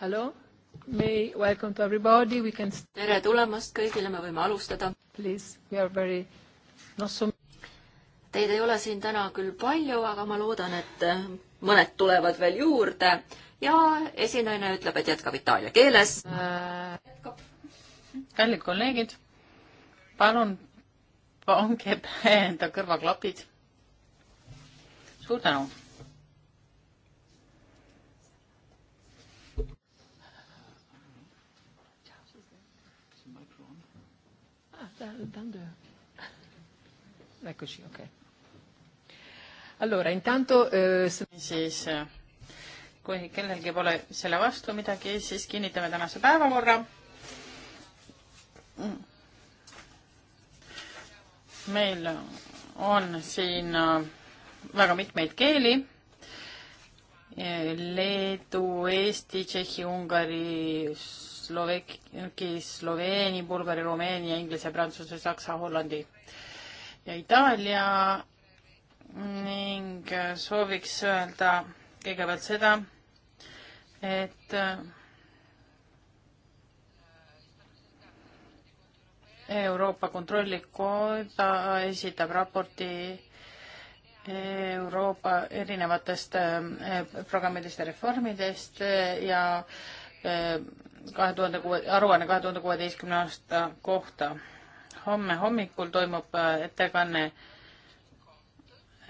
Hello, may welcome to everybody, we can. tere tulemast kõigile, me võime alustada. Please, we are very not so. Teid ei ole siin täna küll palju, aga ma loodan, et äh, mõned tulevad veel juurde ja esinaine ütleb, et jätkab itaalia keeles äh,. kallid kolleegid, palun pange pähe enda kõrvaklapid. suur tänu 22. Eccoci, ok. Allora, intanto eh, siis eh, kui kellelgi pole selle vastu midagi, siis kinnitame tänase päevakorra. Mm. meil on siin eh, väga mitmeid keeli. Eh, Leedu, Eesti, Tšehhi, Ungari, Slovakki, Sloveeni, Bulgari, Rumeenia, Inglise, Prantsuse, Saksa, Hollandi ja Itaalia ning äh, sooviks öelda kõigepealt seda, et äh, Euroopa Kontrollikoda esitab raporti äh, Euroopa erinevatest programmidest ja reformidest ja kahe tuhande kuue, aruanne kahe tuhande kuueteistkümne aasta kohta. homme hommikul toimub äh, ettekanne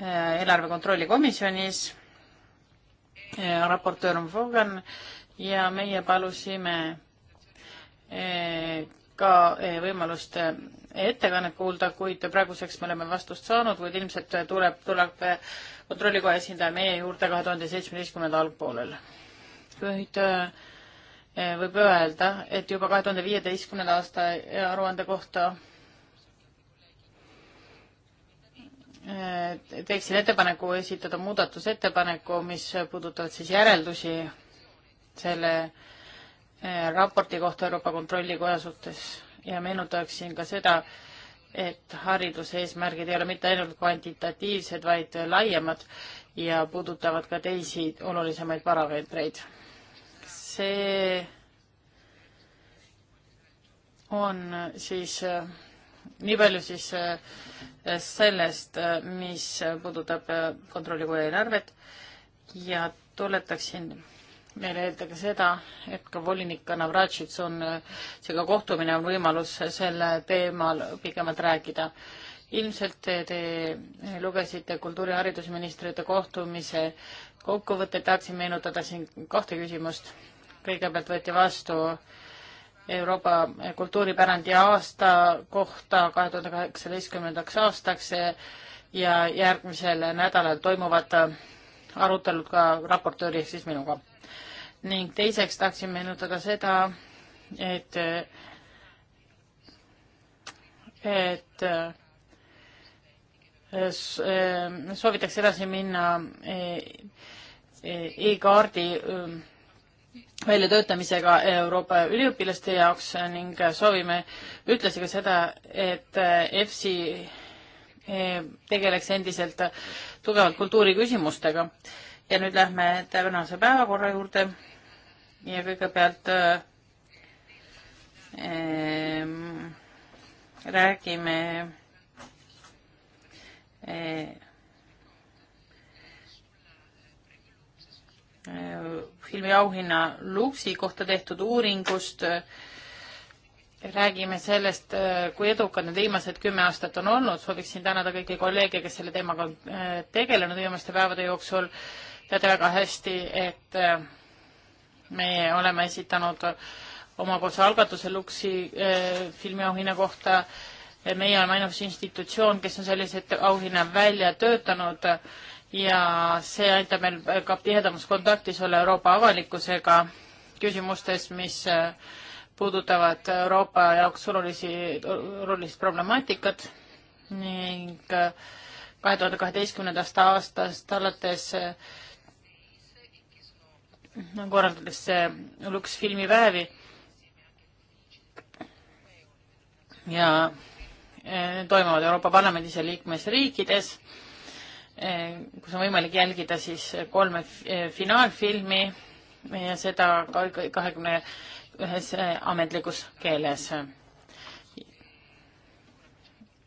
äh, eelarve kontrolli komisjonis. Äh, raportöör on Fogan ja meie palusime ka võimalust ettekannet kuulda, kuid praeguseks me oleme vastust saanud, kuid ilmselt tuleb, tuleb kontrollikoja esindaja meie juurde kahe tuhande seitsmeteistkümnenda algpoolel. kuid äh, Eh, võib öelda, et juba kahe tuhande viieteistkümnenda aasta eh, aruande kohta eh, teeksin ettepaneku esitada muudatusettepaneku, mis puudutavad siis järeldusi selle raporti kohta Euroopa Kontrollikoja suhtes ja meenutaksin ka seda, et hariduse eesmärgid ei ole mitte ainult kvantitatiivsed, vaid laiemad ja puudutavad ka teisi olulisemaid parameetreid see on siis nii palju siis eh, sellest, eh, mis puudutab eh, kontrollikoja eelarvet ja tuletaksin meile öelda ka seda, et ka volinik Navratšits on, seega kohtumine on võimalus selle teemal pikemalt rääkida. ilmselt te lugesite kultuuri- ja haridusministrite kohtumise kokkuvõtteid, tahaksin meenutada siin kahte küsimust kõigepealt võeti vastu Euroopa kultuuripärandi aasta kohta kahe tuhande kaheksateistkümnendaks aastaks ja järgmisel nädalal toimuvad arutelud ka raportööri ehk siis minuga. ning teiseks tahtsin meenutada seda, et, et soovitakse edasi minna e-, e-, e-kaardi e väljatöötamisega Euroopa üliõpilaste jaoks ning soovime ühtlasi ka seda, et EFSI eh, tegeleks endiselt tugevalt kultuuriküsimustega. ja nüüd lähme tänase päevakorra juurde ja kõigepealt ähm, räägime äh, Äh, filmiauhinna Luksi kohta tehtud uuringust. räägime sellest, äh, kui edukad need viimased kümme aastat on olnud. sooviksin tänada kõiki kolleege, kes selle teemaga on äh, tegelenud viimaste päevade jooksul. teate väga hästi, et meie oleme esitanud omapoolse algatuse Luksi filmiauhinna kohta. meie oleme ainus institutsioon, kes on sellise auhinna välja töötanud ja see aitab meil ka tihedamas kontaktis olla Euroopa avalikkusega küsimustes, mis äh, puudutavad Euroopa jaoks olulisi, olulist problemaatikat ning äh, kahe tuhande kaheteistkümnendast aastast alates äh, nagu korraldades Lux filmipäevi ja need toimuvad Euroopa Parlamendis ja liikmesriikides Eh, kus on võimalik jälgida siis kolme eh, finaalfilmi ja seda kahekümne ühes eh, ametlikus keeles.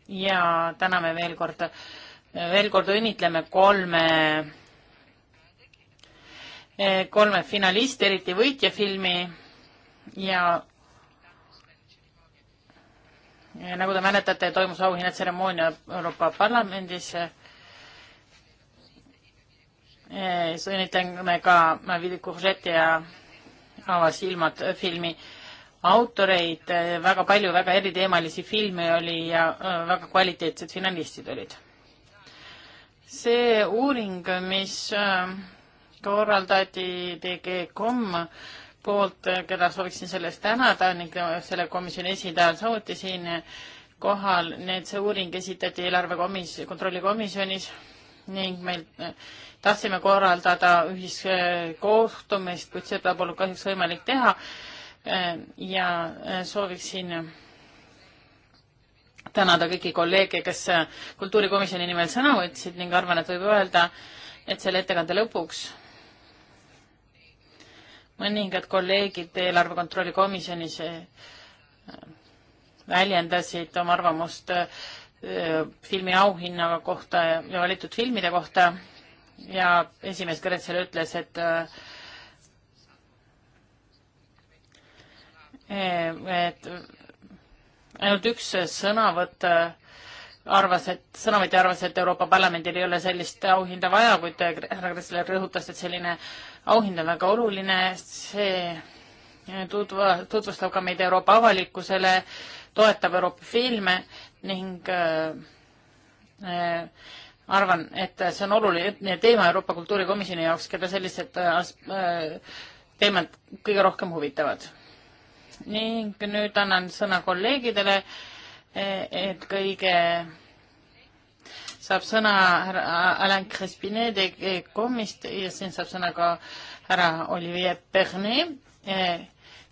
ja täname veel kord, veel kord õnnitleme kolme, kolme finalisti, eriti võitjafilmi ja Ja nagu te mäletate, toimus auhinnatseremoonia Euroopa Parlamendis sõnitame ka Vili Kuržet ja Ava silmad filmi autoreid, väga palju väga eriteemalisi filme oli ja väga kvaliteetsed finalistid olid. see uuring, mis korraldati DG.com poolt, keda sooviksin selle eest tänada ning selle komisjoni esindaja on samuti siin kohal, need, see uuring esitati eelarve komis-, kontrollikomisjonis ning meil tahtsime korraldada ühiskohtumist, kuid seda pole kahjuks võimalik teha. ja sooviksin tänada kõiki kolleege, kes kultuurikomisjoni nimel sõna võtsid ning arvan, et võib öelda, et selle ettekande lõpuks mõningad kolleegid eelarve kontrolli komisjonis väljendasid oma arvamust äh, filmi auhinna kohta ja valitud filmide kohta ja esimees Gretzel ütles, et et ainult üks sõnavõtt arvas, et sõnavõtja arvas, et Euroopa Parlamendil ei ole sellist auhinda vaja, kuid härra Kressler rõhutas, et selline auhind on väga oluline, see tutva-, tutvustab ka meid Euroopa avalikkusele, toetab Euroopa filme ning äh, äh, arvan, et see on oluline teema Euroopa Kultuurikomisjoni jaoks, keda sellised äh, teemad kõige rohkem huvitavad. ning nüüd annan sõna kolleegidele, et kõige saab sõna härra Alain Crespinet de Comist ja siin saab sõna ka härra Olivier Pernet,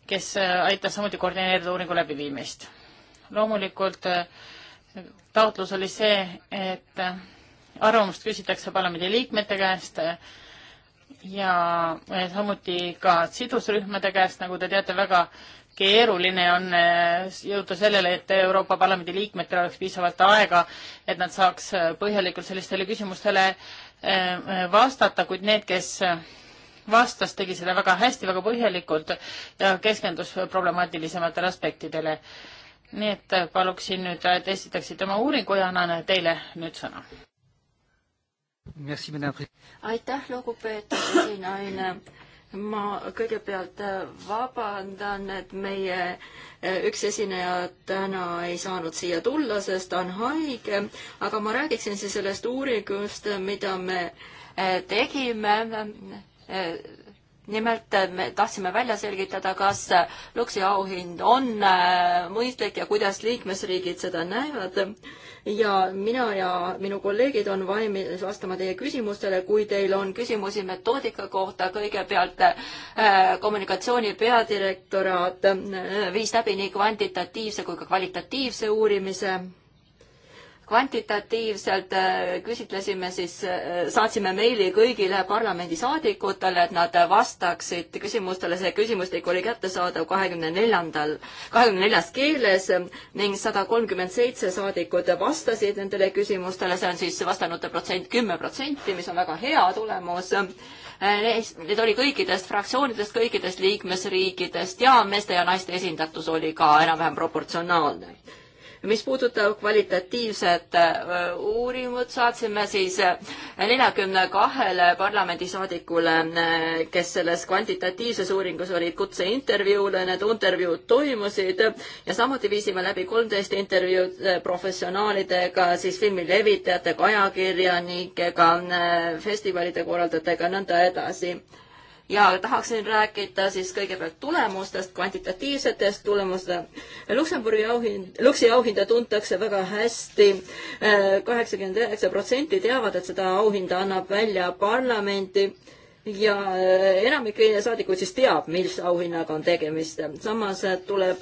kes aitas samuti koordineerida uuringu läbiviimist. loomulikult äh, taotlus oli see, et arvamust küsitakse parlamendi liikmete käest ja samuti ka sidusrühmade käest, nagu te teate, väga keeruline on eh, jõuda sellele, et Euroopa Parlamendi liikmetel oleks piisavalt aega, et nad saaks põhjalikult sellistele küsimustele eh, vastata, kuid need, kes vastas, tegi seda väga hästi, väga põhjalikult ja keskendus problemaatilisematele aspektidele nii et äh, paluksin nüüd, äh, et esitaksite oma uuringu ja annan äh, teile nüüd sõna. aitäh, lugupeetud esinaine ma kõigepealt vabandan, et meie üks esineja täna ei saanud siia tulla, sest ta on haige, aga ma räägiksin siis sellest uuringust, mida me tegime nimelt äh, me tahtsime välja selgitada, kas äh, Luksi auhind on äh, mõistlik ja kuidas liikmesriigid seda näevad. ja mina ja minu kolleegid on valmis vastama teie küsimustele, kui teil on küsimusi metoodika kohta, kõigepealt kommunikatsiooni peadirektoraat viis läbi nii kvantitatiivse kui ka kvalitatiivse uurimise kvantitatiivselt äh, küsitlesime siis, äh, saatsime meili kõigile parlamendisaadikutele, et nad vastaksid küsimustele, see küsimustik oli kättesaadav kahekümne neljandal, kahekümne neljas keeles ning sada kolmkümmend seitse saadikut vastasid nendele küsimustele, see on siis vastanute protsent kümme protsenti, mis on väga hea tulemus äh, need oli kõikidest fraktsioonidest, kõikidest liikmesriikidest ja meeste ja naiste esindatus oli ka enam-vähem proportsionaalne mis puudutab kvalitatiivset äh, uuringut, saatsime siis äh, neljakümne kahele parlamendisaadikule, äh, kes selles kvantitatiivses uuringus olid kutseintervjuule, need intervjuud toimusid ja samuti viisime läbi kolmteist intervjuud professionaalidega, siis filmi levitajatega, ajakirjanikega, festivalide korraldajatega ja nõnda edasi ja tahaksin rääkida siis kõigepealt tulemustest, kvantitatiivsetest tulemustest. Luksemburgi auhind, Luksi auhinda tuntakse väga hästi. kaheksakümmend üheksa protsenti teavad, et seda auhinda annab välja parlamenti ja enamik saadikuid siis teab, mis auhinnaga on tegemist. samas tuleb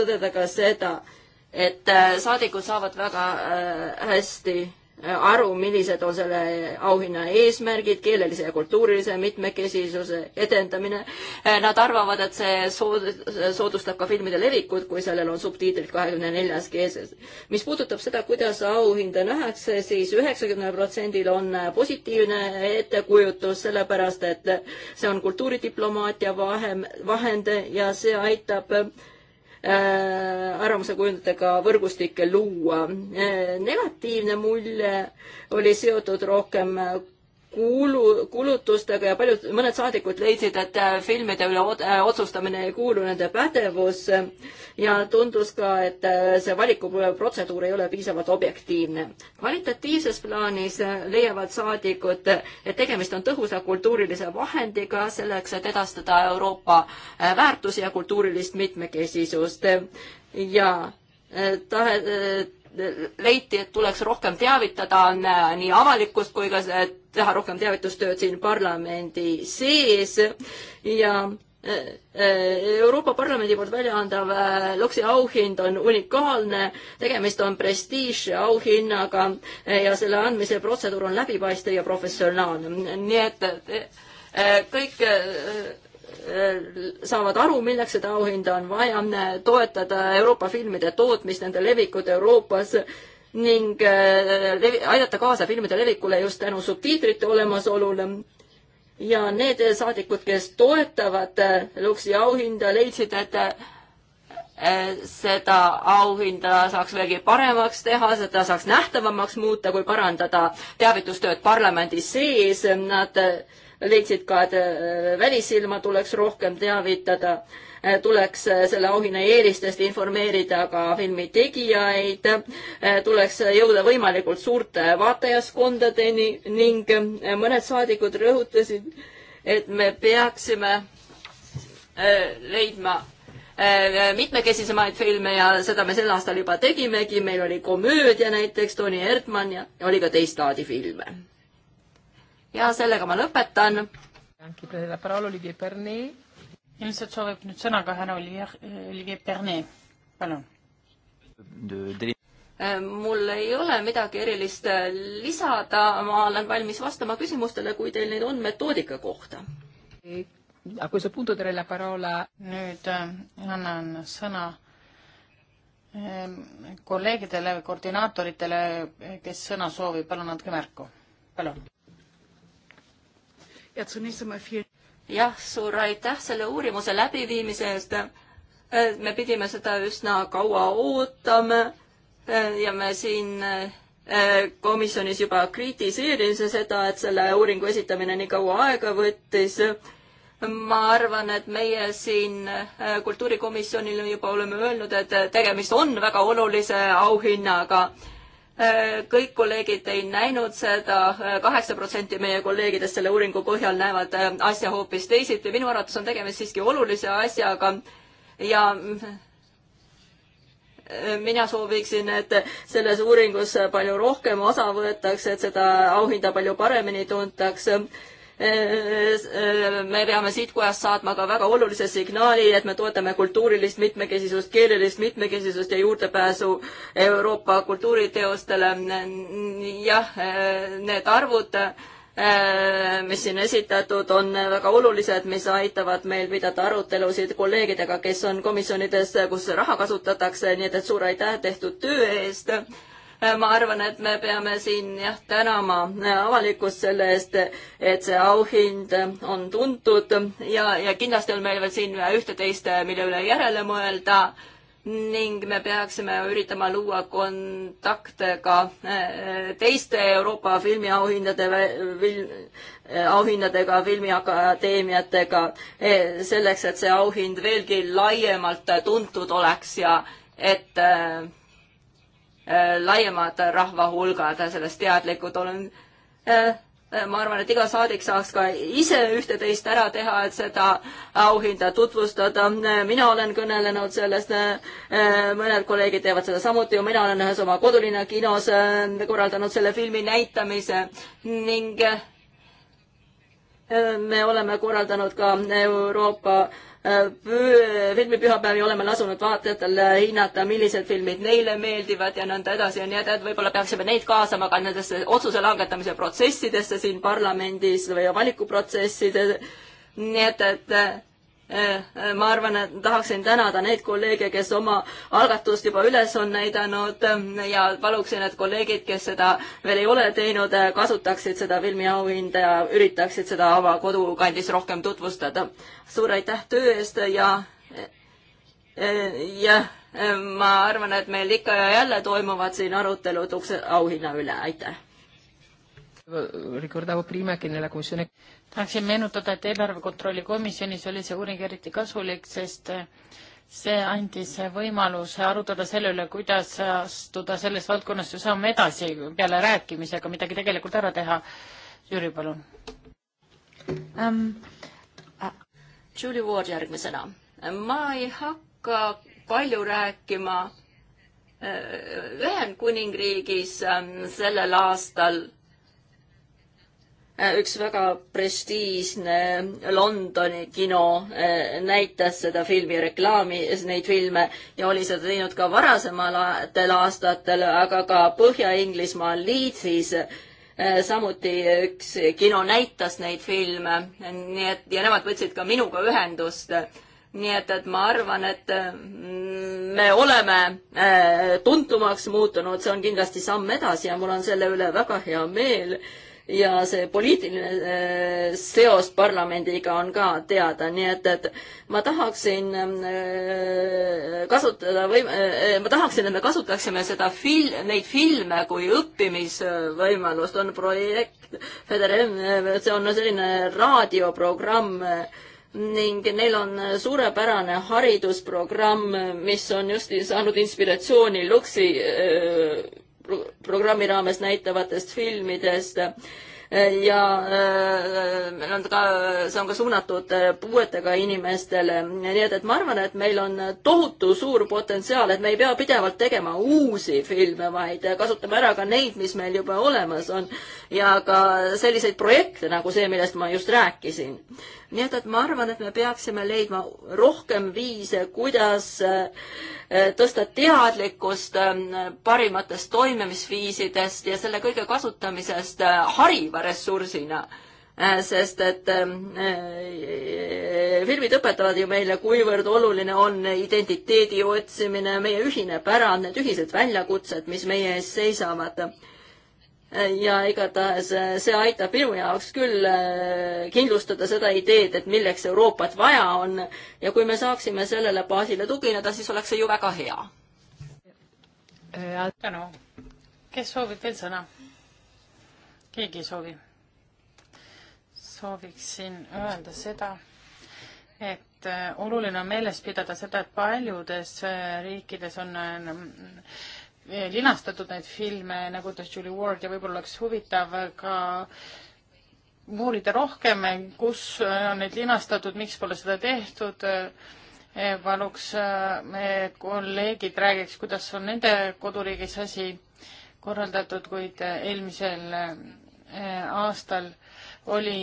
tõdeda ka seda, et saadikud saavad väga äh, hästi aru, millised on selle auhinna eesmärgid, keelelise ja kultuurilise mitmekesisuse edendamine. Eh, nad arvavad, et see soodustab ka filmide levikut, kui sellel on subtiitrid kahekümne neljas keeles. mis puudutab seda, kuidas auhinda nähakse siis, siis üheksakümnel protsendil on positiivne ettekujutus, sellepärast et see on kultuuridiplomaatia vahem, vahend ja see aitab äh, Äh, arvamuse kujundajatega võrgustikke luua. Äh, negatiivne mulje oli seotud rohkem kuulu, kulutustega ja paljud, mõned saadikud leidsid, et äh, filmide üle äh, otsustamine ei kuulu nende pädevusse ja tundus ka, et äh, see valikuprotseduur ei ole piisavalt objektiivne. kvalitatiivses plaanis leiavad saadikud, et tegemist on tõhusa kultuurilise vahendiga selleks, et edastada Euroopa väärtusi ja kultuurilist mitmekesisust ja tahe, leiti, et tuleks rohkem teavitada äh, nii avalikkust kui ka äh, teha rohkem teavitustööd siin parlamendi sees ja äh, Euroopa Parlamendi poolt välja andav Luksi auhind on unikaalne, tegemist on prestiižauhinnaga ja selle andmise protseduur on läbipaistev ja professionaalne, nii et kõik Äh, saavad aru, milleks seda auhinda on vaja, äh, toetada Euroopa filmide tootmist, nende levikut Euroopas ning äh, aidata kaasa filmide levikule just tänu subtiitrite olemasolule ja need saadikud, kes toetavad Luksi auhinda, leidsid, et seda auhinda saaks veelgi paremaks teha, seda saaks nähtavamaks muuta, kui parandada teavitustööd parlamendi sees. Nad leidsid ka, et äh, välisilma tuleks rohkem teavitada, äh, tuleks äh, selle auhinna eelistest informeerida ka filmi tegijaid, tuleks jõuda võimalikult suurte vaatajaskondadeni ning mõned saadikud rõhutasid, et me peaksime leidma mitmekesisemaid filme ja seda me sel aastal juba tegimegi, meil oli komöödia näiteks, Tony Erdmann ja oli ka teist laadi filme ja sellega ma lõpetan. ilmselt soovib nüüd sõna ka härra Olivier Pernet, palun. Äh, mul ei ole midagi erilist äh, lisada, ma olen valmis vastama küsimustele, kui teil neid on metoodika kohta. nüüd äh, annan sõna ähm, kolleegidele, koordinaatoritele, kes sõna soovib, palun andke märku, palun jah, suur aitäh selle uurimuse läbiviimise eest. Äh, me pidime seda üsna kaua ootama äh, ja me siin äh, komisjonis juba kritiseerisime seda, et selle uuringu esitamine nii kaua aega võttis. ma arvan, et meie siin kultuurikomisjonile juba oleme öelnud, et tegemist on väga olulise auhinnaga Äh, kõik kolleegid ei näinud seda, äh, kaheksa protsenti meie kolleegidest selle uuringu põhjal näevad äh, asja hoopis teisiti. minu arvates on tegemist siiski olulise asjaga ja mina sooviksin, et selles uuringus palju rohkem osa võetakse, et seda auhinda palju paremini tuntakse me peame siit kojast saatma ka väga olulise signaali, et me toetame kultuurilist mitmekesisust, keelelist mitmekesisust ja juurdepääsu Euroopa kultuuriteostele. jah, need arvud, mis siin esitatud, on väga olulised, mis aitavad meil pidada arutelusid kolleegidega, kes on komisjonides, kus raha kasutatakse, nii et, et suur aitäh tehtud töö eest Äh, ma arvan, et me peame siin jah, tänama äh, avalikkust selle eest, et see auhind äh, on tuntud ja, ja kindlasti on meil veel siin ühte-teist, mille üle järele mõelda ning me peaksime üritama luua kontakte ka teiste Euroopa filmiauhindade film,, auhindadega, filmiakadeemiatega, selleks, et see auhind veelgi laiemalt tuntud oleks ja et Äh, laiemad rahvahulgad sellest teadlikud, olen äh, äh, ma arvan, et iga saadik saaks ka ise üht-teist ära teha, et seda auhinda tutvustada. mina olen kõnelenud sellest, mõned kolleegid teevad seda samuti ju, mina olen ühes oma kodulinna kinos korraldanud selle filmi näitamise ning me oleme korraldanud ka Euroopa filmipühapäevi oleme lasunud vaatajatele hinnata, millised filmid neile meeldivad ja nõnda edasi ja nii edasi, et võib-olla peaksime neid kaasama ka nendesse otsuse langetamise protsessidesse siin parlamendis või valikuprotsesside, nii et, et Äh, ma arvan, et tahaksin tänada neid kolleege, kes oma algatust juba üles on näidanud äh, ja paluksin, et kolleegid, kes seda veel ei ole teinud, äh, kasutaksid seda filmiauhinda ja üritaksid seda oma kodukandis rohkem tutvustada. suur aitäh töö eest ja jah, ma arvan, et meil ikka ja jälle toimuvad siin arutelud ukse auhinna üle, aitäh! tahaksin meenutada, et eelarve kontrolli komisjonis oli see uuring eriti kasulik, sest eh, see andis võimaluse arutada selle üle, kuidas astuda selles valdkonnas ju samm edasi peale rääkimisega, midagi tegelikult ära teha. Jüri, palun um,. Julie Ward järgmisena. ma ei hakka palju rääkima äh, Ühendkuningriigis ähm, sellel aastal Äh, üks väga prestiižne Londoni kino äh, näitas seda filmi reklaami, neid filme ja oli seda teinud ka varasematel aastatel, aga ka Põhja-Inglismaal Leedsis äh, samuti üks kino näitas neid filme, nii et ja nemad võtsid ka minuga ühendust. nii et, et ma arvan, et mm, me oleme tuntumaks muutunud, see on kindlasti samm edasi ja mul on selle üle väga hea meel ja see poliitiline äh, seos parlamendiga on ka teada, nii et, et ma tahaksin äh, kasutada või äh, ma tahaksin, et me kasutaksime seda fil-, neid filme kui õppimisvõimalust, on projekt, see on selline raadioprogramm, ning neil on suurepärane haridusprogramm, mis on just saanud inspiratsiooni Luksi programmi raames näitavatest filmidest ja meil äh, on ka, see on ka suunatud äh, puuetega inimestele, nii et, et ma arvan, et meil on tohutu suur potentsiaal, et me ei pea pidevalt tegema uusi filme, vaid kasutame ära ka neid, mis meil juba olemas on ja ka selliseid projekte nagu see, millest ma just rääkisin nii et, et ma arvan, et me peaksime leidma rohkem viise, kuidas äh, tõsta teadlikkust ähm, parimatest toimimisviisidest ja selle kõige kasutamisest äh, hariva ressursina äh, sest et ähm, äh, filmid õpetavad ju meile, kuivõrd oluline on identiteedi otsimine, meie ühine pärand, need ühised väljakutsed, mis meie ees seisavad ja igatahes eh, see aitab minu jaoks küll eh, kindlustada seda ideed, et milleks Euroopat vaja on ja kui me saaksime sellele baasile tugineda, siis oleks see ju väga hea. Äh, tänu. kes soovib veel sõna? keegi ei soovi? sooviksin öelda seda, et äh, oluline on meeles pidada seda, et paljudes äh, riikides on Eh, linastatud neid filme nagu The Julie Ward ja võib-olla oleks huvitav ka uurida rohkem, kus eh, on neid linastatud, miks pole seda tehtud. Eh, paluks meie kolleegid räägiks, kuidas on nende koduriigis asi korraldatud, kuid eelmisel aastal oli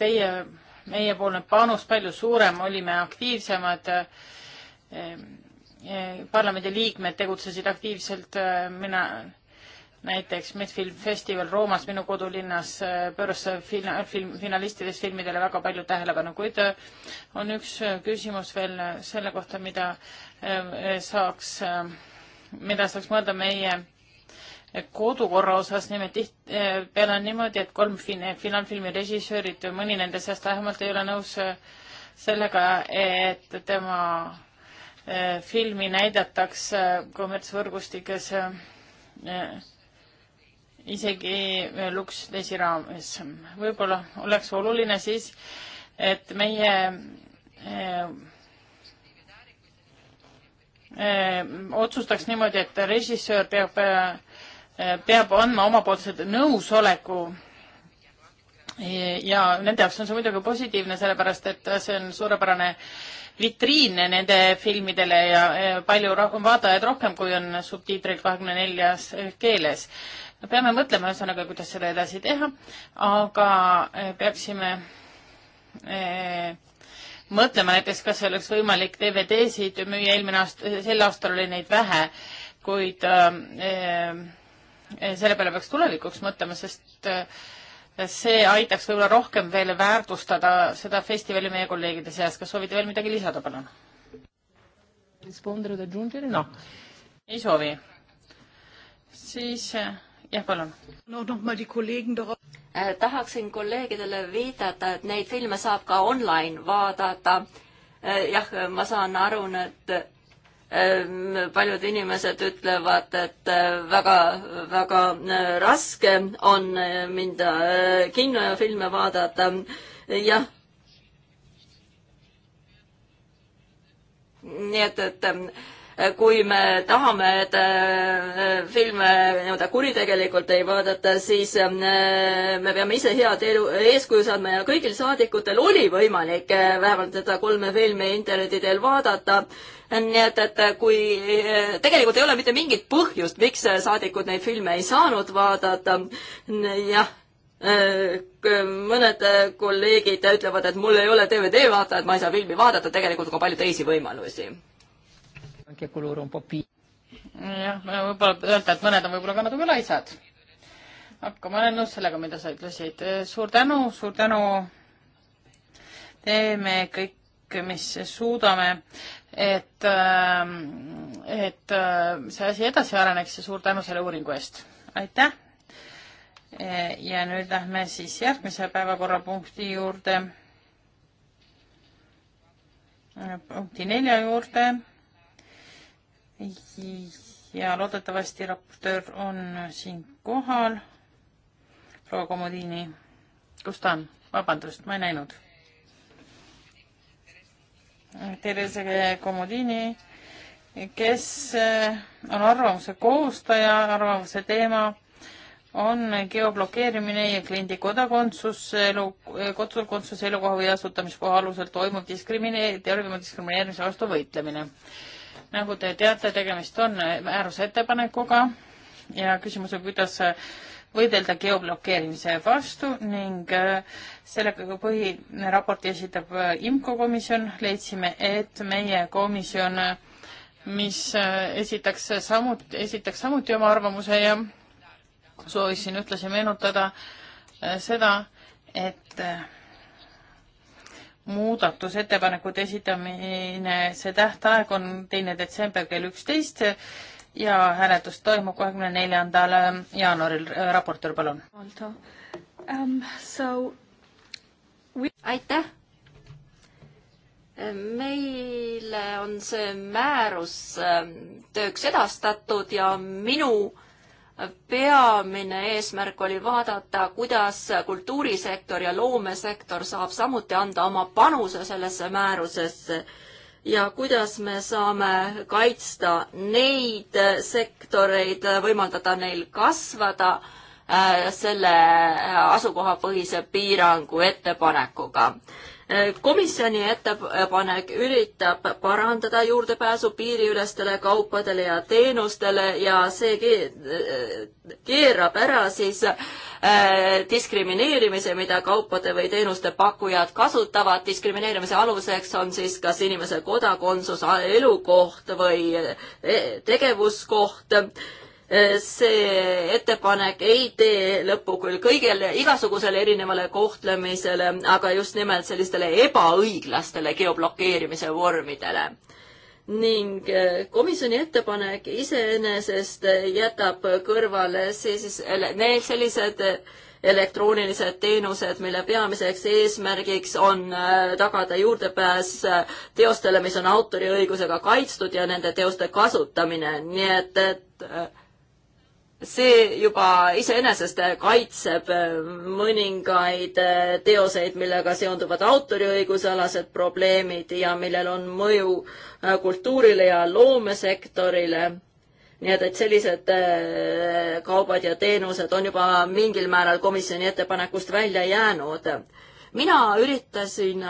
teie, meiepoolne panus palju suurem, olime aktiivsemad Eh, parlamendi liikmed tegutsesid aktiivselt, eh, mina näiteks Medfilm festival Roomas, minu kodulinnas, eh, pööras fina, film, finalistides filmidele väga palju tähelepanu, kuid on üks küsimus veel selle kohta, mida saaks, mida saaks mõelda meie kodukorra osas nimelt tihtipeale on niimoodi, et kolm fin-, finaalfilmi režissöörid, mõni nende seast vähemalt ei ole nõus sellega, et tema Äh, filmi näidatakse äh, kommertsvõrgustikes äh, isegi Lux-Desi raames. võib-olla oleks oluline siis, et meie otsustaks niimoodi, et režissöör peab, peab andma omapoolse nõusoleku ja nende jaoks on see muidugi positiivne, sellepärast et see on suurepärane äh, vitriine nende filmidele ja palju rohkem vaatajaid rohkem, kui on subtiitreid kahekümne neljas keeles. me peame mõtlema ühesõnaga, kuidas seda edasi teha, aga eh, peaksime eh, mõtlema näiteks, kas oleks võimalik DVD-sid müüa, eelmine aasta, sel aastal oli neid vähe, kuid äh, selle peale peaks tulevikuks mõtlema, sest äh, see aitaks võib-olla rohkem veel väärtustada seda festivali meie kolleegide seas. kas soovite veel midagi lisada, palun? No. ei soovi. siis eh, jah, palun no,. No, äh, tahaksin kolleegidele viidata, et neid filme saab ka online vaadata. Äh, jah, ma saan aru, et Ehm, paljud inimesed ütlevad, et eh, väga, väga eh, raske on eh, minna kinno ja filme vaadata. jah. nii et, et ehm, kui me tahame, et äh, filme nii-öelda kuritegelikult ei vaadata, siis äh, me peame ise head elu, eeskuju saama ja kõigil saadikutel oli võimalik äh, vähemalt seda kolme filmi interneti teel vaadata nii et, et kui tegelikult ei ole mitte mingit põhjust, miks saadikud neid filme ei saanud vaadata. jah, mõned kolleegid ütlevad, et mul ei ole DVD vaatajat, ma ei saa filmi vaadata, tegelikult on ka palju teisi võimalusi jah, võib-olla öelda, et mõned on võib-olla ka natuke laisad. aga ma olen nõus sellega, mida sa ütlesid. suur tänu, suur tänu. teeme kõik, mis suudame, et, ähm, et äh, see asi edasi areneks ja suur tänu selle uuringu eest. aitäh. E, ja nüüd lähme siis järgmise päevakorrapunkti juurde. punkti nelja juurde ja loodetavasti raportöör on siin kohal. proua Komodiini, kus ta on? vabandust, ma ei näinud. Therese Komodiini, kes eh, on arvamuse koostaja, arvamuse teema on geoblokeerimine ja kliendi kodakondsus, elu, eh, kodakondsuse elukoha või asutamiskoha alusel toimuv diskrimineer-, tervema diskrimineerimise vastu võitlemine nagu te teate, tegemist on määruse ettepanekuga ja küsimus on, kuidas võidelda geoblokeerimise vastu ning äh, sellega põhiraporti esitab äh, IMCO komisjon, leidsime, et meie komisjon, äh, mis esitaks samuti, esitaks samuti oma arvamuse ja soovisin ühtlasi meenutada seda, et muudatusettepanekute esitamine, see tähtaeg on teine detsember kell üksteist ja hääletus toimub kahekümne neljandal jaanuaril. raportöör, palun. Um, so we... aitäh. meile on see määrus ähm, tööks edastatud ja minu äh, peamine eesmärk oli vaadata, kuidas kultuurisektor ja loomesektor saab samuti anda oma panuse sellesse määrusesse ja kuidas me saame kaitsta neid sektoreid, võimaldada neil kasvada äh, selle asukohapõhise piirangu ettepanekuga komisjoni ettepanek üritab parandada juurdepääsu piiriülestele kaupadele ja teenustele ja see keerab ära siis äh, diskrimineerimise, mida kaupade või teenuste pakkujad kasutavad. diskrimineerimise aluseks on siis kas inimese kodakondsus, elukoht või eh, tegevuskoht see ettepanek ei tee lõppu küll kõigele, igasugusele erinevale kohtlemisele, aga just nimelt sellistele ebaõiglastele geoblokeerimise vormidele. ning eh, komisjoni ettepanek iseenesest jätab kõrvale siis need sellised elektroonilised teenused, mille peamiseks eesmärgiks on eh, tagada juurdepääs eh, teostele, mis on autoriõigusega kaitstud ja nende teoste kasutamine, nii et, et see juba iseenesest kaitseb äh, mõningaid äh, teoseid, millega seonduvad autoriõigusealased probleemid ja millel on mõju äh, kultuurile ja loomesektorile. nii et, et sellised kaubad ja teenused on juba mingil määral komisjoni ettepanekust välja jäänud. mina üritasin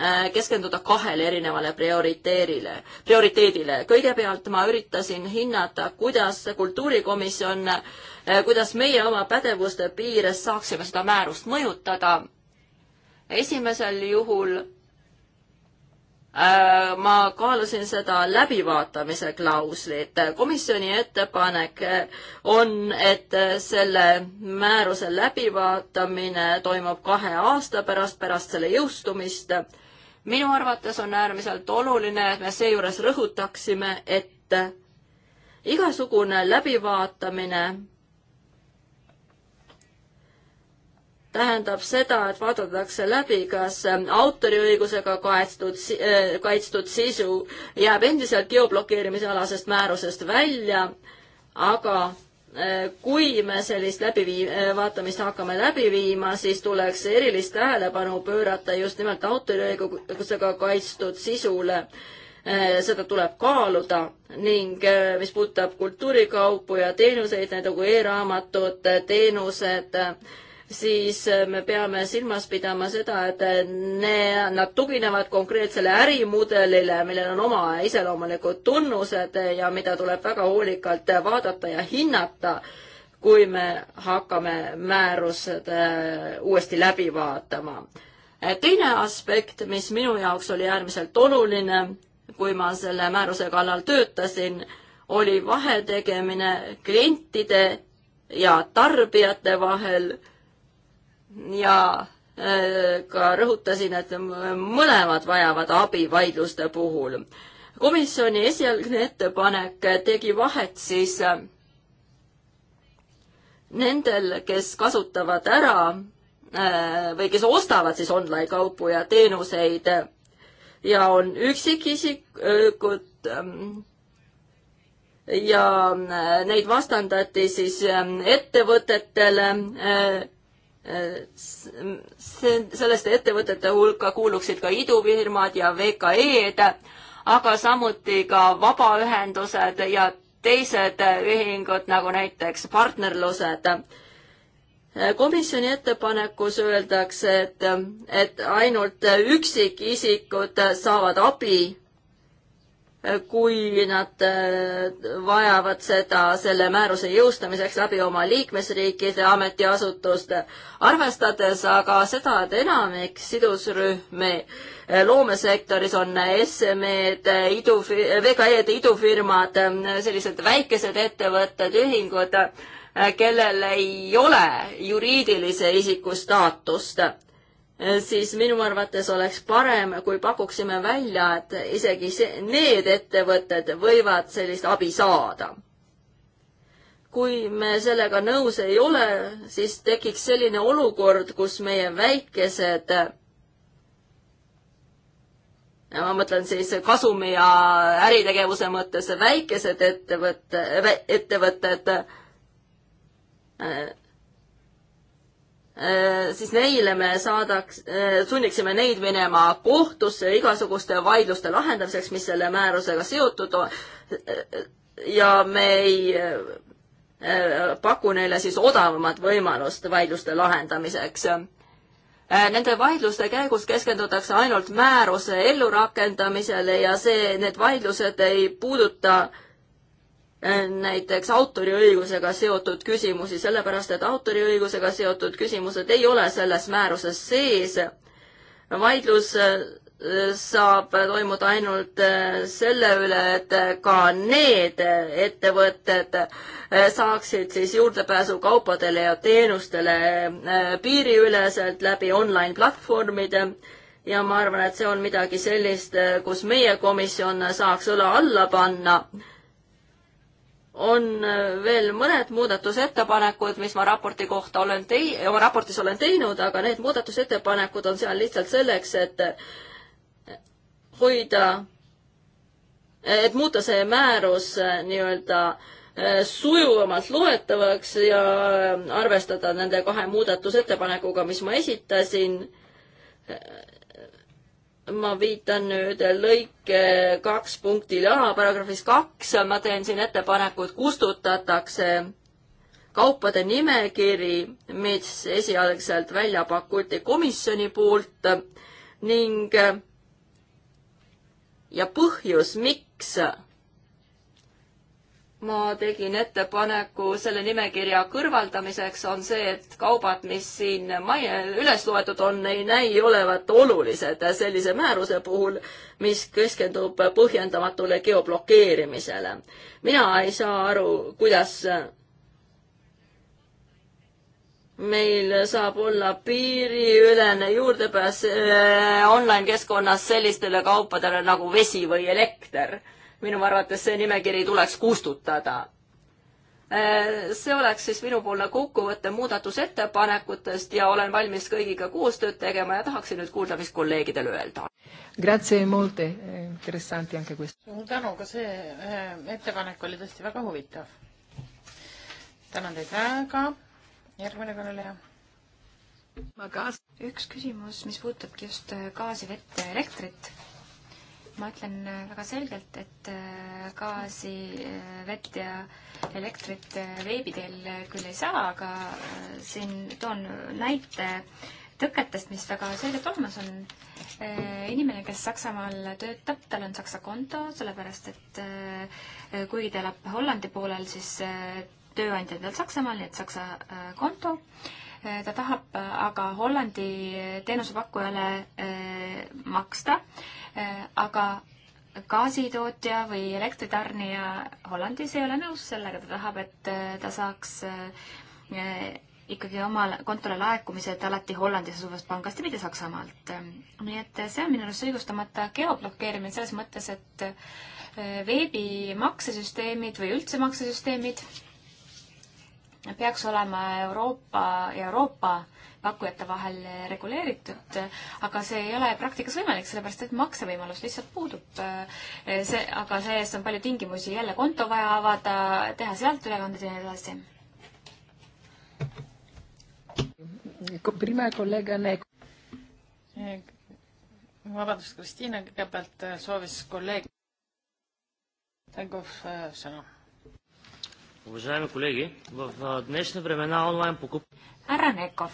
Äh, keskenduda kahele erinevale prioriteerile, prioriteedile. kõigepealt ma üritasin hinnata, kuidas kultuurikomisjon, äh, kuidas meie oma pädevuste piires saaksime seda määrust mõjutada. esimesel juhul äh, ma kaalusin seda läbivaatamise klauslit. komisjoni ettepanek on, et selle määruse läbivaatamine toimub kahe aasta pärast, pärast selle jõustumist minu arvates on äärmiselt oluline, et me seejuures rõhutaksime, et igasugune läbivaatamine tähendab seda, et vaadatakse läbi, kas autoriõigusega kaitstud, äh, kaitstud sisu jääb endiselt geoblokeerimise alasest määrusest välja, aga Äh, kui me sellist läbivaatamist äh, hakkame läbi viima, siis tuleks erilist tähelepanu pöörata just nimelt autoriõigusega kaitstud sisule. Äh, seda tuleb kaaluda ning mis puudutab kultuurikaupu ja teenuseid, nagu e-raamatud, teenused, siis äh, me peame silmas pidama seda, et ne, nad tuginevad konkreetsele ärimudelile, millel on oma iseloomulikud tunnused ja mida tuleb väga hoolikalt vaadata ja hinnata, kui me hakkame määrused äh, uuesti läbi vaatama. teine aspekt, mis minu jaoks oli äärmiselt oluline, kui ma selle määruse kallal töötasin, oli vahetegemine klientide ja tarbijate vahel ja äh, ka rõhutasin, et mõlemad vajavad abi vaidluste puhul. komisjoni esialgne ettepanek tegi vahet siis äh, nendel, kes kasutavad ära äh, või kes ostavad siis online kaupu ja teenuseid ja on üksikisikud ähm, ja neid vastandati siis ähm, ettevõtetele see, selleste ettevõtete hulka kuuluksid ka idufirmad ja VKE-d, aga samuti ka vabaühendused ja teised ühingud, nagu näiteks partnerlused. komisjoni ettepanekus öeldakse, et, et ainult üksikisikud saavad abi kui nad äh, vajavad seda selle määruse jõustamiseks läbi oma liikmesriikide ametiasutuste, arvestades aga seda, et enamik sidusrühmi äh, loomesektoris on SME-d, idu, VKE-d, idufirmad, äh, sellised väikesed ettevõtted, ühingud, kellel ei ole juriidilise isiku staatust Äh, siis minu arvates oleks parem, kui pakuksime välja, et isegi see, need ettevõtted võivad sellist abi saada. kui me sellega nõus ei ole, siis tekiks selline olukord, kus meie väikesed ja ma mõtlen siis kasumi ja äritegevuse mõttes väikesed ettevõtte, ettevõtted äh, Äh, siis neile me saadaks, äh, sunniksime neid minema kohtusse igasuguste vaidluste lahendamiseks, mis selle määrusega seotud on. ja me ei äh, paku neile siis odavamat võimalust vaidluste lahendamiseks. Nende vaidluste käigus keskendutakse ainult määruse ellurakendamisele ja see, need vaidlused ei puuduta äh, Äh, näiteks autoriõigusega seotud küsimusi, sellepärast et autoriõigusega seotud küsimused ei ole selles määruses sees. vaidlus äh, saab toimuda ainult äh, selle üle, et ka need ettevõtted saaksid siis juurdepääsu kaupadele ja teenustele piiriüleselt läbi online platvormide ja ma arvan, et see on midagi sellist, kus meie komisjon saaks õla alla panna on äh, veel mõned muudatusettepanekud, mis ma raporti kohta olen tei-, oma raportis olen teinud, aga need muudatusettepanekud on seal lihtsalt selleks, et äh, hoida, et muuta see määrus äh, nii-öelda sujuvamalt loetavaks ja arvestada nende kahe muudatusettepanekuga, mis ma esitasin ma viitan nüüd lõike kaks punktile A paragrahvis kaks, ma teen siin ettepaneku, et kustutatakse kaupade nimekiri, mis esialgselt välja pakuti komisjoni poolt ning ja põhjus, miks ma tegin ettepaneku selle nimekirja kõrvaldamiseks, on see, et kaubad, mis siin üles loetud on, ei näi olevat olulised sellise määruse puhul, mis keskendub põhjendamatule geoblokeerimisele. mina ei saa aru, kuidas meil saab olla piiriülene juurdepääs äh, online keskkonnas sellistele kaupadele nagu vesi või elekter minu arvates see nimekiri tuleks kustutada. Äh, see oleks siis minupoolne kokkuvõte muudatusettepanekutest ja olen valmis kõigiga koostööd tegema ja tahaksin nüüd kuulda, mis kolleegidel öelda. Grazie molte, eh, interessanti anche questo. suur tänu, ka see eh, ettepanek oli tõesti väga huvitav. tänan teid väga, järgmine kõneleja üks küsimus, mis puudutabki just eh, gaasi, vett ja elektrit ma ütlen äh, väga selgelt, et äh, gaasi, äh, vett ja elektrit veebi teel küll ei saa, aga siin toon näite tõketest, mis väga selgelt olemas on. inimene, kes Saksamaal töötab, tal on Saksa konto, sellepärast et kuigi ta elab Hollandi poolel, siis tööandja on tal Saksamaal, nii et Saksa konto ta tahab aga Hollandi teenusepakkujale eh, maksta, eh, aga gaasitootja või elektritarnija Hollandis ei ole nõus sellega, ta tahab, et eh, ta saaks ikkagi oma kontole laekumised alati Hollandis asuvast pangast ja mitte Saksamaalt. nii et see on minu arust õigustamata geoblokeerimine selles mõttes, et veebimaksesüsteemid või üldse maksesüsteemid peaks olema Euroopa ja Euroopa pakkujate vahel reguleeritud, aga see ei ole praktikas võimalik, sellepärast et maksevõimalus lihtsalt puudub. see, aga see-eest on palju tingimusi, jälle konto vaja avada, teha sealt ülekanded ja nii edasi. vabandust, Kristiina kõigepealt soovis kolleeg Tänkov äh, sõna Уважаеми колеги, в днешни времена онлайн покупка... Härra Nekov.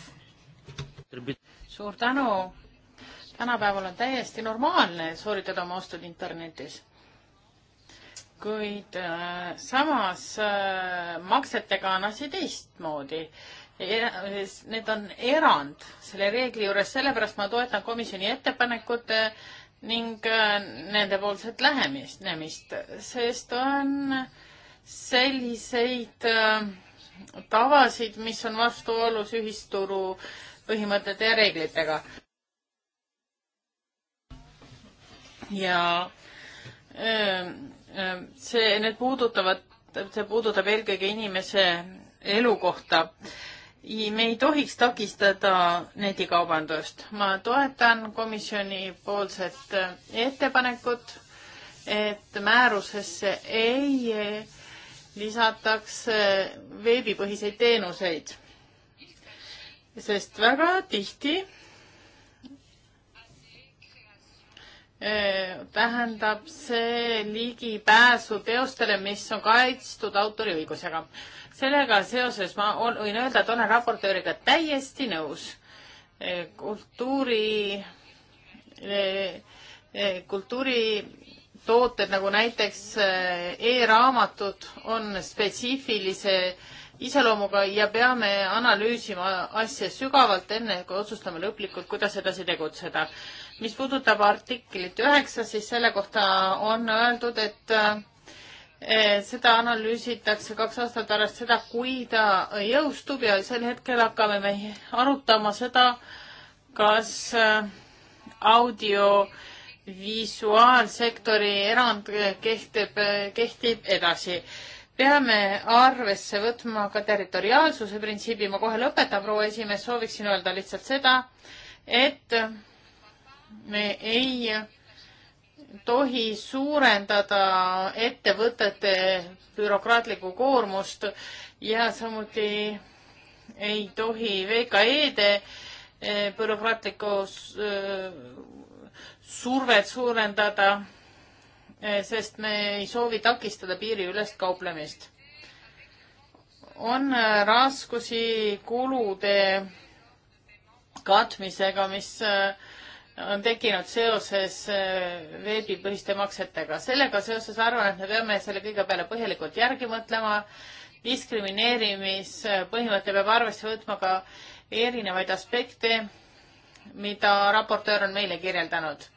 Suur tänu. Tänapäeval on täiesti normaalne sooritada oma ostud internetis. Kuid äh, samas äh, maksetega on asi teistmoodi. Need on erand selle reegli juures, sellepärast ma toetan komisjoni ettepanekut äh, ning äh, nende poolset lähemist, nemist, sest on äh, selliseid äh, tavasid, mis on vastuolus ühisturu põhimõtete ja reeglitega. ja äh, äh, see, need puudutavad, see puudutab eelkõige inimese elukohta. me ei tohiks takistada netikaubandust. ma toetan komisjoni poolset ettepanekut, et määrusesse ei lisatakse veebipõhiseid teenuseid, sest väga tihti äh, tähendab see ligipääsu teostele, mis on kaitstud autoriõigusega. sellega seoses ma võin öelda, et olen raportööriga täiesti nõus. Äh, kultuuri, äh, kultuuri tooted nagu näiteks äh, e-raamatud on spetsiifilise iseloomuga ja peame analüüsima asja sügavalt, enne kui otsustame lõplikult, kuidas edasi tegutseda. mis puudutab artiklit üheksa, siis selle kohta on öeldud, et äh, äh, seda analüüsitakse kaks aastat pärast seda, kui ta jõustub ja sel hetkel hakkame me arutama seda, kas audio äh, visuaalsektori erand kehtib, kehtib edasi. peame arvesse võtma ka territoriaalsuse printsiibi, ma kohe lõpetan, proua esimees, sooviksin öelda lihtsalt seda, et me ei tohi suurendada ettevõtete bürokraatlikku koormust ja samuti ei tohi VKE-de bürokraatlikus survet suurendada, eh, sest me ei soovi takistada piiriülest kauplemist. on eh, raskusi kulude katmisega, mis eh, on tekkinud seoses veebipõhiste maksetega. sellega seoses arvan, et me peame selle kõige peale põhjalikult järgi mõtlema. diskrimineerimispõhimõte peab arvesse võtma ka erinevaid aspekte, mida raportöör on meile kirjeldanud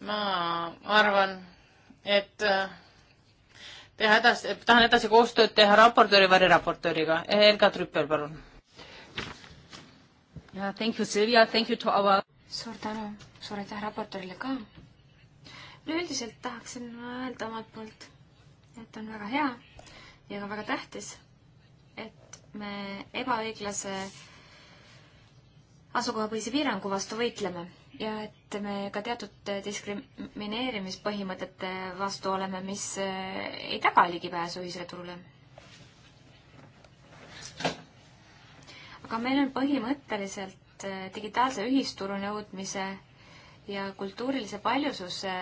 ma arvan, et äh, teha edasi, tahan edasi koostööd teha raportööri, variraportööriga. Helga Trüppel, palun. ja thank you, Silvia, thank you to our. suur tänu, suur aitäh raportöörile ka. üleüldiselt tahaksin öelda omalt poolt, et on väga hea ja ka väga tähtis, et me ebaõiglase asukohapõhise piirangu vastu võitleme ja et me ka teatud diskrimineerimispõhimõtete vastu oleme, mis eh, ei taga ligipääsu ühisele turule. aga meil on põhimõtteliselt eh, digitaalse ühisturu nõudmise ja kultuurilise paljususe,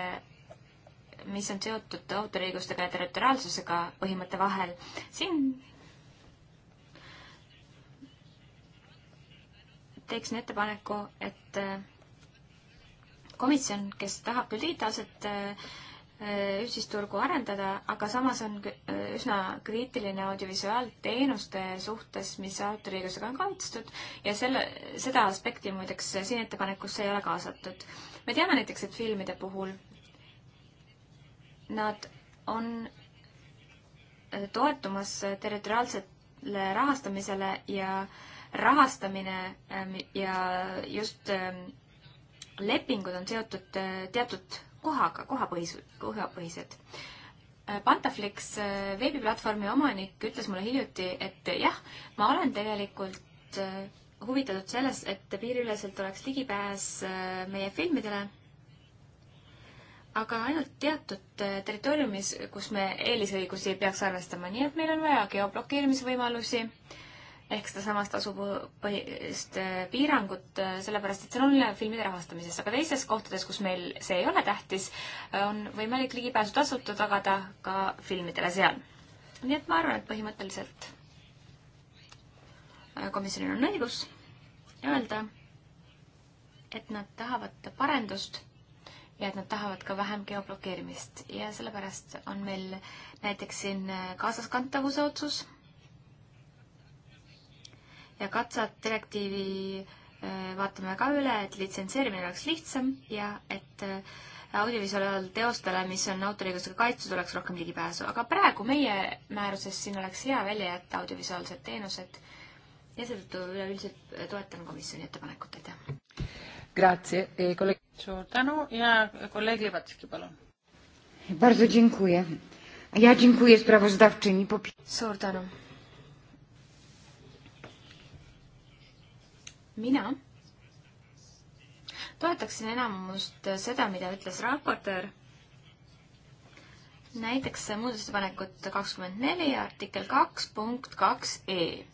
mis on seotud autoriõigustega ja territoriaalsusega põhimõtte vahel. siin teeksin ettepaneku, et eh, komisjon, kes tahab küll digitaalset äh, äh, ühisturgu arendada, aga samas on äh, üsna kriitiline audiovisuaalteenuste suhtes, mis autoriõigusega on kaitstud ja selle, seda aspekti muideks siin ettepanekusse ei ole kaasatud. me teame näiteks, et filmide puhul nad on toetumas territoriaalsele rahastamisele ja rahastamine ähm, ja just ähm, lepingud on seotud äh, teatud kohaga, kohapõhisu-, kohapõhised. Äh, Pantaflix äh, veebiplatvormi omanik ütles mulle hiljuti, et jah, ma olen tegelikult huvitatud selles, et piiriüleselt oleks ligipääs meie filmidele, aga ainult teatud territooriumis, kus me eelisõigusi ei peaks arvestama, nii et meil on vaja geoblokeerimisvõimalusi äh,, ehk sedasamast tasupõhist äh, piirangut, äh, sellepärast et see on oluline filmide rahastamises, aga teistes kohtades, kus meil see ei ole tähtis, äh, on võimalik ligipääsu tasuta tagada ka filmidele seal. nii et ma arvan, et põhimõtteliselt komisjonil on õigus öelda, et nad tahavad parendust ja et nad tahavad ka vähem geoblokeerimist ja sellepärast on meil näiteks siin kaasaskantavuse otsus ja katsat direktiivi äh, vaatame ka üle, et litsenseerimine oleks lihtsam ja et äh, audiovisuaalteostele, mis on autoriõigusega kaitstud, oleks rohkem ligipääsu, aga praegu meie määruses siin oleks hea välja jätta audiovisuaalsed teenused ja seetõttu üleüldiselt äh, toetan komisjoni ettepanekut, aitäh. Grazie e, kolleeg. suur tänu ja kolleeg Libatski, palun. Bardzo dziękuję. Ja dziękuję sprawozdawczyni. Suur tänu mina toetaksin enamust seda, mida ütles raportöör. näiteks muudatusettepanekut kakskümmend neli, artikkel kaks punkt kaks E.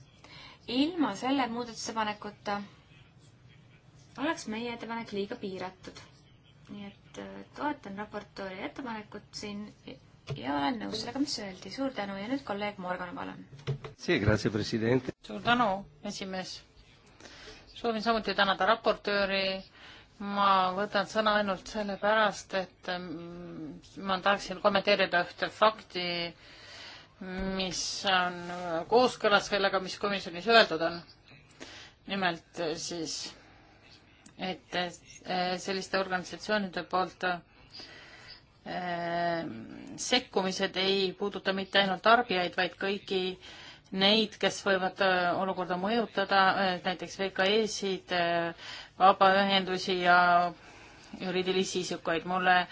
ilma selle muudatusettepanekuta oleks meie ettepanek liiga piiratud. nii et äh, toetan raportööri ettepanekut siin ja olen nõus sellega, mis öeldi. suur tänu ja nüüd kolleeg Morgan, palun. suur tänu, esimees soovin samuti tänada raportööri. ma võtan sõna ainult sellepärast, et mm, ma tahaksin kommenteerida ühte fakti, mis on kooskõlas sellega, mis komisjonis öeldud on. nimelt siis, et selliste organisatsioonide poolt eh, sekkumised ei puuduta mitte ainult tarbijaid, vaid kõigi äh, neid, kes võivad äh, olukorda mõjutada, äh, näiteks VKE-sid, äh, vabaühendusi ja juriidilisi isikuid. mulle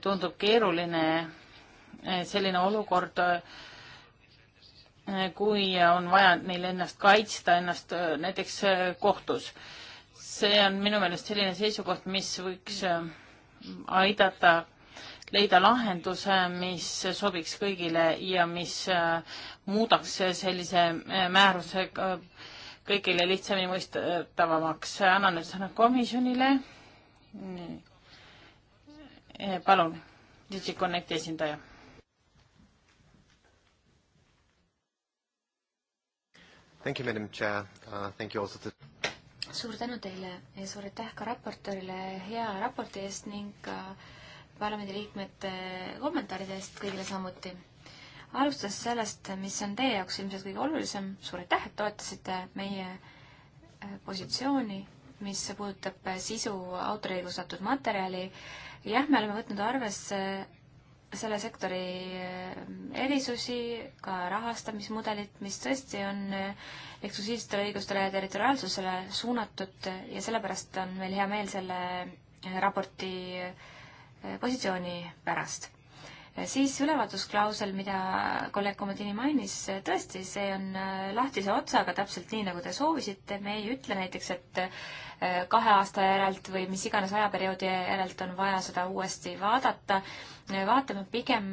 tundub keeruline selline olukord, kui on vaja neil ennast kaitsta, ennast näiteks kohtus. see on minu meelest selline seisukoht, mis võiks aidata leida lahenduse, mis sobiks kõigile ja mis muudaks sellise eh, määruse kõigile lihtsamini mõistetavamaks. annan nüüd sõna komisjonile. Eh, palun, DigiConnecti esindaja. Thank you, madam chair uh,. Thank you also to suur tänu teile ja suur aitäh ka raportöörile hea raporti eest ning ka parlamendiliikmete kommentaaride eest kõigile samuti alustades sellest, mis on teie jaoks ilmselt kõige olulisem, suur aitäh, et toetasite meie äh, positsiooni, mis puudutab äh, sisu autoriõigustatud materjali. jah, me oleme võtnud arvesse äh, selle sektori erisusi, ka rahastamismudelit, mis tõesti on eksklusiivsetele õigustele ja territoriaalsusele suunatud ja sellepärast on meil hea meel selle raporti positsiooni pärast siis ülevaatusklausel, mida kolleeg Komadini mainis, tõesti, see on äh, lahtise otsaga, täpselt nii, nagu te soovisite, me ei ütle näiteks, et äh, kahe aasta järelt või mis iganes ajaperioodi järelt on vaja seda uuesti vaadata, vaatame pigem,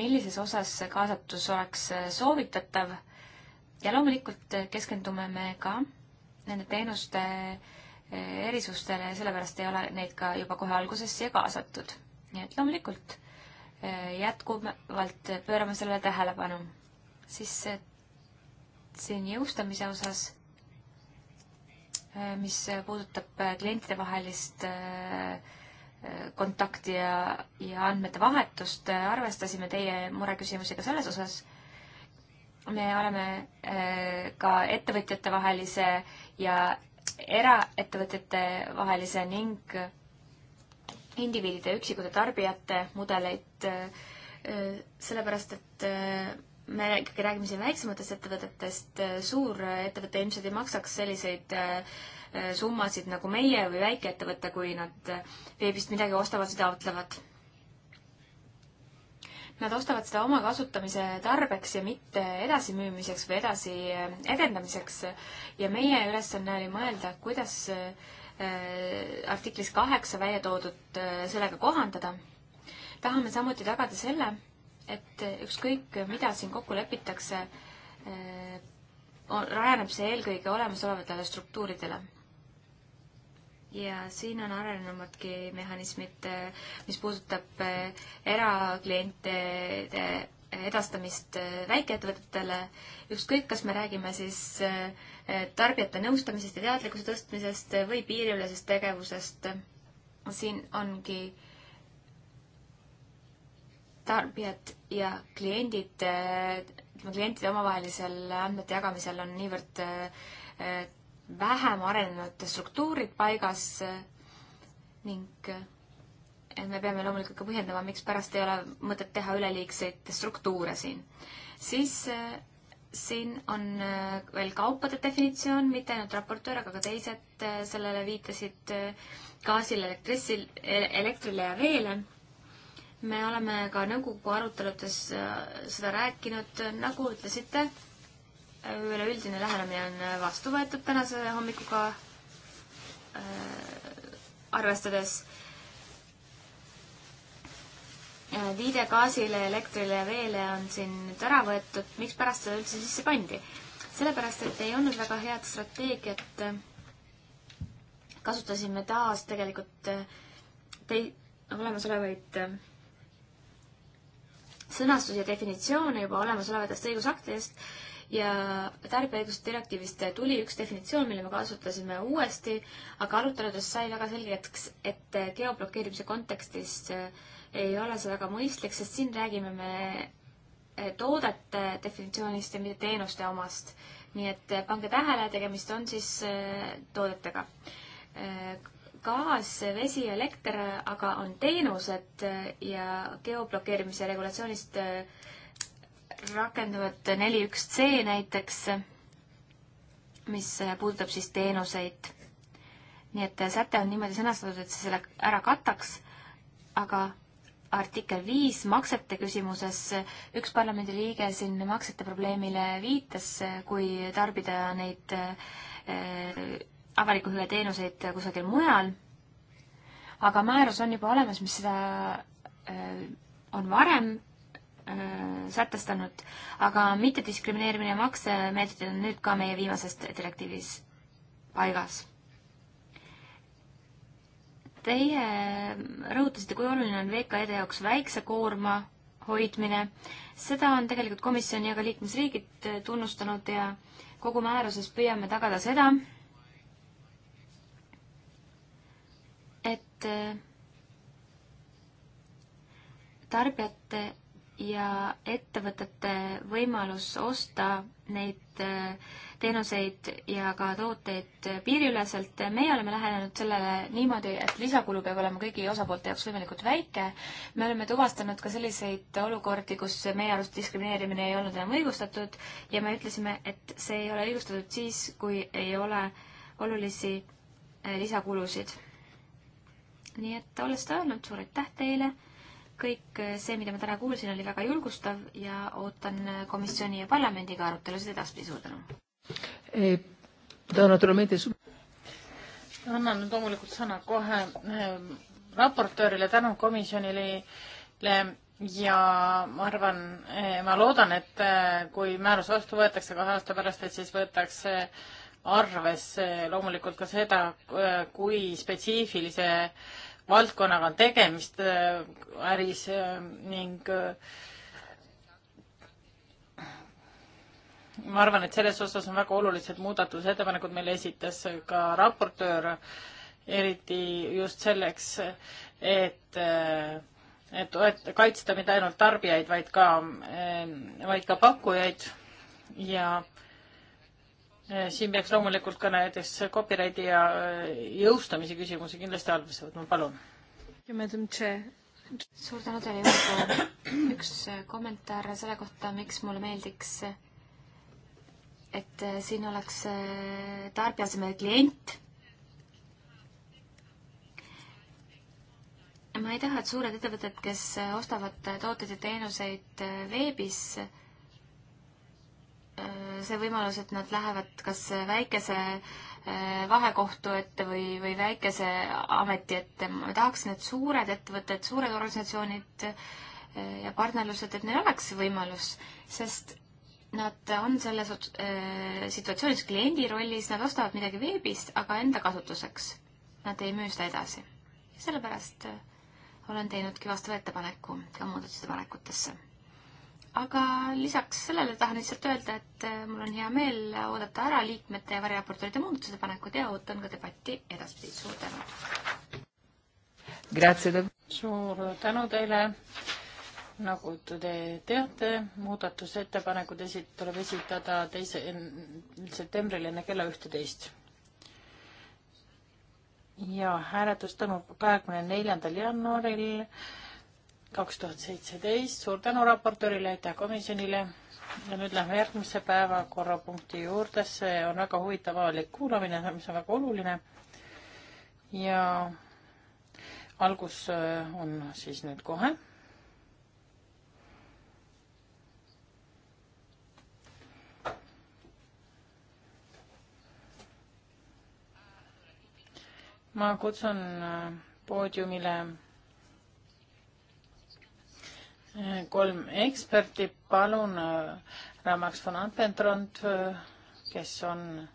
millises osas see kaasatus oleks äh, soovitatav ja loomulikult keskendume me ka nende teenuste erisustele ja sellepärast ei ole neid ka juba kohe alguses siia kaasatud nii et loomulikult eh, jätkuvalt pöörame sellele tähelepanu. siis eh, siin jõustamise osas, eh, mis puudutab klientidevahelist kontakti ja, ja andmete vahetust, arvestasime teie mureküsimusega selles osas me oleme ka ettevõtjate vahelise ja eraettevõtjate vahelise ning indiviidide, üksikute tarbijate mudeleid, äh, sellepärast et äh, me ikkagi räägime siin väiksematest ettevõtetest, äh, suurettevõte ilmselt ei maksaks selliseid summasid nagu meie või väikeettevõte, kui nad veebist midagi ostavad ja taotlevad. Nad ostavad seda oma kasutamise tarbeks ja mitte edasimüümiseks või edasi edendamiseks ja meie ülesanne oli mõelda, kuidas äh, Äh, artiklis kaheksa välja toodud äh, sellega kohandada. tahame samuti tagada selle, et ükskõik, mida siin kokku lepitakse, äh, rajaneb see eelkõige olemasolevatele struktuuridele. ja siin on arenenumadki mehhanismid, mis puudutab eraklientide edastamist väikeettevõtetele, ükskõik, kas me räägime siis äh, tarbijate nõustamisest ja teadlikkuse tõstmisest või piiriülesest tegevusest. siin ongi tarbijad ja kliendid, ütleme klientide omavahelisel andmete jagamisel on niivõrd äh, vähem arenenud struktuurid paigas ning äh, me peame loomulikult ka põhjendama, mikspärast ei ole mõtet teha üleliigseid struktuure siin. siis äh, siin on äh, veel kaupade definitsioon, mitte ainult raportöör, aga ka teised äh, sellele viitasid äh, gaasile, elektrissil, e-, elektrile ja veele. me oleme ka nõukogu aruteludes seda rääkinud, nagu ütlesite, üleüldine lähenemine on vastu võetud tänase hommikuga äh, arvestades Äh, viide gaasile, elektrile ja veele on siin nüüd ära võetud, mikspärast seda üldse sisse pandi? sellepärast, et ei olnud väga head strateegiat. kasutasime taas tegelikult äh, tei-, olemasolevaid äh, sõnastusi ja definitsioone juba olemasolevatest õigusaktidest ja tarbijaõiguste direktiivist tuli üks definitsioon, mille me kasutasime uuesti, aga aruteludes sai väga selgeks, et geoblokeerimise kontekstis äh, ei ole see väga mõistlik, sest siin räägime me eh, toodete definitsioonist ja mitte teenuste omast. nii et eh, pange tähele, tegemist on siis eh, toodetega. gaas, vesi, elekter aga on teenused ja geoblokeerimise regulatsioonist rakenduvad neli üks C näiteks, mis puudutab siis teenuseid. nii et säte on niimoodi sõnastatud, et see selle ära kataks, aga artikkel viis maksete küsimuses, üks parlamendiliige siin maksete probleemile viitas, kui tarbida neid äh, avaliku hüve teenuseid kusagil mujal, aga määrus on juba olemas, mis seda äh, on varem äh, sätestanud, aga mittediskrimineerimine ja maksemeetodid on nüüd ka meie viimases direktiivis paigas Teie rõhutasite, kui oluline on VKE-de jaoks väikse koorma hoidmine. seda on tegelikult komisjon ja ka liikmesriigid tunnustanud ja kogu määruses püüame tagada seda, et tarbijate ja ettevõtete võimalus osta neid neid äh, teenuseid ja ka tooteid piiriüleselt. meie oleme lähenenud sellele niimoodi, et lisakulu peab olema kõigi osapoolte jaoks võimalikult väike. me oleme tuvastanud ka selliseid olukordi, kus meie arust diskrimineerimine ei olnud enam õigustatud ja me ütlesime, et see ei ole õigustatud siis, kui ei ole olulisi äh, lisakulusid. nii et olles seda öelnud, suur aitäh teile kõik see, mida ma täna kuulsin, oli väga julgustav ja ootan komisjoni ja parlamendiga arutelusid edaspidi, suur tänu. Eh, annan loomulikult sõna kohe eh, raportöörile, tänu komisjonile ja ma arvan, eh, ma loodan, et kui määrus vastu võetakse kahe aasta pärast, et siis võetakse arvesse loomulikult ka seda, kui spetsiifilise äh, valdkonnaga on tegemist äris äh, äh, ning äh, ma arvan, et selles osas on väga olulised muudatusettepanekud, mille esitas ka raportöör, eriti just selleks, et et, et kaitsta mitte ainult tarbijaid, vaid ka, vaid ka pakkujaid ja Eh, siin peaks loomulikult ka näiteks copyrighti ja eh, jõustamise küsimusi kindlasti arvesse võtma, palun. suur tänu teile, Jürgen. üks eh, kommentaar selle kohta, miks mulle meeldiks, et siin oleks tarbija asemel klient. ma ei taha, et suured ettevõtted, kes ostavad tooteid ja teenuseid veebis, Äh, see võimalus, et nad lähevad kas väikese äh, vahekohtu ette või, või väikese ameti ette. ma tahaks need suured ettevõtted, suured organisatsioonid äh, ja partnerlused, et neil oleks võimalus, sest nad on selles situatsioonis kliendi rollis, nad ostavad midagi veebist, aga enda kasutuseks. Nad ei müü seda edasi. sellepärast olen teinudki vastava ettepaneku ka muudatusettepanekutesse aga lisaks sellele tahan lihtsalt öelda, et äh, mul on hea meel oodata ära liikmete ja variraportorite muudatusettepanekud ja ootan ka debatti edaspidi. suur tänu! suur tänu teile! nagu te teate, muudatusettepanekud esi-, tuleb esitada teise, septembril enne kella ühteteist. ja hääletus toimub kahekümne neljandal jaanuaril kaks tuhat seitseteist, suur tänu raportöörile, aitäh komisjonile ja nüüd lähme järgmise päevakorrapunkti juurde, see on väga huvitav avalik kuulamine, mis on väga oluline. ja algus äh, on siis nüüd kohe. ma kutsun äh, poodiumile kolm eksperti, palun, äh, Ramax von Antentrond, äh, kes on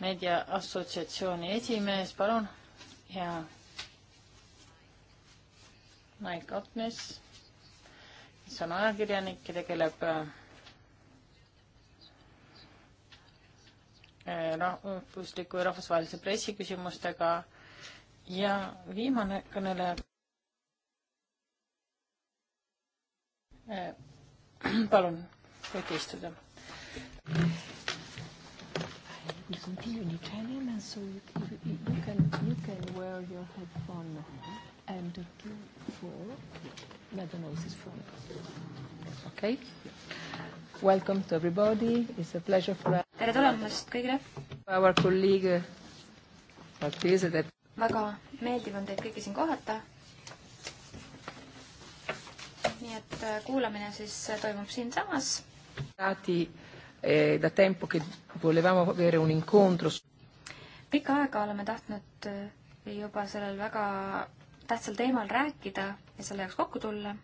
meediaassotsiatsiooni esimees, palun, ja Mike Otnes, kes on ajakirjanik ja tegeleb äh, rahvusliku ja rahvusvahelise pressi küsimustega ja viimane kõneleja Äh, palun, võite istuda. You continue in Italian and so you, you, you can you can wear your headphone and two four Madanos is from. Okay. Welcome to everybody. It's a pleasure for. tere tulemast kõigile. Our colleague. väga meeldiv on teid kõiki siin kohata nii et äh, kuulamine siis äh, toimub siinsamas. Eh, pikka aega oleme tahtnud äh, juba sellel väga tähtsal teemal rääkida ja selle jaoks kokku tulla.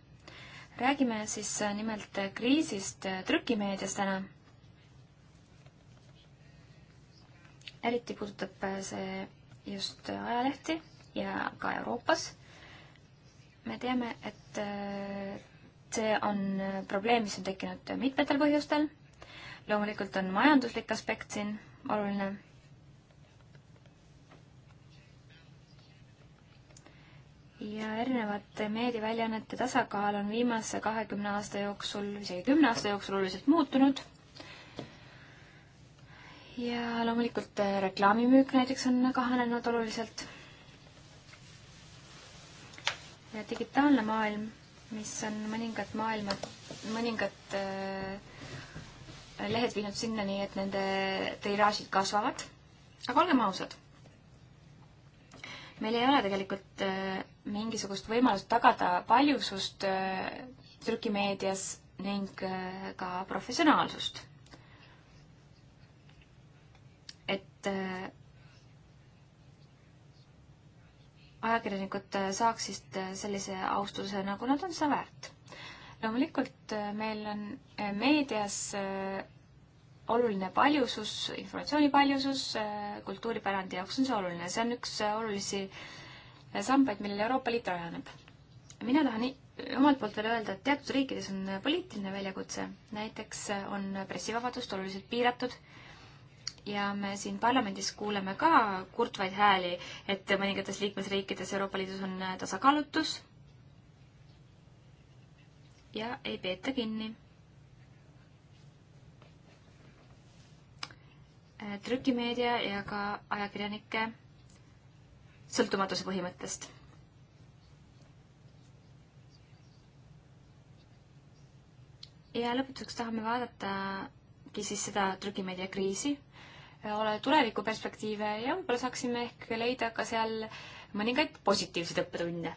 räägime siis nimelt kriisist trükimeedias täna. eriti puudutab see just ajalehti ja ka Euroopas me teame, et äh, see on äh, probleem, mis on tekkinud mitmetel põhjustel. loomulikult on majanduslik aspekt siin oluline. ja erinevate meediaväljaannete tasakaal on viimase kahekümne aasta jooksul, isegi kümne aasta jooksul oluliselt muutunud. ja loomulikult äh, reklaamimüük näiteks on kahanenud oluliselt digitaalne maailm, mis on mõningad maailmad, mõningad äh, lehed viinud sinnani, et nende tiraažid kasvavad. aga olgem ausad, meil ei ole tegelikult äh, mingisugust võimalust tagada paljusust äh, trükimeedias ning ka professionaalsust. et ajakirjanikud äh, saaksid äh, sellise austuse, nagu nad on seda väärt. loomulikult äh, meil on meedias oluline paljusus, informatsiooni paljusus, kultuuripärandi jaoks on see oluline, see on üks olulisi sambaid, millele Euroopa Liit rajaneb. mina tahan omalt poolt veel öelda, et teatud riikides on poliitiline väljakutse, näiteks on pressivabadust oluliselt piiratud ja me siin parlamendis kuuleme ka kurtvaid hääli, et mõningates liikmesriikides Euroopa Liidus on äh, tasakaalutus ja ei peeta kinni. Äh, trükimeedia ja ka ajakirjanike sõltumatuse põhimõttest ja lõpetuseks tahame vaadatagi siis seda trükimeedia kriisi ole tulevikuperspektiive ja võib-olla saaksime ehk leida ka seal mõningaid positiivseid õppetunde.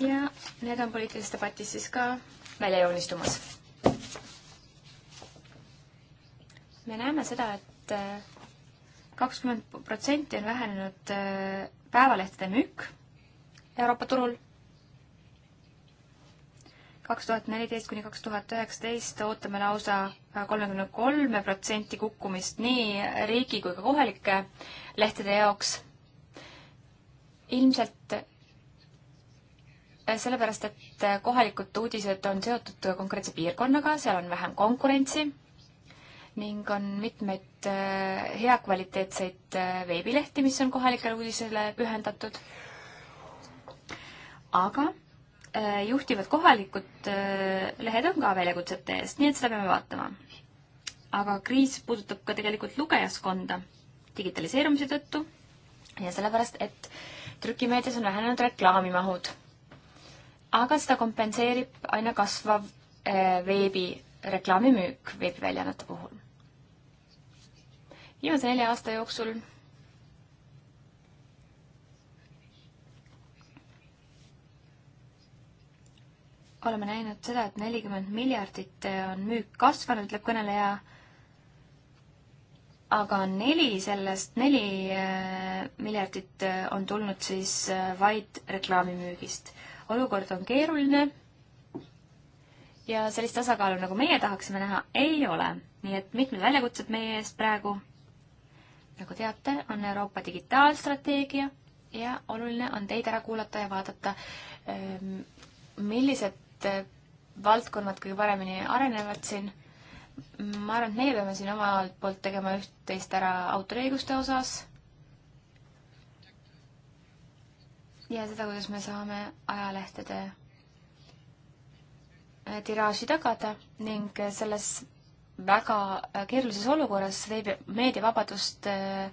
ja need on poliitilises debatis siis ka välja joonistumas. me näeme seda et, et äh, kakskümmend protsenti on vähenenud äh, päevalehtede müük Euroopa turul kaks tuhat neliteist kuni kaks tuhat üheksateist ootame lausa kolmekümne kolme protsenti kukkumist nii riigi kui ka kohalike lehtede jaoks. ilmselt äh, sellepärast, et äh, kohalikud uudised on seotud konkreetse piirkonnaga, seal on vähem konkurentsi ning on mitmeid äh, hea kvaliteetseid veebilehti, mis on kohalikele uudisele pühendatud. aga Äh, juhtivad kohalikud äh, lehed on ka väljakutsete eest, nii et seda peame vaatama. aga kriis puudutab ka tegelikult lugejaskonda digitaliseerumise tõttu ja sellepärast, et trükimeedias on vähenenud reklaamimahud. aga seda kompenseerib aina kasvav äh, veebireklaamimüük veebiväljaannete puhul. viimase nelja aasta jooksul oleme näinud seda, et nelikümmend miljardit on müük kasvanud, ütleb kõneleja, aga neli sellest, neli eh, miljardit eh, on tulnud siis eh, vaid reklaamimüügist. olukord on keeruline ja sellist tasakaalu, nagu meie tahaksime näha, ei ole. nii et mitmed väljakutsed meie eest praegu, nagu teate, on Euroopa digitaalstrateegia ja oluline on teid ära kuulata ja vaadata, millised millised valdkonnad kõige paremini arenevad siin. ma arvan, et meie peame siin omalt poolt tegema üht-teist ära autoriõiguste osas. ja seda, kuidas me saame ajalehtede äh, tiraaži tagada ning selles väga äh, keerulises olukorras meediavabadust äh,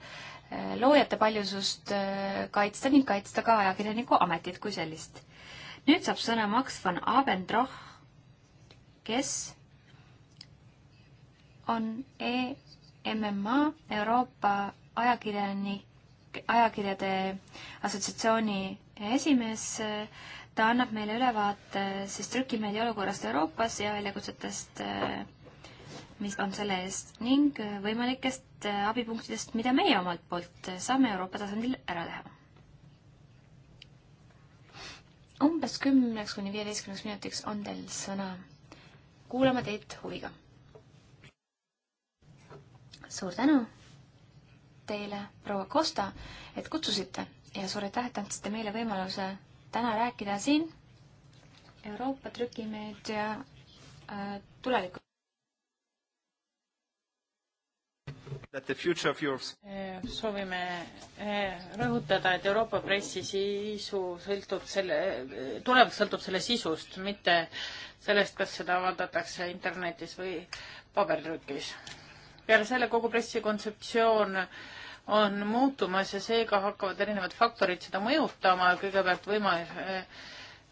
loojate paljusust kaitsta ning kaitsta ka ajakirjaniku ametit kui sellist nüüd saab sõna Max von Abendroch, kes on EMMA Euroopa ajakirjani, ajakirjade assotsiatsiooni esimees. ta annab meile ülevaate siis trükimeedia olukorrast Euroopas ja väljakutsetest, mis on selle eest ning võimalikest abipunktidest, mida meie omalt poolt saame Euroopa tasandil ära teha umbes kümneks kuni viieteistkümneks minutiks on teil sõna. kuulame teid huviga. suur tänu teile, proua Costa, et kutsusite ja suur aitäh, et andsite meile võimaluse täna rääkida siin Euroopa trükimeedia äh, tulevikus. Eh, soovime eh, rõhutada, et Euroopa pressi sisu sõltub selle, eh, tulevik sõltub selle sisust, mitte sellest, kas seda avaldatakse internetis või pabertrükis. peale selle kogu pressi kontseptsioon on muutumas ja seega hakkavad erinevad faktorid seda mõjutama, kõigepealt võima-,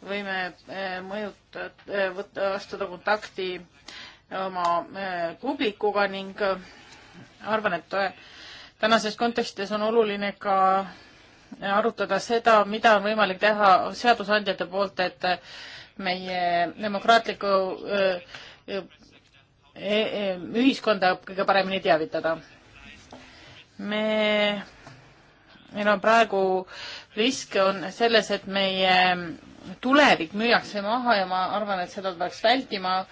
võime mõjutada, võtta, astuda kontakti oma publikuga ning arvan, et äh, tänases kontekstis on oluline ka arutada seda, mida on võimalik teha seadusandjate poolt, et äh, meie demokraatlikku äh, e, e, ühiskonda kõige paremini teavitada. me, meil on praegu risk on selles, et meie tulevik müüakse maha ja ma arvan, et seda peaks vältima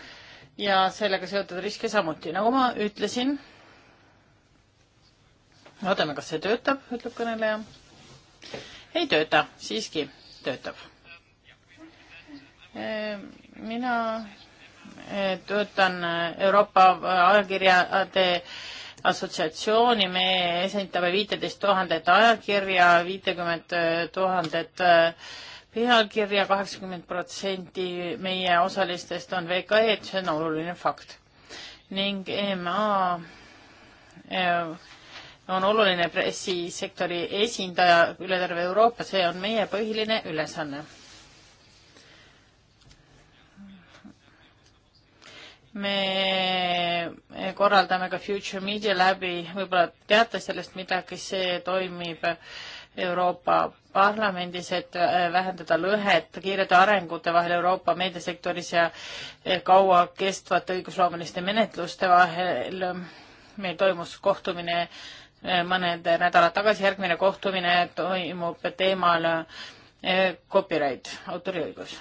ja sellega seotud riske samuti. nagu ma ütlesin vaatame, kas see töötab, ütleb kõneleja. ei tööta, siiski töötab. mina e, töötan Euroopa ajakirjade assotsiatsiooni, me esindame viiteist tuhandet ajakirja, viitekümmet tuhandet e, pealkirja, kaheksakümmend protsenti meie osalistest on VKE-d, see on oluline fakt. ning EMA e, on oluline pressisektori esindaja üle terve Euroopa, see on meie põhiline ülesanne. me korraldame ka Future Media läbi, võib-olla teate sellest midagi, see toimib Euroopa Parlamendis, et äh, vähendada lõhet kiirete arengute vahel Euroopa meediasektoris ja äh, kauakestvate õigusloomeliste menetluste vahel. meil toimus kohtumine äh, Eh, mõned nädalad tagasi, järgmine kohtumine toimub teemal eh, copyright, autoriõigus.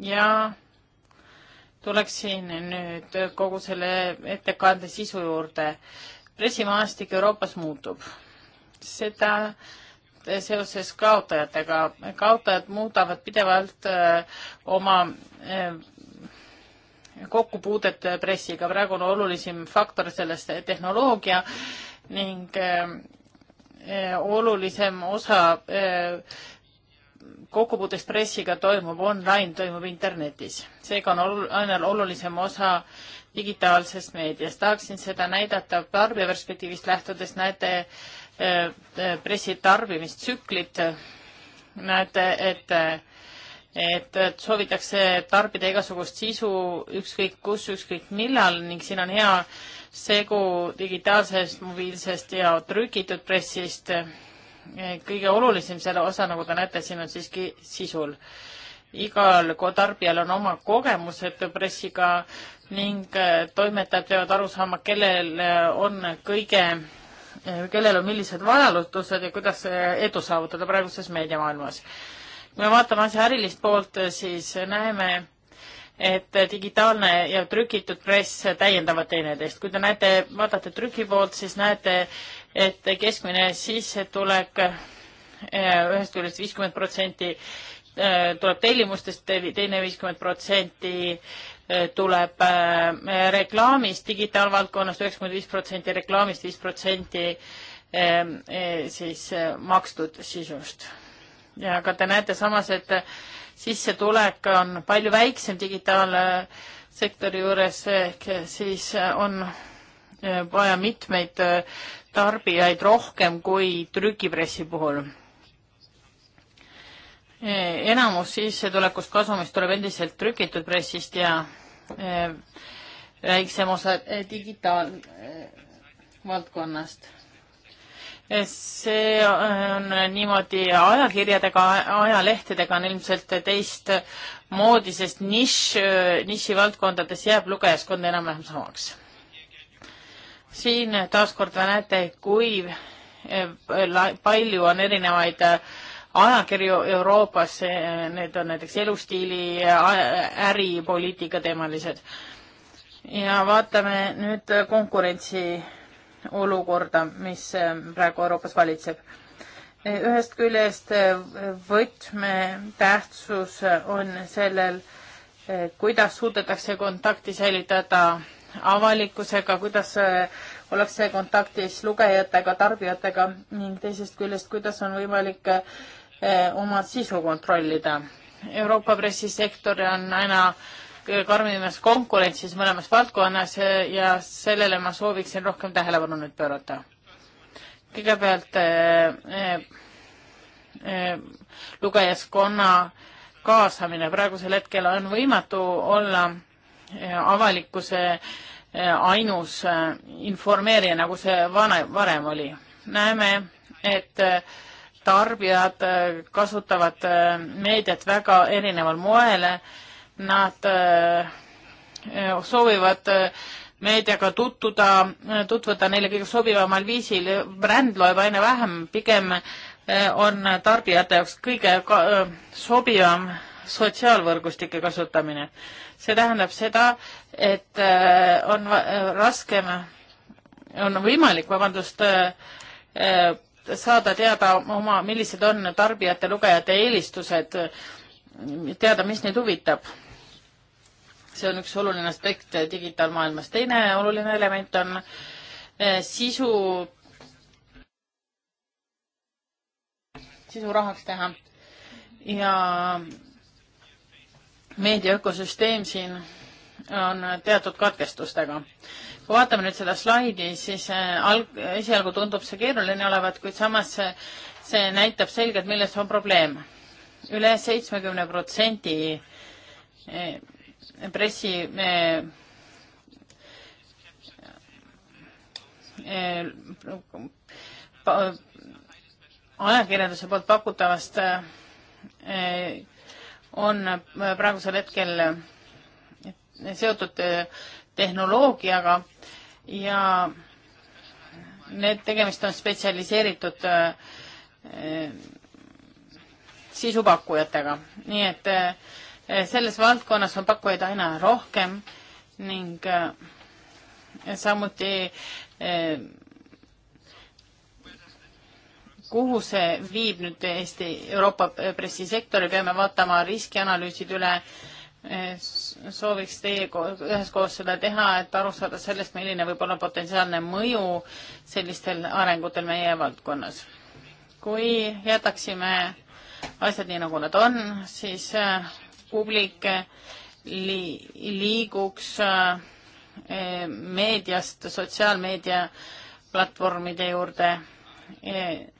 ja tuleksin nüüd kogu selle ettekande sisu juurde. pressimaastik Euroopas muutub. seda seoses kaotajatega. kaotajad muudavad pidevalt eh, oma kokkupuudet pressiga. praegu on olulisim faktor sellest tehnoloogia ning ähm, äh, olulisem osa äh, kokkupuutest pressiga toimub online, toimub internetis. seega on aina olulisem osa digitaalsest meediast. tahaksin seda näidata tarbija perspektiivist lähtudes, näete äh, pressi tarbimistsüklit, näete, et et, et soovitakse tarbida igasugust sisu ükskõik kus, ükskõik millal ning siin on hea segu digitaalsest, mobiilsest ja trükitud pressist. kõige olulisem selle osa, nagu te näete, siin on siiski sisul. igal tarbijal on oma kogemused pressiga ning äh, toimetajad peavad aru saama, kellel äh, on kõige, äh, kellel on millised vajalutused ja kuidas edu saavutada praeguses meediamaailmas. kui me vaatame asja ärilist poolt, siis näeme, et digitaalne ja trükitud press täiendavad teineteist. kui te näete, vaatate trüki poolt, siis näete, et keskmine sissetulek eh, ühest küljest viiskümmend protsenti eh, tuleb tellimustest, teine viiskümmend protsenti eh, tuleb reklaamist, digitaalvaldkonnast üheksakümmend viis protsenti reklaamist, viis protsenti siis makstud sisust. ja ka te näete samas, et sissetulek on palju väiksem digitaalsektori juures, ehk siis on eh, vaja mitmeid eh, tarbijaid rohkem kui trükipressi puhul. Eh, enamus sissetulekust kasumist tuleb endiselt trükitud pressist ja väiksem osa digitaalvaldkonnast see on niimoodi ajakirjadega, ajalehtedega on ilmselt teistmoodi, sest nišš, nišivaldkondades jääb lugejaskond enam-vähem samaks. siin taaskord te näete, kui eh, palju on erinevaid eh, ajakirju Euroopas, eh, need on näiteks elustiili, äripoliitika teemalised. ja vaatame nüüd konkurentsi olukorda, mis äh, praegu Euroopas valitseb. ühest küljest äh, võtmetähtsus on sellel, äh, kuidas suudetakse kontakti säilitada avalikkusega, kuidas ollakse kontaktis lugejatega, tarbijatega ning teisest küljest, kuidas on võimalik oma sisu kontrollida. Euroopa pressisektor on aina äh, karmimas konkurentsis mõlemas valdkonnas ja sellele ma sooviksin rohkem tähelepanu nüüd pöörata. kõigepealt äh, äh, lugejaskonna kaasamine, praegusel hetkel on võimatu olla avalikkuse ainus informeerija, nagu see vana, varem oli. näeme, et tarbijad kasutavad meediat väga erineval moel Nad äh, soovivad äh, meediaga tutvuda, äh, tutvuda neile kõige sobivamal viisil, bränd loeb aina vähem, pigem on tarbijate jaoks kõige ka, sobivam sotsiaalvõrgustike kasutamine. see tähendab seda, et on raskem, on võimalik, vabandust, saada teada oma, millised on tarbijate, lugejate eelistused, teada, mis neid huvitab see on üks oluline aspekt digitaalmaailmas. teine oluline element on eh, sisu, sisu rahaks teha ja meediaökosüsteem siin on teatud katkestustega. kui vaatame nüüd seda slaidi, siis eh, alg-, esialgu tundub see keeruline olevat, kuid samas see, see näitab selgelt, milles on probleem üle. üle seitsmekümne protsendi eh, pressi eh, eh, ajakirjanduse poolt pakutavast eh, on praegusel hetkel seotud tehnoloogiaga ja need, tegemist on spetsialiseeritud sisupakkujatega, nii et äh, Eh, selles valdkonnas on pakkujaid aina rohkem ning eh, samuti eh, kuhu see viib nüüd Eesti Euroopa pressisektori, peame vaatama riskianalüüsid üle, sooviks teie üheskoos seda teha, et aru saada sellest, milline võib olla potentsiaalne mõju sellistel arengutel meie valdkonnas. kui jätaksime asjad nii, nagu nad on, siis publik li liiguks eh, meediast sotsiaalmeedia platvormide juurde. Eh,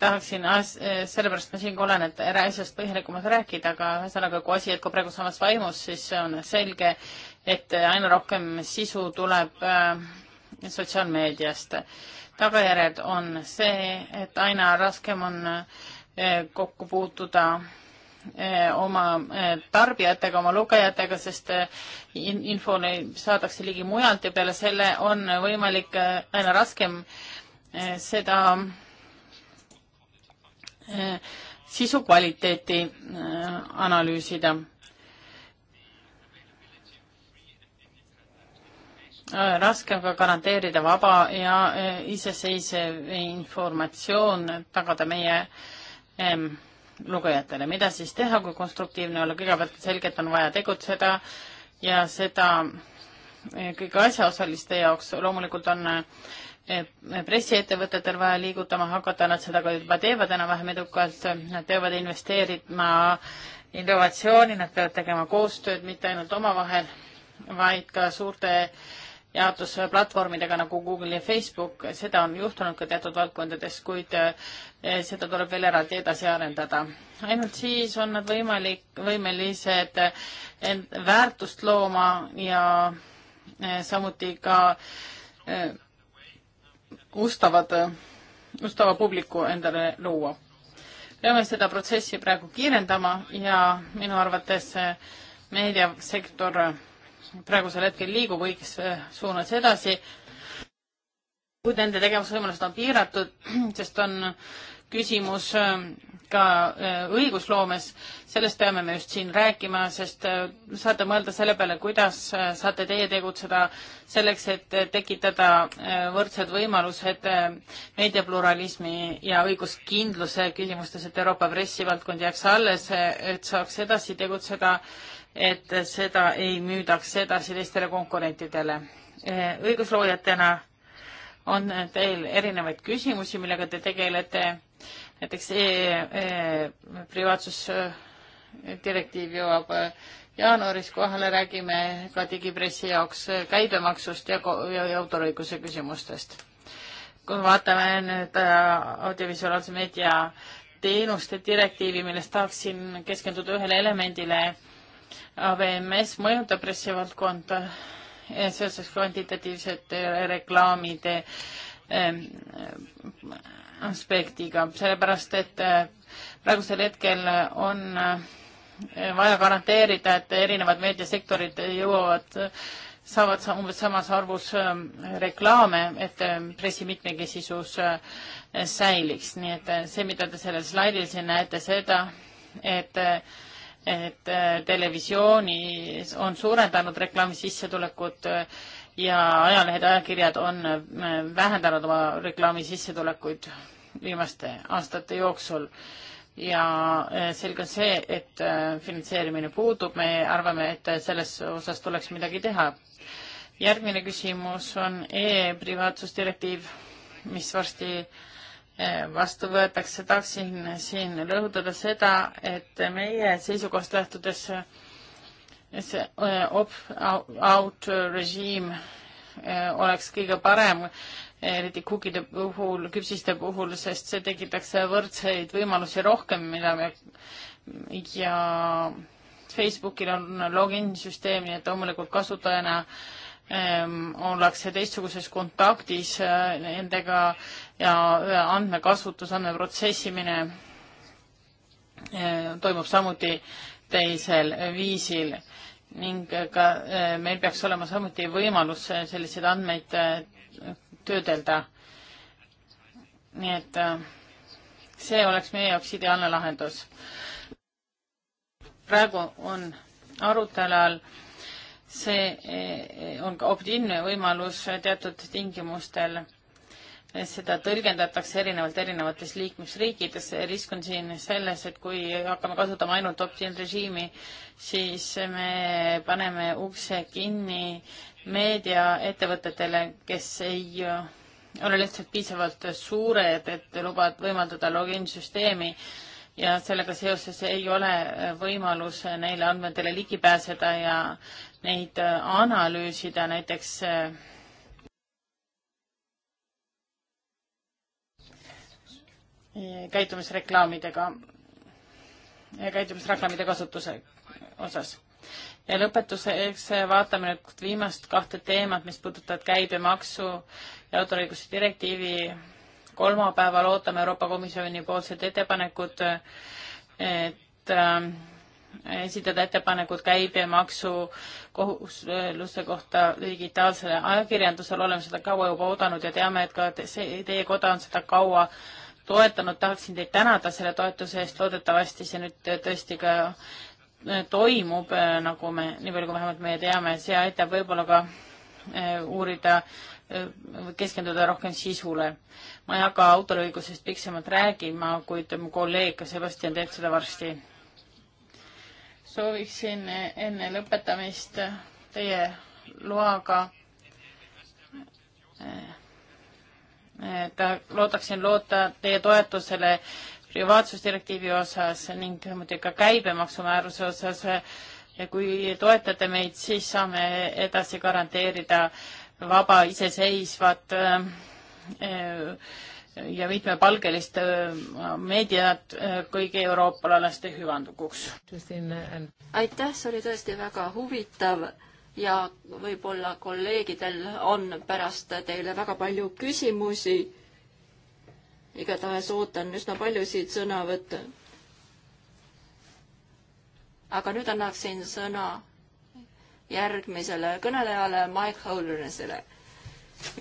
tahaksin, eh, sellepärast ma siinkohal olen, et asjast põhjalikumalt rääkida, aga ühesõnaga, kui asi jätkub praegu samas vaimus, siis on selge, et aina rohkem sisu tuleb sotsiaalmeediast. tagajärjed on see, et aina raskem on äh, Eh, kokku puutuda eh, oma eh, tarbijatega, oma lugejatega, sest infole saadakse ligi mujalt ja peale selle on võimalik aina raskem seda sisu kvaliteeti analüüsida. raske on ka garanteerida vaba ja iseseisev informatsioon, tagada meie äh, lugejatele, mida siis teha, kui konstruktiivne olla, kõigepealt selgelt on vaja tegutseda ja seda eh, kõigi asjaosaliste jaoks loomulikult on eh, pressiettevõtetel vaja liigutama hakata, nad seda ka juba teevad enam-vähem edukalt, nad peavad investeerima innovatsiooni, nad peavad tegema koostööd mitte ainult omavahel, vaid ka suurte jaotusplatvormidega nagu Google ja Facebook, seda on juhtunud ka teatud valdkondades, kuid eh, seda tuleb veel eraldi edasi arendada. ainult siis on nad võimalik, võimelised end eh, väärtust looma ja eh, samuti ka ustavad, ustava publiku endale luua. peame seda protsessi praegu kiirendama ja minu arvates meediasektor praegusel hetkel liigub õiges äh, suunas edasi, kuid nende tegevusvõimalused on piiratud, sest on küsimus äh, ka äh, õigusloomes, sellest peame me just siin rääkima, sest saate mõelda selle peale, kuidas saate teie tegutseda selleks, et tekitada võrdsed võimalused meediapluralismi ja õiguskindluse küsimustes, et Euroopa pressivaldkond jääks alles, et saaks edasi tegutseda äh, et seda ei müüdaks edasi teistele konkurentidele. õigusloojatena on teil erinevaid küsimusi, millega te tegelete, näiteks e e privaatsusdirektiiv e, jõuab e, jaanuaris kohale, räägime ka digipressi jaoks käibemaksust ja, ja, ja autoriõiguse küsimustest. kui vaatame nüüd e, audiovisuaalse meedia teenuste direktiivi, millest tahaksin keskenduda ühele elemendile, AVMS mõjutab pressivaldkonda eh, seoses kvantitatiivsete reklaamide ehm, aspektiga, sellepärast et eh, praegusel hetkel on eh, vaja garanteerida, et erinevad meediasektorid jõuavad, saavad umbes samas arvus reklaame, et pressi mitmekesisus säiliks, nii et see, mida te sellel slaidil siin näete, seda, et äh, et äh, televisioonis on suurendanud reklaami sissetulekut äh, ja ajalehed, ajakirjad on äh, vähendanud oma reklaami sissetulekuid viimaste aastate jooksul. ja selge on see, et finantseerimine puudub, me arvame, et selles osas tuleks midagi teha. järgmine küsimus on e-privaatsusdirektiiv, mis varsti äh, vastu võetakse, tahaksin siin rõhutada seda, et meie seisukohast lähtudes see eh, opt-out režiim eh, oleks kõige parem, eriti kukide puhul, küpsiste puhul, sest see tekitaks võrdseid võimalusi rohkem, mida me ja Facebookil on login süsteem, nii et loomulikult kasutajana ähm, ollakse teistsuguses kontaktis äh, nendega äh, ja andmekasutus, andmeprotsessimine eh, toimub samuti teisel viisil ning ka eh, meil peaks olema samuti võimalus eh, selliseid andmeid töödelda. nii et see oleks meie jaoks ideaalne lahendus. praegu on arutelu all see on ka opt-in võimalus teatud tingimustel seda tõlgendatakse erinevalt erinevates liikmesriikides. risk on siin selles, et kui hakkame kasutama ainult opt-in režiimi, siis me paneme ukse kinni meediaettevõtetele, kes ei äh, ole lihtsalt piisavalt suured, et lubad võimaldada login süsteemi ja sellega seoses ei ole äh, võimalus neile andmetele ligi pääseda ja neid äh, analüüsida näiteks käitumisreklaamidega, käitumisreklaamide kasutuse osas. ja lõpetuseks vaatame nüüd viimast kahte teemat, mis puudutavad käibemaksu ja autoriõiguse direktiivi. kolmapäeval ootame Euroopa Komisjoni poolsed ettepanekud, et äh, esitada ettepanekud käibemaksu kohusluse kohta digitaalsele ajakirjandusele, oleme seda kaua juba oodanud ja teame, et ka teie koda on seda kaua toetanud, tahaksin teid tänada selle toetuse eest, loodetavasti see nüüd tõesti ka äh, toimub, äh, nagu me, nii palju kui vähemalt meie teame, see aitab võib-olla ka äh, uurida, keskenduda rohkem sisule. ma ei hakka autoriõigusest piksemalt räägima, kuid mu kolleeg Sebastian teeb seda varsti. sooviksin enne lõpetamist teie loaga et äh, loodaksin loota teie toetusele privaatsusdirektiivi osas ning muidugi ka käibemaksumääruse osas. ja kui toetate meid, siis saame edasi garanteerida vaba, iseseisvat äh, äh, ja mitmepalgelist meediat kõigi eurooplaste hüvanduks. aitäh, see oli tõesti väga huvitav ja võib-olla kolleegidel on pärast teile väga palju küsimusi. igatahes ootan üsna paljusid sõnavõtte. aga nüüd annaksin sõna järgmisele kõnelejale, Mike Hollenesele,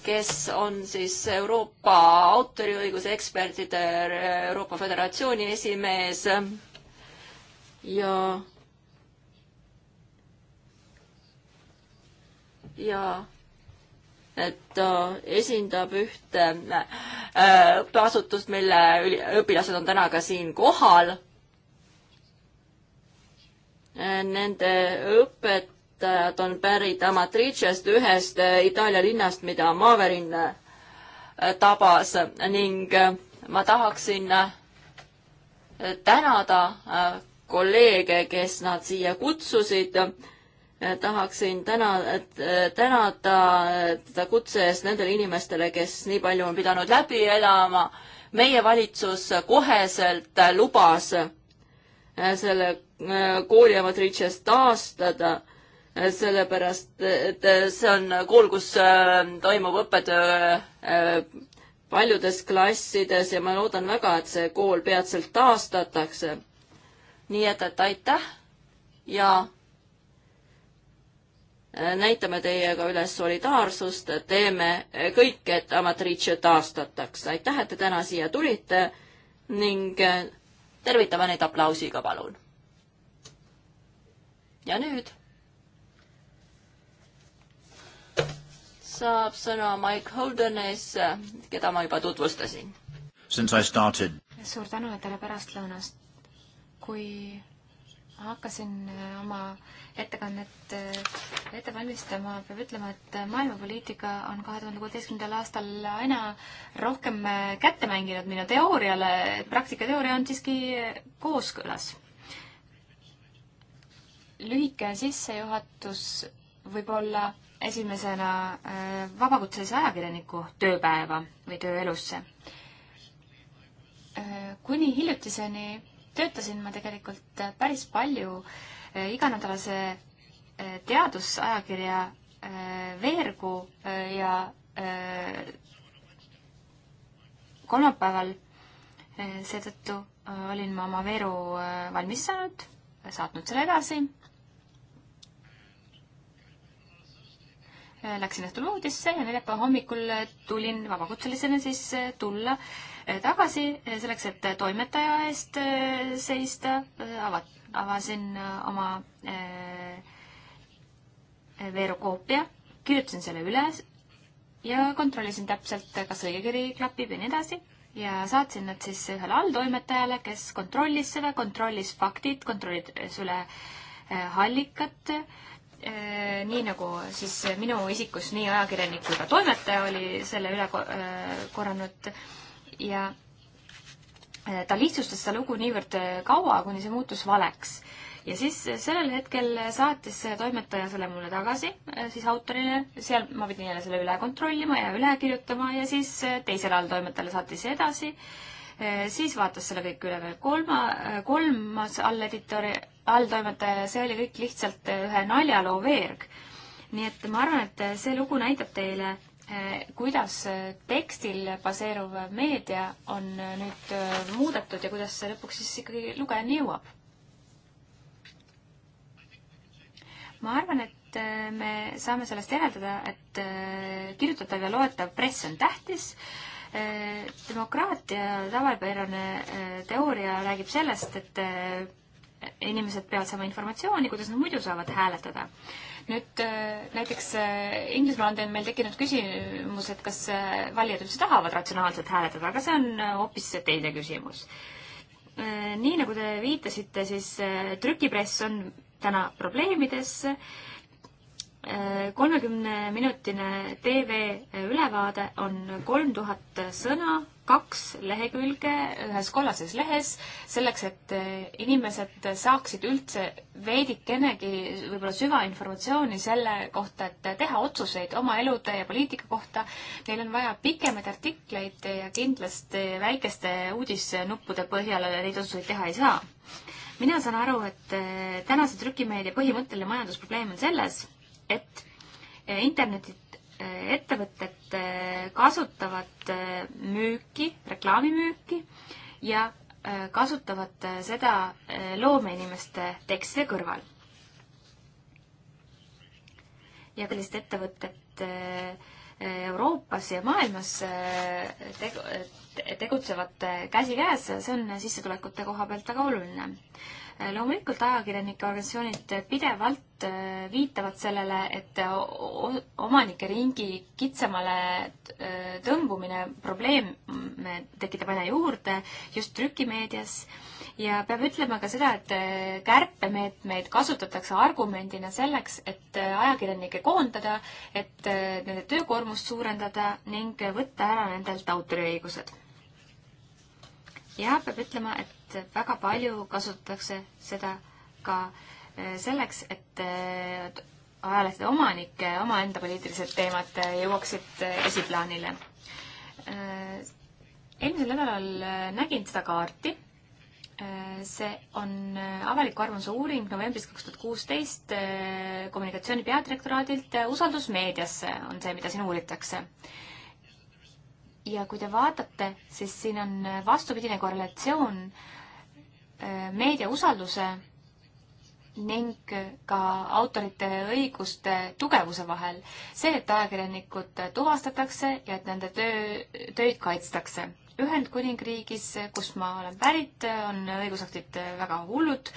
kes on siis Euroopa autoriõiguse ekspertide Euroopa Föderatsiooni esimees ja ja et ta äh, esindab ühte äh, õppeasutust, mille õpilased on täna ka siin kohal. Äh, nende õpetajad on pärit Amatricest, ühest Itaalia linnast, mida Maverin tabas ning ma tahaksin tänada kolleege, kes nad siia kutsusid Eh, tahaksin täna, eh, tänada eh, teda kutse eest nendele inimestele, kes nii palju on pidanud läbi elama. meie valitsus koheselt lubas selle kooli amatriitšest taastada, sellepärast et see on kool, kus toimub õppetöö paljudes klassides ja ma loodan väga, et see kool peatselt taastatakse. nii et, et aitäh ja Äh, näitame teiega üles solidaarsust, teeme äh, kõik, et Amatrice taastataks. aitäh, et te täna siia tulite ning äh, tervitame neid aplausiga, palun. ja nüüd saab sõna Mike Holdenes, keda ma juba tutvustasin. suur tänu ja tere pärastlõunast. kui hakkasin oma äh, ettekannet äh, ette valmistama, peab ütlema, et äh, maailmapoliitika on kahe tuhande kuueteistkümnendal aastal aina rohkem äh, kätte mänginud minu teooriale, et praktikateooria on siiski kooskõlas. lühike sissejuhatus võib-olla esimesena vabakutselise ajakirjaniku tööpäeva või tööelusse. kuni hiljutiseni töötasin ma tegelikult päris palju äh, Äh, iganädalase äh, teadusajakirja äh, Veergu ja kolmapäeval seetõttu olin ma oma veeru valmis saanud, saatnud selle edasi. Läksin õhtul voodisse ja neljapäeva hommikul tulin vabakutselisena siis tulla tagasi selleks, et toimetaja eest seista, avat-, avasin äh, oma äh, veerukoopia, kirjutasin selle üles ja kontrollisin täpselt, kas õigekiri klapib ja nii edasi ja saatsin nad siis ühele alltoimetajale, kes kontrollis seda, kontrollis faktid, kontrollis üle äh, allikat, nii nagu siis minu isikus nii ajakirjanik kui ka toimetaja oli selle üle korranud ja Äh, ta lihtsustas seda lugu niivõrd äh, kaua, kuni see muutus valeks. ja siis äh, sellel hetkel saatis toimetaja selle mulle tagasi, siis autorile, seal ma pidin jälle selle üle kontrollima ja üle kirjutama ja siis teisele alltoimetajale saatis edasi. siis vaatas selle kõik üle veel kolma, kolmas alleditori, alltoimetaja ja see oli kõik lihtsalt ühe naljaloo veerg. nii et ma arvan, et see lugu näitab teile, Eh, kuidas tekstil baseeruv meedia on eh, nüüd eh, muudetud ja kuidas see lõpuks siis ikkagi lugejani jõuab? ma arvan, et me saame sellest järeldada, et kirjutatav ja loetav press on tähtis. demokraatia tavapärane teooria räägib sellest, et inimesed peavad saama informatsiooni, kuidas nad muidu saavad hääletada nüüd äh, näiteks äh, Inglismaal on meil tekkinud küsimus, et kas äh, valijad üldse tahavad ratsionaalselt hääletada, aga see on hoopis teine küsimus. nii nagu te viitasite, siis trükipress on täna probleemides kolmekümneminutine tv ülevaade on kolm tuhat sõna kaks lehekülge ühes kollases lehes, selleks et eh, inimesed saaksid üldse veidikenegi võib-olla süvainformatsiooni selle kohta, et teha otsuseid oma elude ja poliitika kohta. Neil on vaja pikemaid artikleid ja kindlasti eh, väikeste uudisnuppude põhjal neid otsuseid teha ei saa. mina saan aru, et eh, tänase trükimeedia põhimõtteline majandusprobleem on selles, et internetit ettevõtted äh, kasutavad äh, müüki, reklaamimüüki ja äh, kasutavad seda loomeinimeste tekstide kõrval. ja sellised ettevõtted Euroopas ja maailmas tegu-, tegutsevad käsikäes, see on sissetulekute koha pealt väga oluline. Äh, loomulikult ajakirjanike organisatsioonid pidevalt äh, viitavad sellele, et omanike ringi kitsamale äh, tõmbumine probleeme mm, tekitab aina juurde just trükimeedias ja peab ütlema ka seda, et kärpemeetmeid kasutatakse argumendina selleks, et ajakirjanikke koondada, et nende töökoormust suurendada ning võtta ära nendelt autoriõigused. ja peab ütlema, et et väga palju kasutatakse seda ka eh, selleks, et eh, ajalehtede omanike omaenda poliitilised teemad eh, jõuaksid esiplaanile. eelmisel nädalal nägin seda kaarti. see on avaliku arvamuse uuring novembrist kaks tuhat kuusteist kommunikatsiooni peadirektoraadilt usaldus meediasse on see, mida siin uuritakse ja kui te vaatate, siis siin on vastupidine korrelatsioon äh, meedia usalduse ning ka autorite õiguste tugevuse vahel. see, et ajakirjanikud tuvastatakse ja et nende töö, töid kaitstakse. Ühendkuningriigis, kust ma olen pärit, on õigusaktid väga hullud.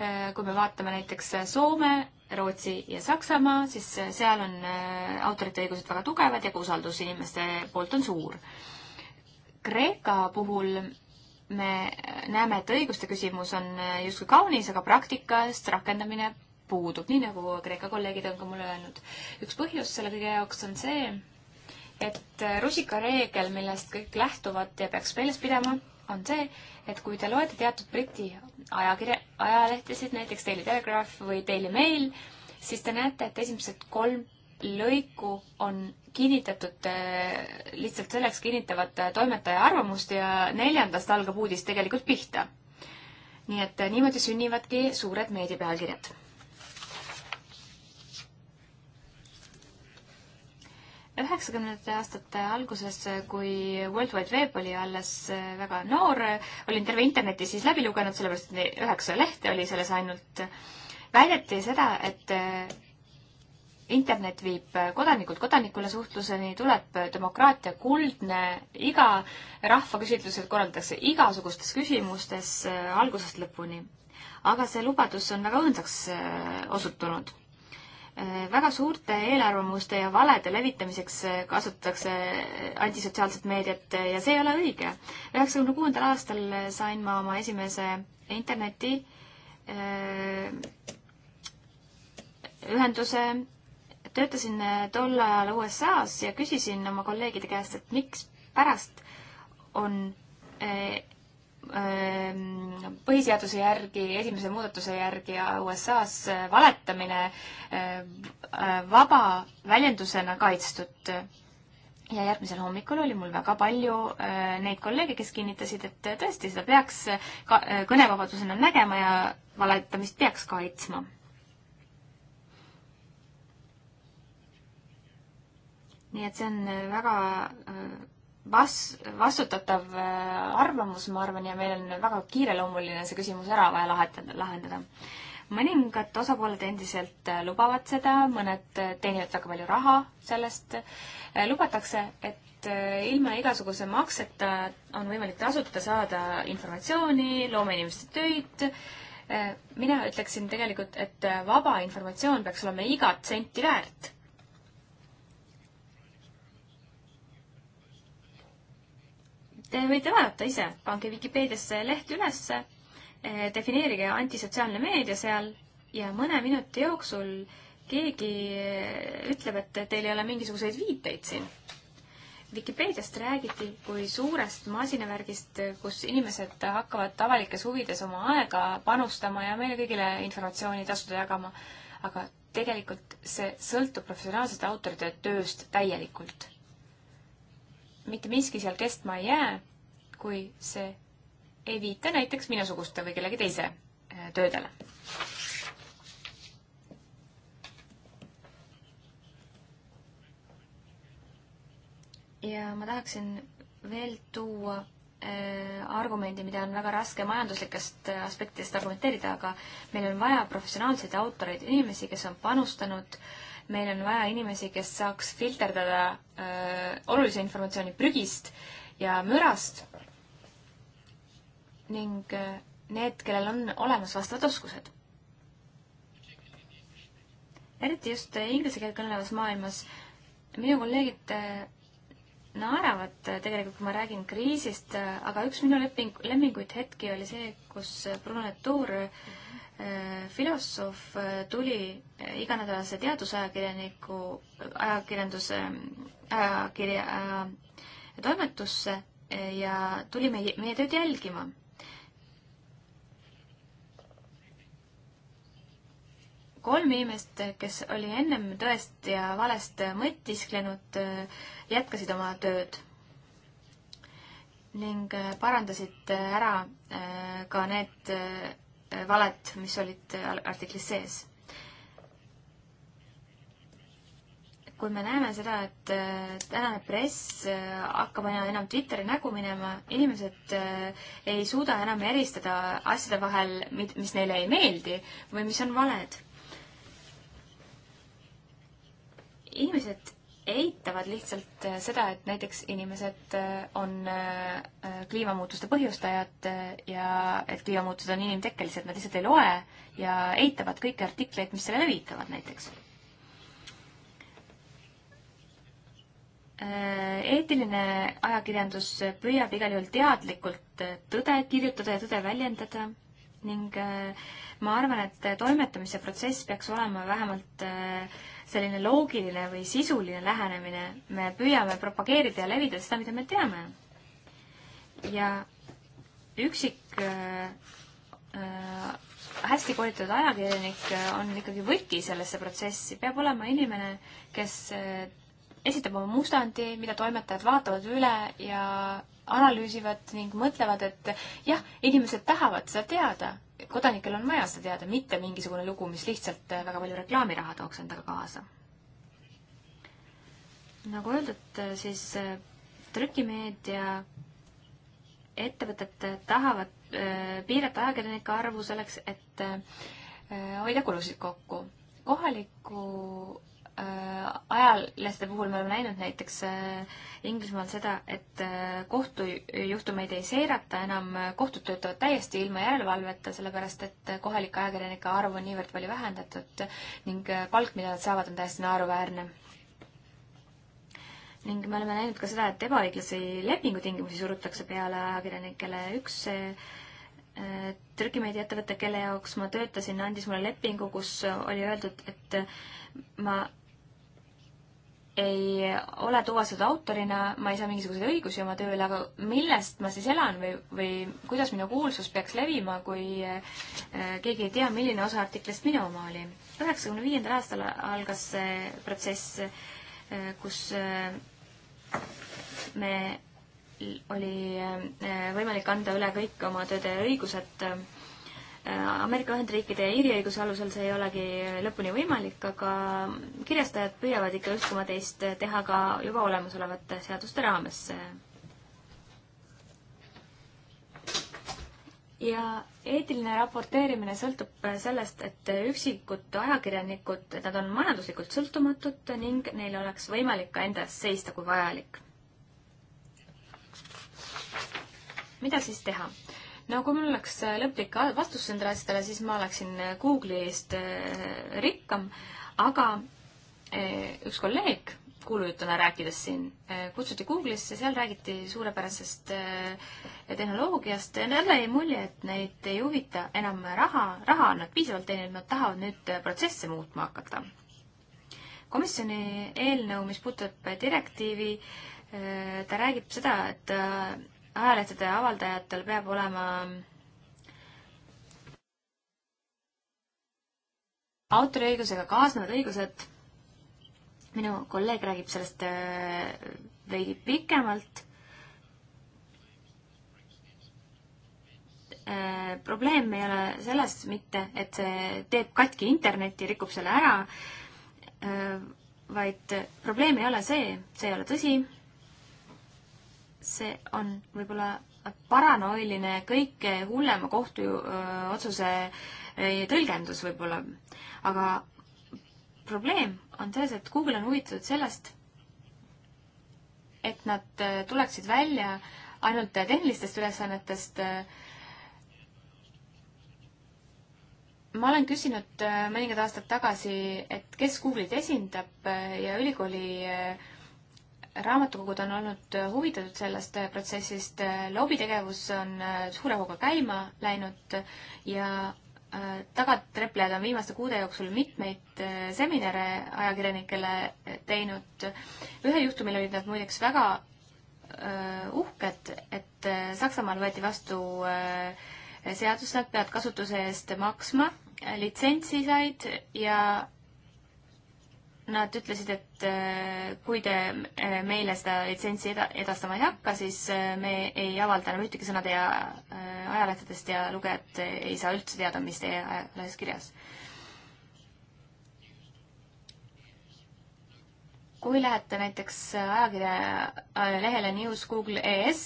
Äh, kui me vaatame näiteks Soome Rootsi ja Saksamaa, siis äh, seal on äh, autorite õigused väga tugevad ja ka usaldus inimeste poolt on suur. Kreeka puhul me äh, näeme, et õiguste küsimus on justkui kaunis, aga praktikast rakendamine puudub, nii nagu Kreeka kolleegid on ka mulle öelnud. üks põhjus selle kõige jaoks on see, et rusikareegel, millest kõik lähtuvad ja peaks meeles pidama, on see, et kui te loete teatud Briti ajakirja, ajalehtesid, näiteks Daily Telegraph või Daily Mail, siis te näete, et esimesed kolm lõiku on kinnitatud, äh, lihtsalt selleks kinnitavad äh, toimetaja arvamust ja neljandast algab uudis tegelikult pihta. nii et äh, niimoodi sünnivadki suured meediapealkirjad üheksakümnendate aastate alguses, kui World Wide Web oli alles äh, väga noor, olin terve interneti siis läbi lugenud, sellepärast et üheksa lehte oli selles ainult. väideti seda, et äh, internet viib kodanikult kodanikule suhtluseni, tuleb demokraatia kuldne iga, rahvaküsitlused korraldatakse igasugustes küsimustes äh, algusest lõpuni. aga see lubadus on väga õõnsaks osutunud Äh, väga suurte eelarvamuste ja valede levitamiseks äh, kasutatakse äh, antisotsiaalset meediat ja see ei ole õige. üheksakümne kuuendal aastal sain ma oma esimese interneti ühenduse, töötasin tol ajal USA-s ja küsisin oma kolleegide käest, et miks pärast on Ähm, põhiseaduse järgi, esimese muudatuse järgi USA-s äh, valetamine äh, äh, vaba väljendusena kaitstud. ja järgmisel hommikul oli mul väga palju neid kolleege, kes kinnitasid, et tõesti, seda peaks ka kõnevabadusena nägema ja valetamist peaks kaitsma. nii et see on väga vas-, vastutatav äh, arvamus, ma arvan, ja meil on väga kiireloomuline see küsimus ära vaja lahetada, lahendada. mõningad osapooled endiselt äh, lubavad seda, mõned äh, teenivad väga palju raha sellest. lubatakse, et ilma igasuguse makseta on võimalik tasuta saada informatsiooni, loomeinimeste töid, mina ütleksin tegelikult, et vaba informatsioon peaks olema igat senti väärt Te võite vaadata ise, pange Vikipeediasse leht ülesse, eh, defineerige antisotsiaalne meedia seal ja mõne minuti jooksul keegi eh, ütleb, et teil ei ole mingisuguseid viiteid siin. Vikipeediast räägiti kui suurest masinavärgist, kus inimesed hakkavad avalikes huvides oma aega panustama ja meile kõigile informatsiooni tasuda jagama. aga tegelikult see sõltub professionaalsete autorite tööst täielikult mitte miski seal kestma ei jää, kui see ei viita näiteks minusuguste või kellegi teise äh, töödele. ja ma tahaksin veel tuua äh, argumendi, mida on väga raske majanduslikest äh, aspektidest argumenteerida, aga meil on vaja professionaalseid autoreid, inimesi, kes on panustanud äh, meil on vaja inimesi, kes saaks filterdada öö, olulise informatsiooni prügist ja mürast ning öö, need, kellel on olemas vastavad oskused. eriti just inglise keelt kõnelevas maailmas minu kolleegid naeravad tegelikult, kui ma räägin kriisist, aga üks minu leping, lemminguid hetki oli see, kus Bruno Latour mm -hmm Äh, filosoof äh, tuli äh, iganädalase teadusajakirjaniku, ajakirjanduse, ajakirja toimetusse ja tuli meie, meie tööd jälgima kolm inimest, kes oli ennem tõest ja valest mõtisklenud, jätkasid oma tööd ning parandasid ära ka need valet, mis olid artiklis sees. kui me näeme seda, et äh, tänane press äh, hakkab aina enam Twitteri nägu minema, inimesed äh, ei suuda enam eristada asjade vahel, mis neile ei meeldi või mis on valed. inimesed eitavad lihtsalt äh, seda, et näiteks inimesed äh, on äh, kliimamuutuste põhjustajad ja et kliimamuutused on inimtekkelised, nad lihtsalt ei loe ja eitavad kõiki artikleid, mis selle levitavad näiteks. eetiline ajakirjandus püüab igal juhul teadlikult tõde kirjutada ja tõde väljendada ning ma arvan, et toimetamise protsess peaks olema vähemalt äh, selline loogiline või sisuline lähenemine, me püüame propageerida ja levida seda, mida me teame. ja üksik äh, äh, hästi koolitatud ajakirjanik äh, on ikkagi võti sellesse protsessi, peab olema inimene, kes äh, esitab oma mustandi, mida toimetajad vaatavad üle ja analüüsivad ning mõtlevad, et jah, inimesed tahavad seda teada, kodanikel on vaja seda teada, mitte mingisugune lugu, mis lihtsalt eh, väga palju reklaamiraha tooks endaga kaasa. nagu öeldud, eh, siis eh, trükimeedia ettevõtted tahavad piirata ajakirjanike arvu selleks, et hoida kulusid kokku. kohaliku Äh, ajalehte puhul me oleme näinud näiteks äh, Inglismaal seda, et äh, kohtujuhtumeid ei seirata enam, kohtud töötavad täiesti ilma järelevalveta, sellepärast et kohalike ajakirjanike arv on niivõrd palju vähendatud ning palk, mida nad saavad, on täiesti naeruväärne. ning me oleme näinud ka seda, et ebaõiglasi lepingutingimusi surutakse peale ajakirjanikele, üks trükimeediaettevõte, kelle jaoks ma töötasin, andis mulle lepingu, kus oli öeldud, et ma ei ole tuvastatud autorina, ma ei saa mingisuguseid õigusi oma tööle, aga millest ma siis elan või, või kuidas minu kuulsus peaks levima, kui äh, keegi ei tea, milline osa artiklist minu oma oli. üheksakümne viiendal aastal algas see protsess, äh, kus äh, me, oli võimalik anda üle kõik oma tööde õigused Äh, Ameerika Ühendriikide ja Iiri õiguse alusel see ei olegi lõpuni võimalik, aga kirjastajad püüavad ikka üht koma teist teha ka juba olemasolevate seaduste raames. ja eetiline raporteerimine sõltub sellest, et üksikud ajakirjanikud, nad on majanduslikult sõltumatud ning neil oleks võimalik ka enda eest seista, kui vajalik. mida siis teha? no kui mul oleks äh, lõplik vastus nendele asjadele, siis ma oleksin äh, Google'i eest äh, rikkam, aga üks kolleeg kuulujutuna rääkides siin, kutsuti Google'isse, seal räägiti suurepärasest tehnoloogiast, jälle jäi mulje, et neid ei huvita enam raha, raha on nad piisavalt teeninud, nad tahavad nüüd protsesse muutma hakata. komisjoni eelnõu, mis puudutab direktiivi, ta räägib seda, et ajalehtede avaldajatel peab olema autoriõigusega kaasnevad õigused. minu kolleeg räägib sellest äh, veidi pikemalt. Äh, probleem ei ole selles mitte, et see teeb katki interneti, rikub selle ära, äh, vaid probleem ei ole see, see ei ole tõsi see on võib-olla paranoiline kõike hullema kohtuotsuse tõlgendus võib-olla. aga probleem on selles, et Google on huvitatud sellest, et nad tuleksid välja ainult tehnilistest ülesannetest. ma olen küsinud mõningad aastad tagasi, et kes Google'it esindab ja ülikooli äh, raamatukogud on olnud huvitatud sellest protsessist, lobitegevus on äh, suure hooga käima läinud ja äh, tagantreplejad on viimaste kuude jooksul mitmeid äh, seminare ajakirjanikele teinud. ühel juhtumil olid nad muideks väga uhked, et Saksamaal võeti vastu seadus, nad peavad kasutuse eest maksma, litsentsi said ja Nad ütlesid, et äh, kui te äh, meile seda litsentsi eda-, edastama ei hakka, siis äh, me ei avalda enam ühtegi sõna teie ajalehtedest ja lugejad ei saa üldse teada, mis teie ajalehes kirjas. kui lähete näiteks ajakirja lehele News Google ES,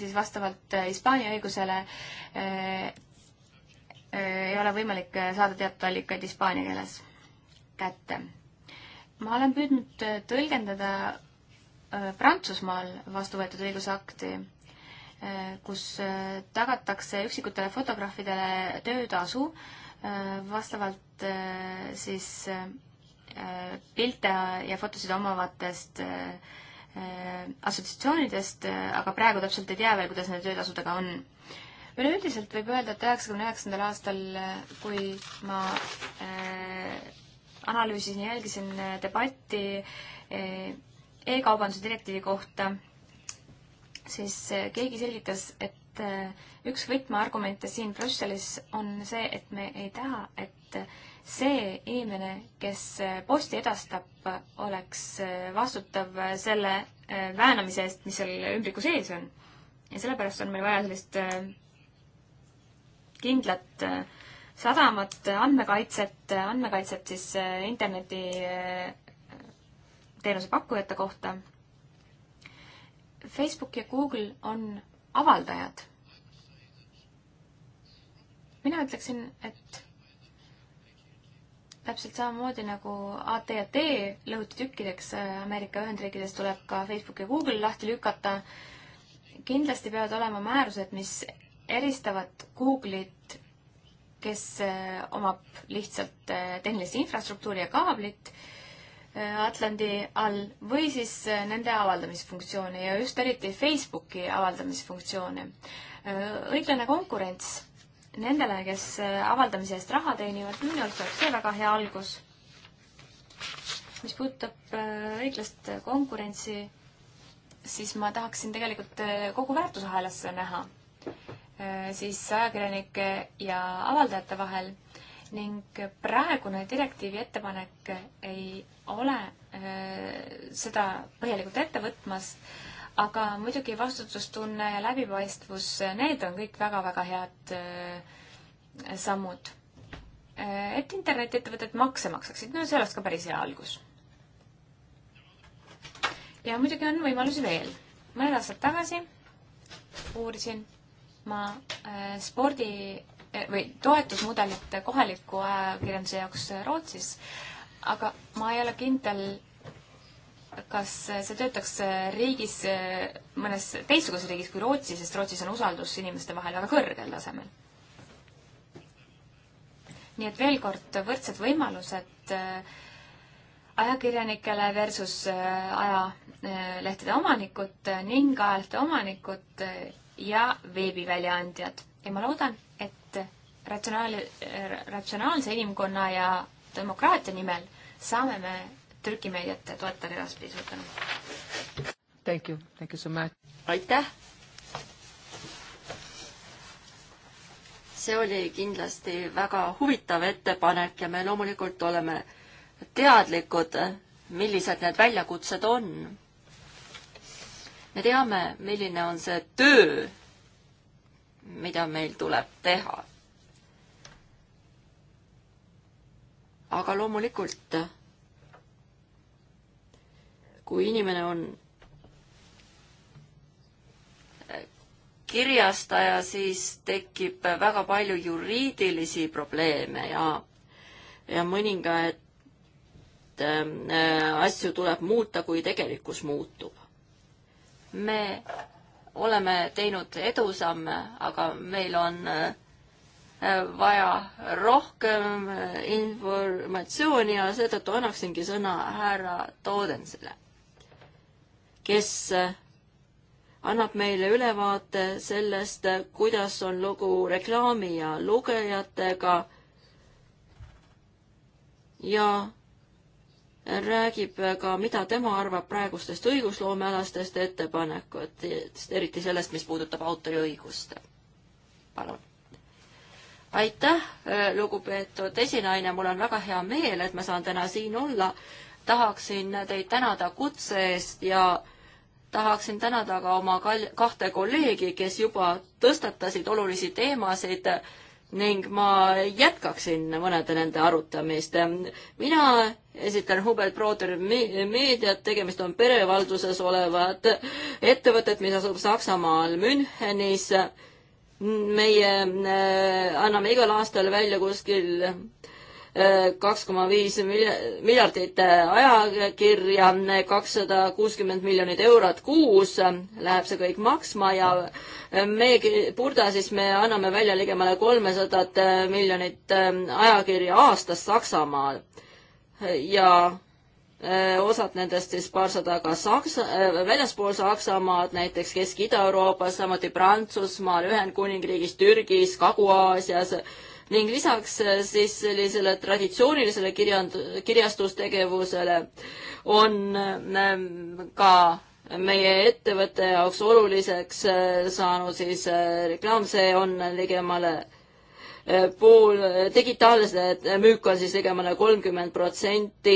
siis vastavalt Hispaania õigusele ei ole võimalik saada teatud allikaid hispaania keeles kätte ma olen püüdnud äh, tõlgendada äh, Prantsusmaal vastu võetud õigusakti, äh, kus tagatakse üksikutele fotograafidele töötasu vastavalt siis pilte ja fotosid omavatest assotsiatsioonidest, aga praegu täpselt ei tea veel, kuidas nende töötasudega on üleüldiselt võib öelda, et üheksakümne üheksandal aastal, kui ma äh, analüüsisin ja jälgisin eh, debatti eh, e-kaubanduse direktiivi kohta, siis eh, keegi selgitas, et üks võtmeargumente siin Brüsselis on see, et me ei taha, et see inimene, kes posti edastab, oleks vastutav selle väänamise eest, mis seal ümbriku sees on. ja sellepärast on meil vaja sellist kindlat äh, sadamat andmekaitset, andmekaitset siis äh, interneti äh, teenusepakkujate kohta. Facebook ja Google on avaldajad. mina ütleksin, et täpselt samamoodi nagu AT&T lõhuti tükkideks äh, Ameerika Ühendriikides tuleb ka Facebook ja Google lahti lükata. kindlasti peavad olema määrused, mis eristavad Google'it kes eh, omab lihtsalt eh, tehnilist infrastruktuuri ja kaablit eh, Atlandi all või siis nende avaldamisfunktsioone ja just eriti Facebooki avaldamisfunktsioone. õiglane konkurents nendele, kes avaldamise eest raha teenivad, minu arust oleks see väga hea algus. mis puudutab õiglast konkurentsi, siis ma tahaksin tegelikult kogu väärtusahelasse näha Äh, siis ajakirjanike ja avaldajate vahel ning praegune direktiivi ettepanek ei ole äh, seda põhjalikult ette võtmas, aga muidugi vastutustunne ja läbipaistvus, need on kõik väga-väga head äh, sammud. et internetiettevõtted makse maksaksid, no see oleks ka päris hea algus. ja muidugi on võimalusi veel. mõned aastad tagasi uurisin muutma äh, spordi äh, või toetusmudelit kohaliku ajakirjanduse jaoks Rootsis, aga ma ei ole kindel, kas see töötaks riigis, äh, mõnes teistsuguses riigis kui Rootsi, sest Rootsis on usaldus inimeste vahel väga kõrgel tasemel. nii et veel kord, võrdsed võimalused ajakirjanikele versus ajalehtede omanikud ning ajalehte omanikud ja veebiväljaandjad ja ma loodan, et ratsionaal, ratsionaalse inimkonna ja demokraatia nimel saame me Türgi meediat toetada edaspidi, suur tänu! Thank you, thank you so much! aitäh! see oli kindlasti väga huvitav ettepanek ja me loomulikult oleme teadlikud, millised need väljakutsed on me teame, milline on see töö, mida meil tuleb teha. aga loomulikult, kui inimene on kirjastaja, siis tekib väga palju juriidilisi probleeme ja, ja mõningaid ähm, äh, asju tuleb muuta, kui tegelikkus muutub me oleme teinud edusamme, aga meil on äh, vaja rohkem äh, informatsiooni ja seetõttu annaksingi sõna härra Todensile, kes äh, annab meile ülevaate sellest, kuidas on lugu reklaami ja lugejatega ja räägib ka, mida tema arvab praegustest õigusloomealastest ettepanekutest, eriti sellest, mis puudutab autoriõigust. palun. aitäh, lugupeetud esinaine, mul on väga hea meel, et ma saan täna siin olla. tahaksin teid tänada kutse eest ja tahaksin tänada ka oma kahte kolleegi, kes juba tõstatasid olulisi teemasid ning ma jätkaksin mõnede nende arutamist. mina esitan Hubert Broder meediat, tegemist on perevalduses olevat ettevõtet, mis asub Saksamaal Münchenis. meie äh, anname igal aastal välja kuskil kaks koma viis miljardit ajakirja, kakssada kuuskümmend miljonit eurot kuus läheb see kõik maksma ja meie Burda siis me anname välja ligemale kolmesadat miljonit ajakirja aastas Saksamaal. ja äh, osad nendest siis paarsada ka Saksa, äh, väljaspool Saksamaad, näiteks Kesk-Ida-Euroopas, samuti Prantsusmaal, Ühendkuningriigis, Türgis, Kagu-Aasias ning lisaks äh, siis sellisele traditsioonilisele kirjand-, kirjastustegevusele on ähm, ka meie ettevõtte jaoks oluliseks äh, saanud siis äh, reklaam, see on ligemale pool, digitaalse müük on siis ligemale kolmkümmend protsenti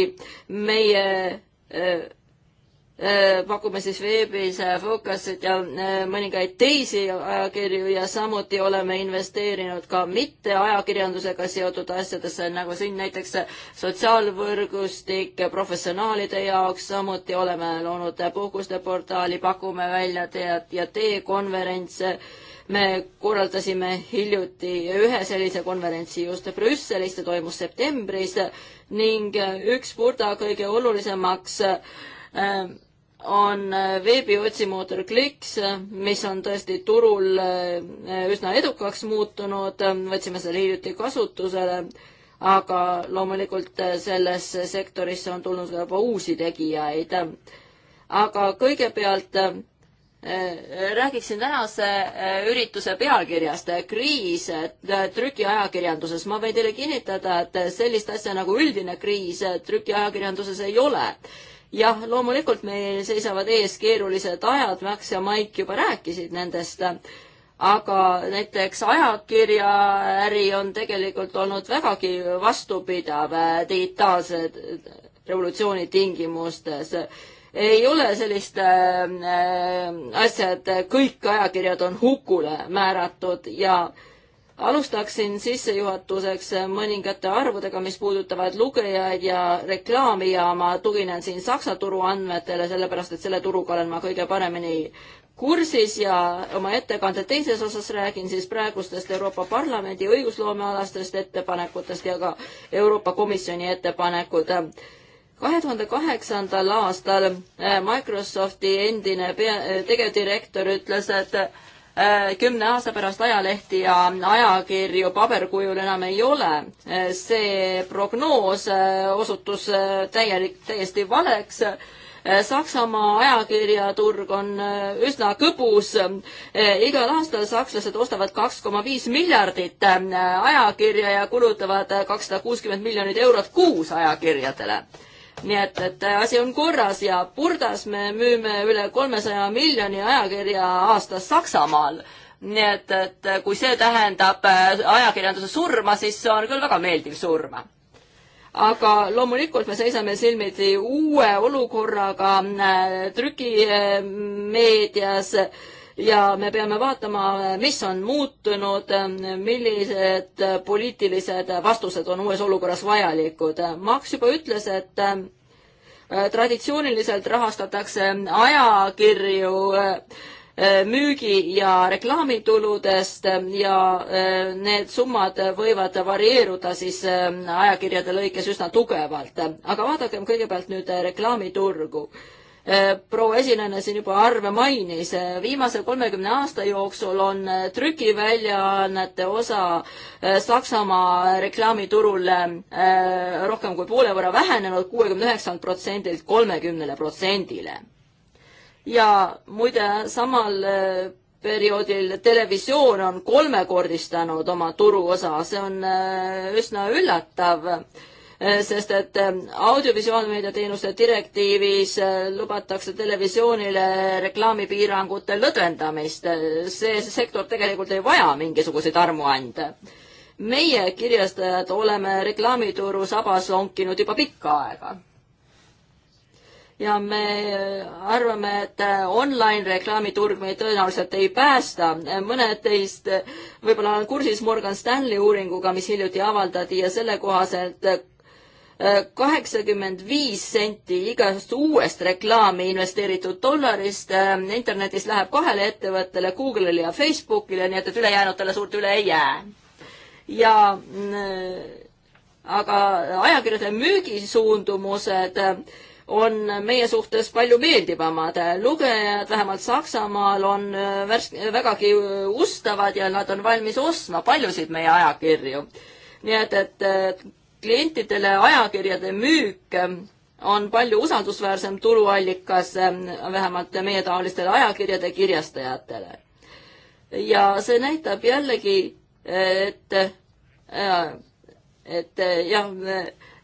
meie Äh, pakume siis veebis äh, Focusit ja äh, mõningaid teisi ajakirju ja samuti oleme investeerinud ka mitte ajakirjandusega seotud asjadesse, nagu siin näiteks sotsiaalvõrgustik professionaalide jaoks, samuti oleme loonud puhkuste portaali, pakume välja tead ja teekonverentse me korraldasime hiljuti ühe sellise konverentsi just Brüsselis, see toimus septembris ning üks Burda kõige olulisemaks äh, on äh, veebiotsimootor Kliks, äh, mis on tõesti turul äh, üsna edukaks muutunud, võtsime selle hiljuti kasutusele, aga loomulikult selles sektoris on tulnud ka juba uusi tegijaid. aga kõigepealt räägiksin tänase ürituse pealkirjast Kriis trükiajakirjanduses. ma võin teile kinnitada, et sellist asja nagu üldine kriis trükiajakirjanduses ei ole jah, loomulikult meil seisavad ees keerulised ajad, Max ja Mike juba rääkisid nendest, aga näiteks ajakirjaäri on tegelikult olnud vägagi vastupidav digitaalse revolutsiooni tingimustes ei ole sellist äh, äh asja, et kõik ajakirjad on hukule määratud ja äh, alustaksin sissejuhatuseks mõningate arvudega, mis puudutavad lugejaid ja reklaami ja ma tuginen siin Saksa turu andmetele, sellepärast et selle turuga olen ma kõige paremini kursis ja oma ettekande teises osas räägin siis praegustest Euroopa Parlamendi õigusloomealastest ettepanekutest ja ka Euroopa Komisjoni ettepanekud kahe tuhande kaheksandal aastal eh, Microsofti endine pea, eh, tegevdirektor ütles, et Äh, kümne aasta pärast ajalehti ja ajakirju paberkujul enam ei ole. Äh, see prognoos äh, osutus täielik, täiesti valeks. Saksamaa ajakirjaturg on üsna kõbus. igal aastal sakslased ostavad kaks koma viis miljardit ajakirja ja kulutavad kakssada kuuskümmend miljonit eurot kuus ajakirjadele nii et, et asi on korras ja purdas me müüme üle kolmesaja miljoni ajakirja aastas Saksamaal. nii et, et kui see tähendab äh, ajakirjanduse surma, siis see on küll väga meeldiv surm aga loomulikult me seisame silmitsi uue olukorraga äh, trükimeedias äh, ja me peame vaatama, mis on muutunud, millised poliitilised vastused on uues olukorras vajalikud. Max juba ütles, et äh, traditsiooniliselt rahastatakse ajakirju äh, müügi- ja reklaamituludest ja äh, need summad võivad varieeruda siis ajakirjade lõikes üsna tugevalt. aga vaadakem kõigepealt nüüd reklaamiturgu Äh, proua esinejana siin juba arve mainis, äh, viimase kolmekümne aasta jooksul on äh, trükiväljaannete osa Saksamaa reklaamiturul rohkem kui poole võrra vähenenud, kuuekümne üheksalt protsendilt kolmekümnele protsendile. ja muide, samal perioodil televisioon on kolmekordistanud oma turuosa, see on üsna üllatav Äh, sest et ähm, audiovisuaalmeedia teenuste direktiivis äh, lubatakse televisioonile reklaamipiirangute lõdvendamist. Äh, see sektor tegelikult ei vaja mingisuguseid armuande. meie kirjastajad oleme reklaamituru sabas lonkinud juba pikka aega ja me arvame, et online reklaamiturg meid tõenäoliselt ei päästa. mõned teist võib-olla on kursis Morgan Stanley uuringuga, mis hiljuti avaldati ja selle kohaselt kaheksakümmend viis senti igast uuest reklaami investeeritud dollarist äh, internetis läheb kahele ettevõttele, Google'ile ja Facebookile, nii et, et ülejäänutele suurt üle ei jää. ja mm, äh, aga ajakirjade müügisuundumused äh, on meie suhtes palju meeldivamad. lugejad vähemalt Saksamaal on värsk-, vägagi ustavad ja nad on valmis ostma paljusid meie ajakirju. nii et, et klientidele ajakirjade müük ähm, on palju usaldusväärsem tuluallikas ähm, vähemalt meietaolistele ajakirjade kirjastajatele. ja see näitab jällegi, et, äh, et äh, jah,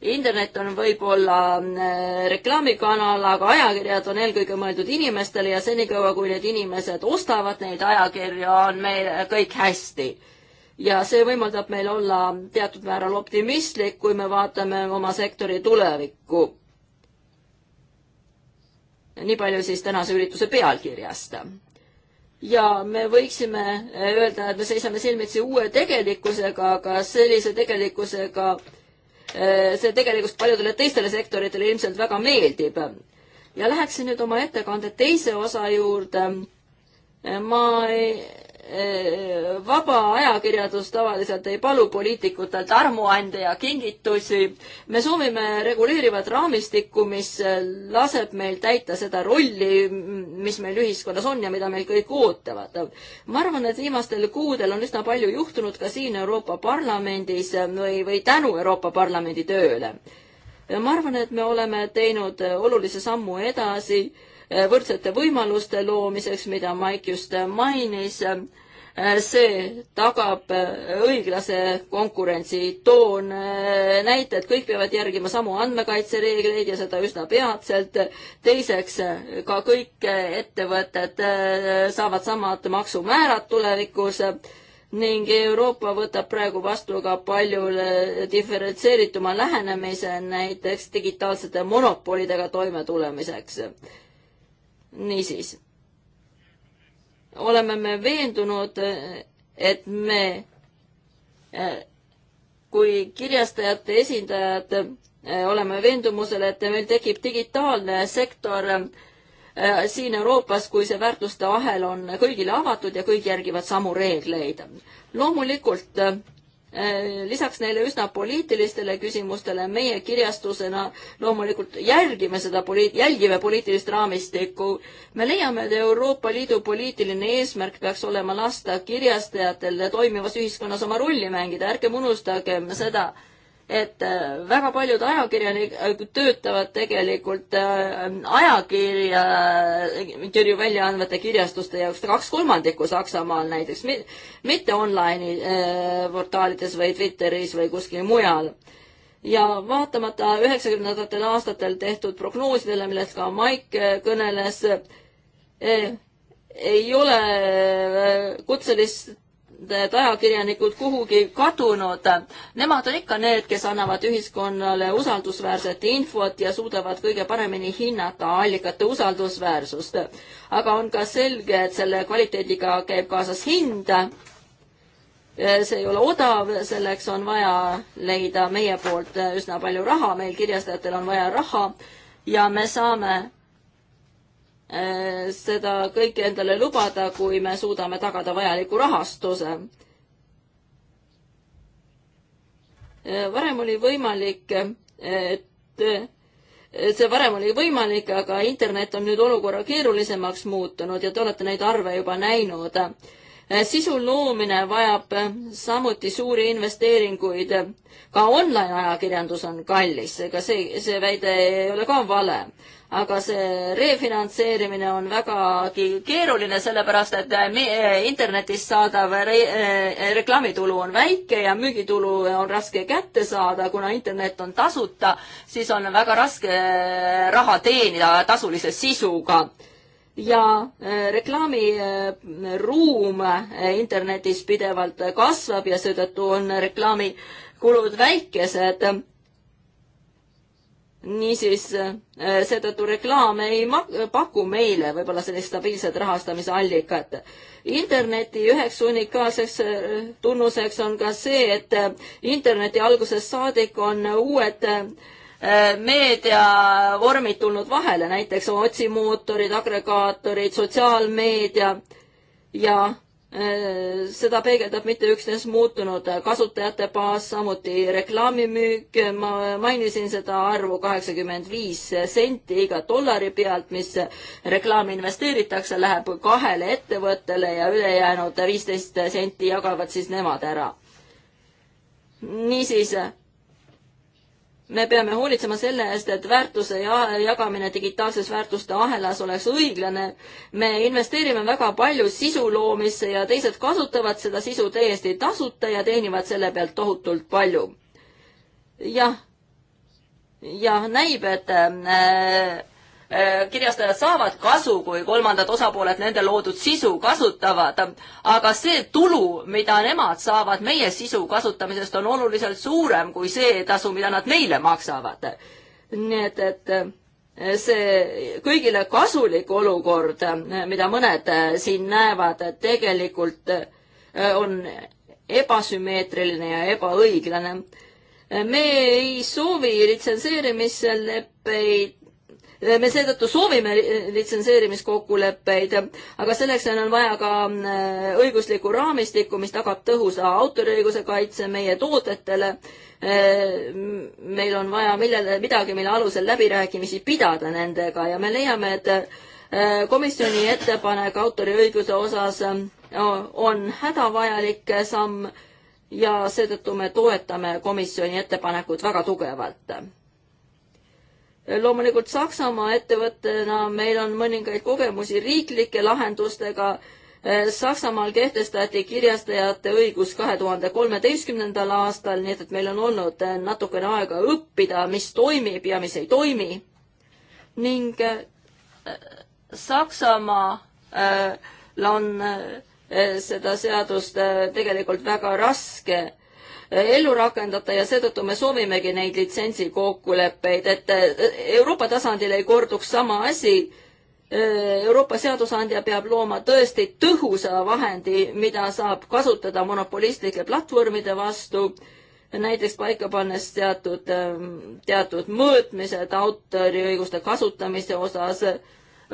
internet on võib-olla äh, reklaamikanal, aga ajakirjad on eelkõige mõeldud inimestele ja senikaua, kui need inimesed ostavad neid ajakirju, on meil kõik hästi ja see võimaldab meil olla teatud määral optimistlik, kui me vaatame oma sektori tulevikku. nii palju siis tänase ürituse pealkirjast. ja me võiksime öelda, et me seisame silmitsi uue tegelikkusega, aga sellise tegelikkusega, eh, see tegelikkus paljudele teistele sektoritele ilmselt väga meeldib. ja läheksin nüüd oma ettekande teise osa juurde. Eh, ma ei vaba ajakirjandus tavaliselt ei palu poliitikutelt armuande ja kingitusi. me soovime reguleerivat raamistikku, mis laseb meil täita seda rolli, mis meil ühiskonnas on ja mida meil kõik ootavad. ma arvan, et viimastel kuudel on üsna palju juhtunud ka siin Euroopa Parlamendis või, või tänu Euroopa Parlamendi tööle. ma arvan, et me oleme teinud olulise sammu edasi Äh, võrdsete võimaluste loomiseks, mida Maik just äh, mainis. Äh, see tagab õiglase konkurentsi. toon näite, et kõik peavad järgima samu andmekaitsereegleid ja seda üsna peatselt. teiseks, ka kõik ettevõtted saavad samad maksumäärad tulevikus ning Euroopa võtab praegu vastu ka palju diferentseerituma lähenemise näiteks digitaalsete monopolidega toimetulemiseks niisiis, oleme me veendunud, et me kui kirjastajate esindajad oleme veendumusel, et meil tekib digitaalne sektor äh, siin Euroopas, kui see väärtuste ahel on kõigile avatud ja kõik järgivad samu reegleid. loomulikult Äh, lisaks neile üsna poliitilistele küsimustele meie kirjastusena loomulikult jälgime seda poliit-, jälgime poliitilist raamistikku. me leiame, et Euroopa Liidu poliitiline eesmärk peaks olema lasta kirjastajatel toimivas ühiskonnas oma rolli mängida, ärgem unustagem seda, et äh, väga paljud ajakirjanikud äh, töötavad tegelikult äh, ajakirja, kirju välja andvate kirjastuste jaoks kaks kolmandikku Saksamaal näiteks, mitte online'i portaalides või Twitteris või kuskil mujal. ja vaatamata üheksakümnendatel aastatel tehtud prognoosidele, millest ka Maik kõneles, ei ole kutselist need ajakirjanikud kuhugi kadunud. Nemad on ikka need, kes annavad ühiskonnale usaldusväärset infot ja suudavad kõige paremini hinnata allikate usaldusväärsust. aga on ka selge, et selle kvaliteediga käib kaasas hind. see ei ole odav, selleks on vaja leida meie poolt üsna palju raha, meil kirjastajatel on vaja raha ja me saame Äh, seda kõike endale lubada, kui me suudame tagada vajaliku rahastuse. Äh, varem oli võimalik, et see varem oli võimalik, aga internet on nüüd olukorra keerulisemaks muutunud ja te olete neid arve juba näinud Äh, sisu loomine vajab äh, samuti suuri investeeringuid. ka online ajakirjandus on kallis, ega see, see väide ei ole ka vale. aga see refinantseerimine on vägagi keeruline, sellepärast et äh, internetist saadav re reklaamitulu on väike ja müügitulu on raske kätte saada, kuna internet on tasuta, siis on väga raske raha teenida tasulise sisuga ja äh, reklaamiruum äh, äh, internetis pidevalt kasvab ja seetõttu on reklaamikulud väikesed. niisiis seetõttu reklaam ei paku meile võib-olla sellist stabiilset rahastamisallikat. interneti üheks unikaalseks tunnuseks on ka see, et interneti algusest saadik on uued meediavormid tulnud vahele, näiteks otsimootorid, agregaatorid, sotsiaalmeedia ja äh, seda peegeldab mitte üksnes muutunud kasutajate baas, samuti reklaamimüük, ma mainisin seda arvu kaheksakümmend viis senti iga dollari pealt, mis reklaami investeeritakse, läheb kahele ettevõttele ja ülejäänud viisteist senti jagavad siis nemad ära. niisiis me peame hoolitsema selle eest, et väärtuse ja jagamine digitaalses väärtuste ahelas oleks õiglane. me investeerime väga palju sisu loomisse ja teised kasutavad seda sisu täiesti tasuta ja teenivad selle pealt tohutult palju. jah, ja näib, et äh, Äh, kirjastajad saavad kasu, kui kolmandad osapooled nende loodud sisu kasutavad, aga see tulu, mida nemad saavad meie sisu kasutamisest, on oluliselt suurem kui see tasu, mida nad meile maksavad. nii et, et äh, see kõigile kasulik olukord, äh, mida mõned siin näevad, tegelikult on ebasümmeetriline ja ebaõiglane me ei soovi litsenseerimisleppeid me seetõttu soovime litsenseerimiskokkuleppeid, aga selleks on vaja ka äh, õiguslikku raamistikku, mis tagab tõhusa autoriõiguse kaitse meie toodetele. Äh, meil on vaja millele, midagi, mille alusel läbirääkimisi pidada nendega ja me leiame, et äh, komisjoni ettepanek autoriõiguse osas on hädavajalik samm ja seetõttu me toetame komisjoni ettepanekut väga tugevalt loomulikult Saksamaa ettevõttena meil on mõningaid kogemusi riiklike lahendustega. Eh, Saksamaal kehtestati kirjastajate õigus kahe tuhande kolmeteistkümnendal aastal, nii et meil on olnud eh, natukene aega õppida, mis toimib ja mis ei toimi. ning eh, Saksamaal on seda seadust tegelikult väga raske Eh, ellu rakendata ja seetõttu me soovimegi neid litsentsikokkuleppeid, et eh, Euroopa tasandil ei korduks sama asi. Eh, Euroopa seadusandja peab looma tõesti tõhusa vahendi, mida saab kasutada monopolistlike platvormide vastu näiteks paika pannes teatud, teatud mõõtmised autoriõiguste kasutamise osas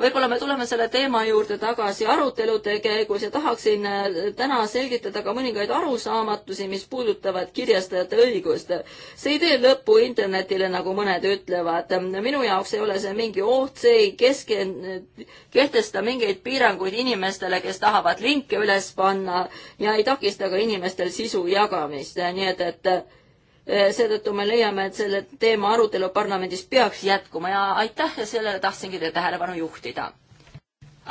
võib-olla me tuleme selle teema juurde tagasi arutelude käigus ja tahaksin äh, täna selgitada ka mõningaid arusaamatusi, mis puudutavad kirjastajate õigust. see ei tee lõppu internetile, nagu mõned ütlevad. minu jaoks ei ole see mingi oht, see ei keske-, kehtesta mingeid piiranguid inimestele, kes tahavad linke üles panna ja ei takista ka inimestel sisu jagamist, nii et, et Äh, seetõttu me leiame, et selle teema arutelu parlamendis peaks jätkuma ja aitäh ja sellele tahtsingi teie tähelepanu juhtida.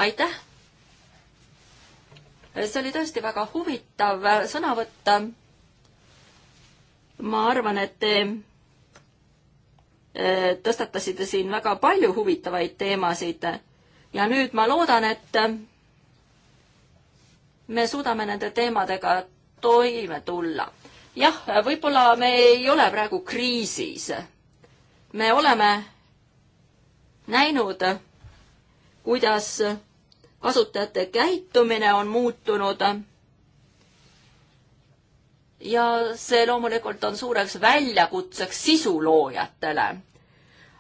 aitäh! Äh, see oli tõesti väga huvitav äh, sõnavõtt. ma arvan, et te tõstatasite siin väga palju huvitavaid teemasid ja nüüd ma loodan, et me suudame nende teemadega toime tulla jah, võib-olla me ei ole praegu kriisis. me oleme näinud, kuidas kasutajate käitumine on muutunud. ja see loomulikult on suureks väljakutseks sisuloojatele.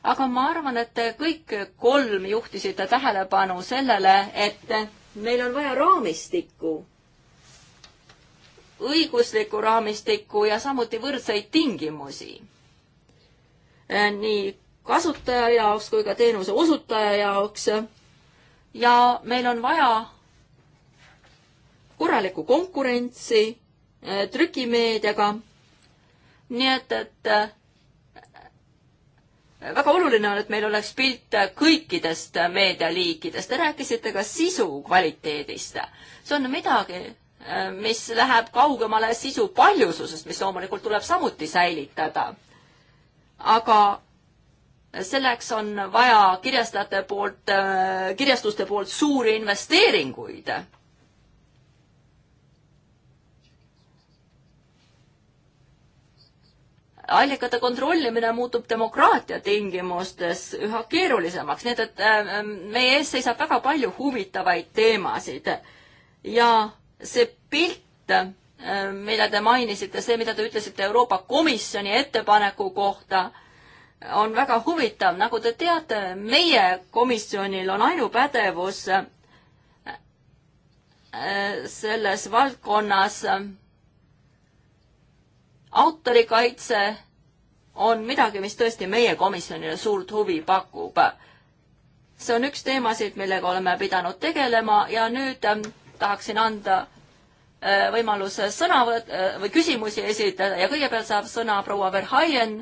aga ma arvan, et kõik kolm juhtisite tähelepanu sellele, et meil on vaja raamistikku õiguslikku raamistikku ja samuti võrdseid tingimusi. Äh, nii kasutaja jaoks kui ka teenuse osutaja jaoks. ja meil on vaja korralikku konkurentsi äh, trükimeediaga. nii et, et äh, väga oluline on, et meil oleks pilt kõikidest meedialiikidest. Te rääkisite ka sisu kvaliteedist. see on midagi, mis läheb kaugemale sisu paljususest, mis loomulikult tuleb samuti säilitada. aga selleks on vaja kirjastajate poolt, äh, kirjastuste poolt suuri investeeringuid. allikate kontrollimine muutub demokraatia tingimustes üha keerulisemaks, nii et, et äh, meie ees seisab väga palju huvitavaid teemasid ja see pilt, äh, mida te mainisite, see, mida te ütlesite Euroopa Komisjoni ettepaneku kohta, on väga huvitav, nagu te teate, meie komisjonil on ainupädevus äh, selles valdkonnas äh, autorikaitse on midagi, mis tõesti meie komisjonile suurt huvi pakub. see on üks teemasid, millega oleme pidanud tegelema ja nüüd tahaksin anda äh, võimaluse sõna võt- äh, või küsimusi esitada ja kõigepealt saab sõna proua Verhaien,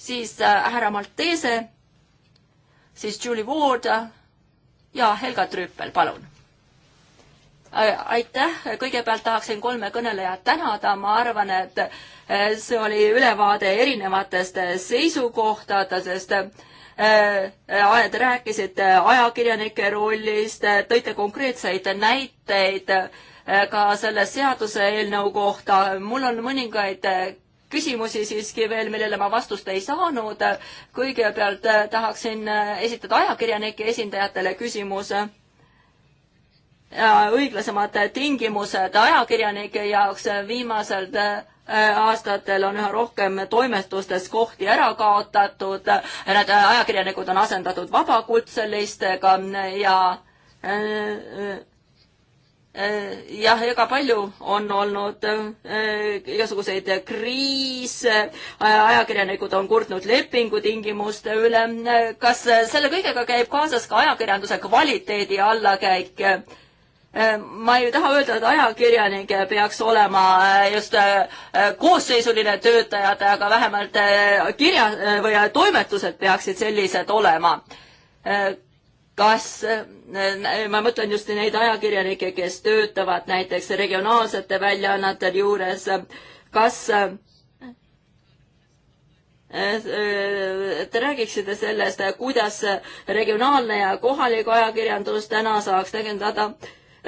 siis äh, härra Maltese, siis Julie Ward ja Helga Trüüpel, palun. aitäh, kõigepealt tahaksin kolme kõnelejat tänada, ma arvan, et see oli ülevaade erinevatest seisukohtadest, sest Äh, äh, te rääkisite ajakirjanike rollist, äh, tõite konkreetseid näiteid ka selle seaduseelnõu kohta. mul on mõningaid küsimusi siiski veel, millele ma vastust ei saanud. kõigepealt tahaksin esitada ajakirjanike esindajatele küsimuse. õiglasemad tingimused ajakirjanike jaoks viimasel Äh, aastatel on üha rohkem toimetustes kohti ära kaotatud, need äh, ajakirjanikud on asendatud vabakutselistega ja äh, jah, ega palju on olnud igasuguseid kriise, ajakirjanikud on kurtnud lepingutingimuste üle. kas selle kõigega käib kaasas ka ajakirjanduse kvaliteedi allakäik? Äh, ma ei taha öelda, et ajakirjanik peaks olema äh, just äh, koosseisuline töötajate, aga vähemalt kirja või toimetused peaksid sellised olema. kas, ma mõtlen just neid ajakirjanikke, kes töötavad näiteks regionaalsete väljaannetel juures, kas Te räägiksite sellest, kuidas regionaalne ja kohalik ajakirjandus täna saaks tegeleda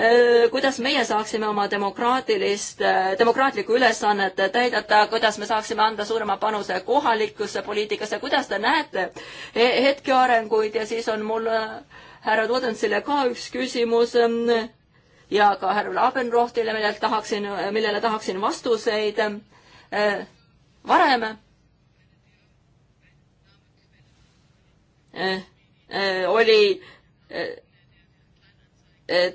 Äh, kuidas meie saaksime oma demokraatilist, äh, demokraatlikku ülesannet täidata, kuidas me saaksime anda suurema panuse kohalikusse poliitikasse, kuidas te näete hetkearenguid ja siis on mul äh, härra Tudensile ka üks küsimus ähm, ja ka härra Abenrohtile, millelt tahaksin, millele tahaksin vastuseid. varem oli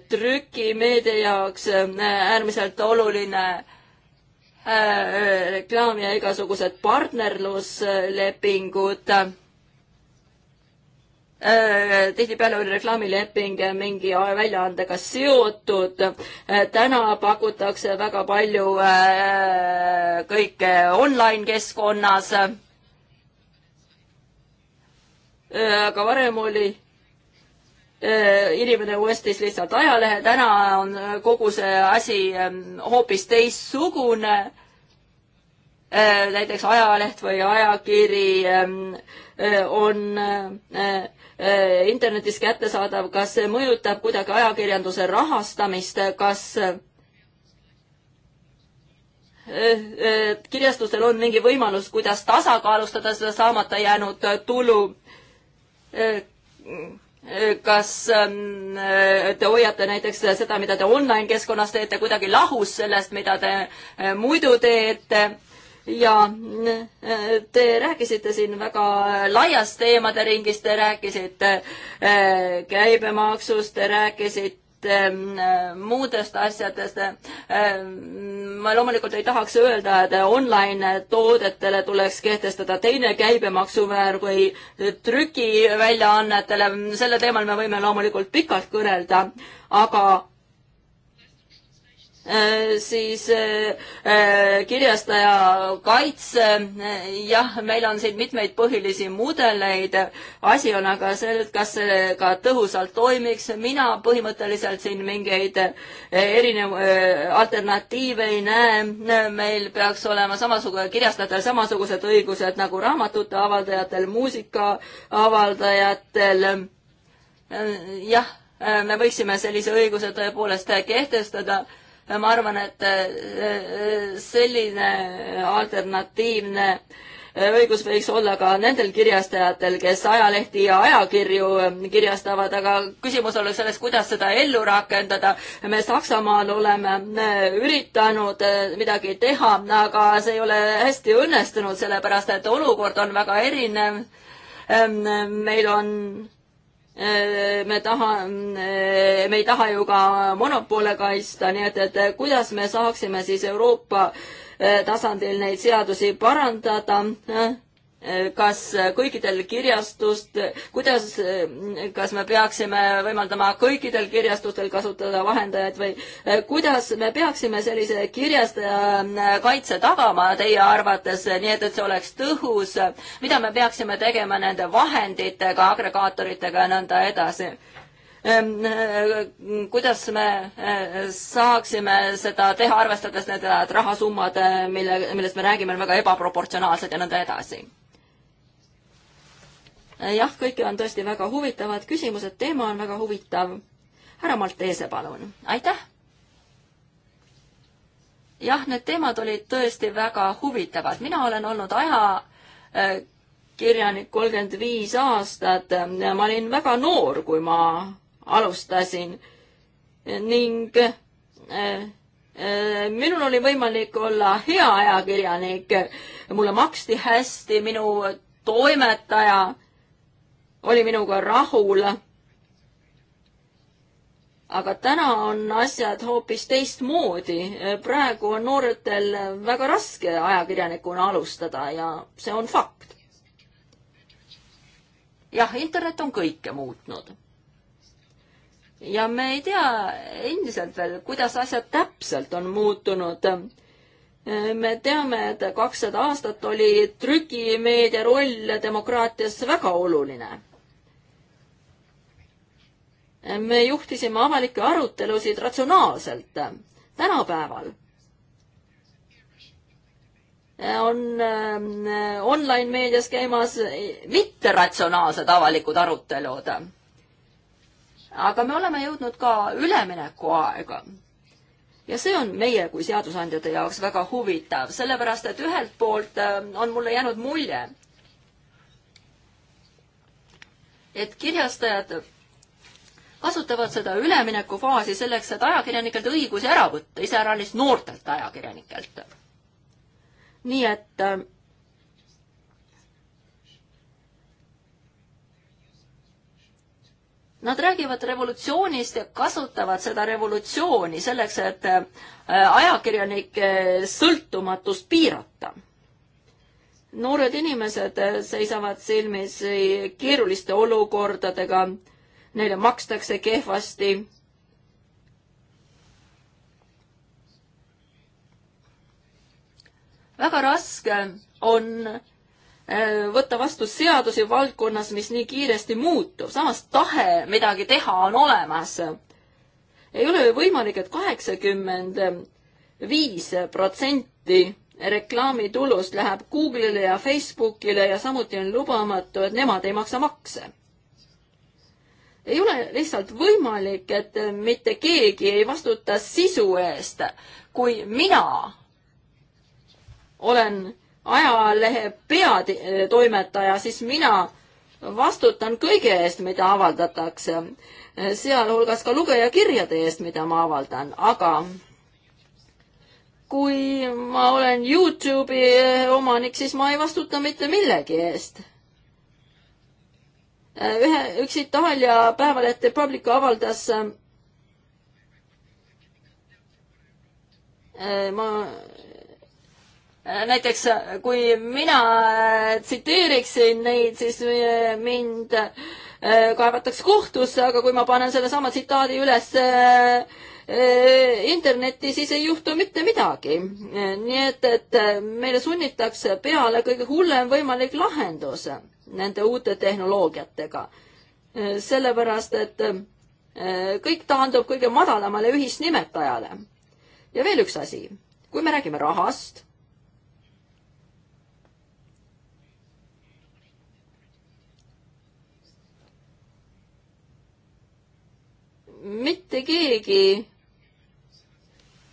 trükimeedia jaoks äh, äärmiselt oluline äh, reklaam ja igasugused partnerluslepingud. Äh, tihtipeale oli reklaamileping mingi väljaandega seotud. täna pakutakse väga palju kõike online keskkonnas. aga varem oli Äh, inimene Westis lihtsalt ajalehe, täna on äh, kogu see asi ähm, hoopis teistsugune äh, näiteks ajaleht või ajakiri ähm, on internetis kättesaadav, kas see mõjutab kuidagi ajakirjanduse rahastamist, kas kirjastustel on mingi võimalus, kuidas tasakaalustada seda saamata jäänud tulu? kas ähm, te hoiate näiteks seda, mida te online keskkonnas teete, kuidagi lahus sellest, mida te äh, muidu teete? ja äh, te rääkisite siin väga laiast teemade ringist, te rääkisite äh, käibemaksust, te rääkisite Ähm, muudest asjadest. Ähm, ma loomulikult ei tahaks öelda, et online toodetele tuleks kehtestada teine käibemaksumäär kui trükiväljaannetele, selle teemal me võime loomulikult pikalt kõnelda, aga Äh, siis äh, äh, kirjastaja kaitse, jah, meil on siin mitmeid põhilisi mudeleid, asi on aga selles, kas see ka tõhusalt toimiks, mina põhimõtteliselt siin mingeid erinev-, alternatiive ei näe, meil peaks olema samasugune, kirjastajatel samasugused õigused nagu raamatute avaldajatel, muusika avaldajatel, jah, me võiksime sellise õiguse tõepoolest kehtestada ma arvan, et äh, selline alternatiivne äh, õigus võiks olla ka nendel kirjastajatel, kes ajalehti ja ajakirju ähm, kirjastavad, aga küsimus oleks selles, kuidas seda ellu rakendada. me Saksamaal oleme äh, üritanud midagi teha, aga see ei ole hästi õnnestunud, sellepärast et olukord on väga erinev. Ähm, meil on Äh, me taha, äh, me ei taha ju ka monopole kaitsta, nii et, et kuidas me saaksime siis Euroopa äh, tasandil neid seadusi parandada. Äh, kas äh, kõikidel kirjastust, kuidas, äh, kas me peaksime võimaldama kõikidel kirjastustel kasutada vahendajaid või kuidas me peaksime sellise kirjastaja kaitse tagama teie arvates, nii et, et see oleks tõhus, mida me peaksime tegema nende vahenditega, agregaatoritega ja nõnda edasi? Ähm, kuidas me saaksime seda teha, arvestades need rahasummad, mille, millest me räägime, on väga ebaproportsionaalsed ja nõnda edasi Eh, jah, kõik on tõesti väga huvitavad küsimused, teema on väga huvitav. härra Maltese, palun. aitäh! jah, need teemad olid tõesti väga huvitavad. mina olen olnud ajakirjanik eh, kolmkümmend viis aastat. ma olin väga noor, kui ma alustasin ning eh, minul oli võimalik olla hea ajakirjanik. mulle maksti hästi, minu toimetaja oli minuga rahul. aga täna on asjad hoopis teistmoodi. praegu on nooretel väga raske ajakirjanikuna alustada ja see on fakt. jah, internet on kõike muutnud ja me ei tea endiselt veel, kuidas asjad täpselt on muutunud. me teame, et kakssada aastat oli trükimeedia roll demokraatias väga oluline me juhtisime avalikke arutelusid ratsionaalselt. tänapäeval on äh, online meedias käimas mitteratsionaalsed avalikud arutelud. aga me oleme jõudnud ka üleminekuaega. ja see on meie kui seadusandjate jaoks väga huvitav, sellepärast et ühelt poolt äh, on mulle jäänud mulje, et kirjastajad kasutavad seda üleminekufaasi selleks, et ajakirjanikelt õigusi ära võtta, iseäranis noortelt ajakirjanikelt. nii et äh, Nad räägivad revolutsioonist ja kasutavad seda revolutsiooni selleks, et äh, ajakirjanike sõltumatust piirata. noored inimesed äh, seisavad silmis keeruliste olukordadega neile makstakse kehvasti väga raske on äh, võtta vastu seadusi valdkonnas, mis nii kiiresti muutub, samas tahe midagi teha on olemas. ei ole ju võimalik et, et kaheksakümmend viis protsenti reklaamitulust läheb Google'ile ja Facebook'ile ja samuti on lubamatu, et nemad ei maksa makse ei ole lihtsalt võimalik, et mitte keegi ei vastuta sisu eest. kui mina olen ajalehe peatoimetaja, eh, siis mina vastutan kõige eest, mida avaldatakse, sealhulgas ka lugejakirjade eest, mida ma avaldan, aga kui ma olen Youtube'i eh, omanik, siis ma ei vastuta mitte millegi eest ühe, üks Itaalia päevaleht Republic avaldas äh, ma näiteks kui mina äh, tsiteeriksin neid, siis äh, mind kaevatakse kohtusse, aga kui ma panen sellesama tsitaadi üles internetti, siis ei juhtu mitte midagi. nii et, et meile sunnitakse peale kõige hullem võimalik lahendus nende uute tehnoloogiatega. sellepärast, et eh, kõik taandub kõige madalamale ühisnimetajale. ja veel üks asi, kui me räägime rahast, mitte keegi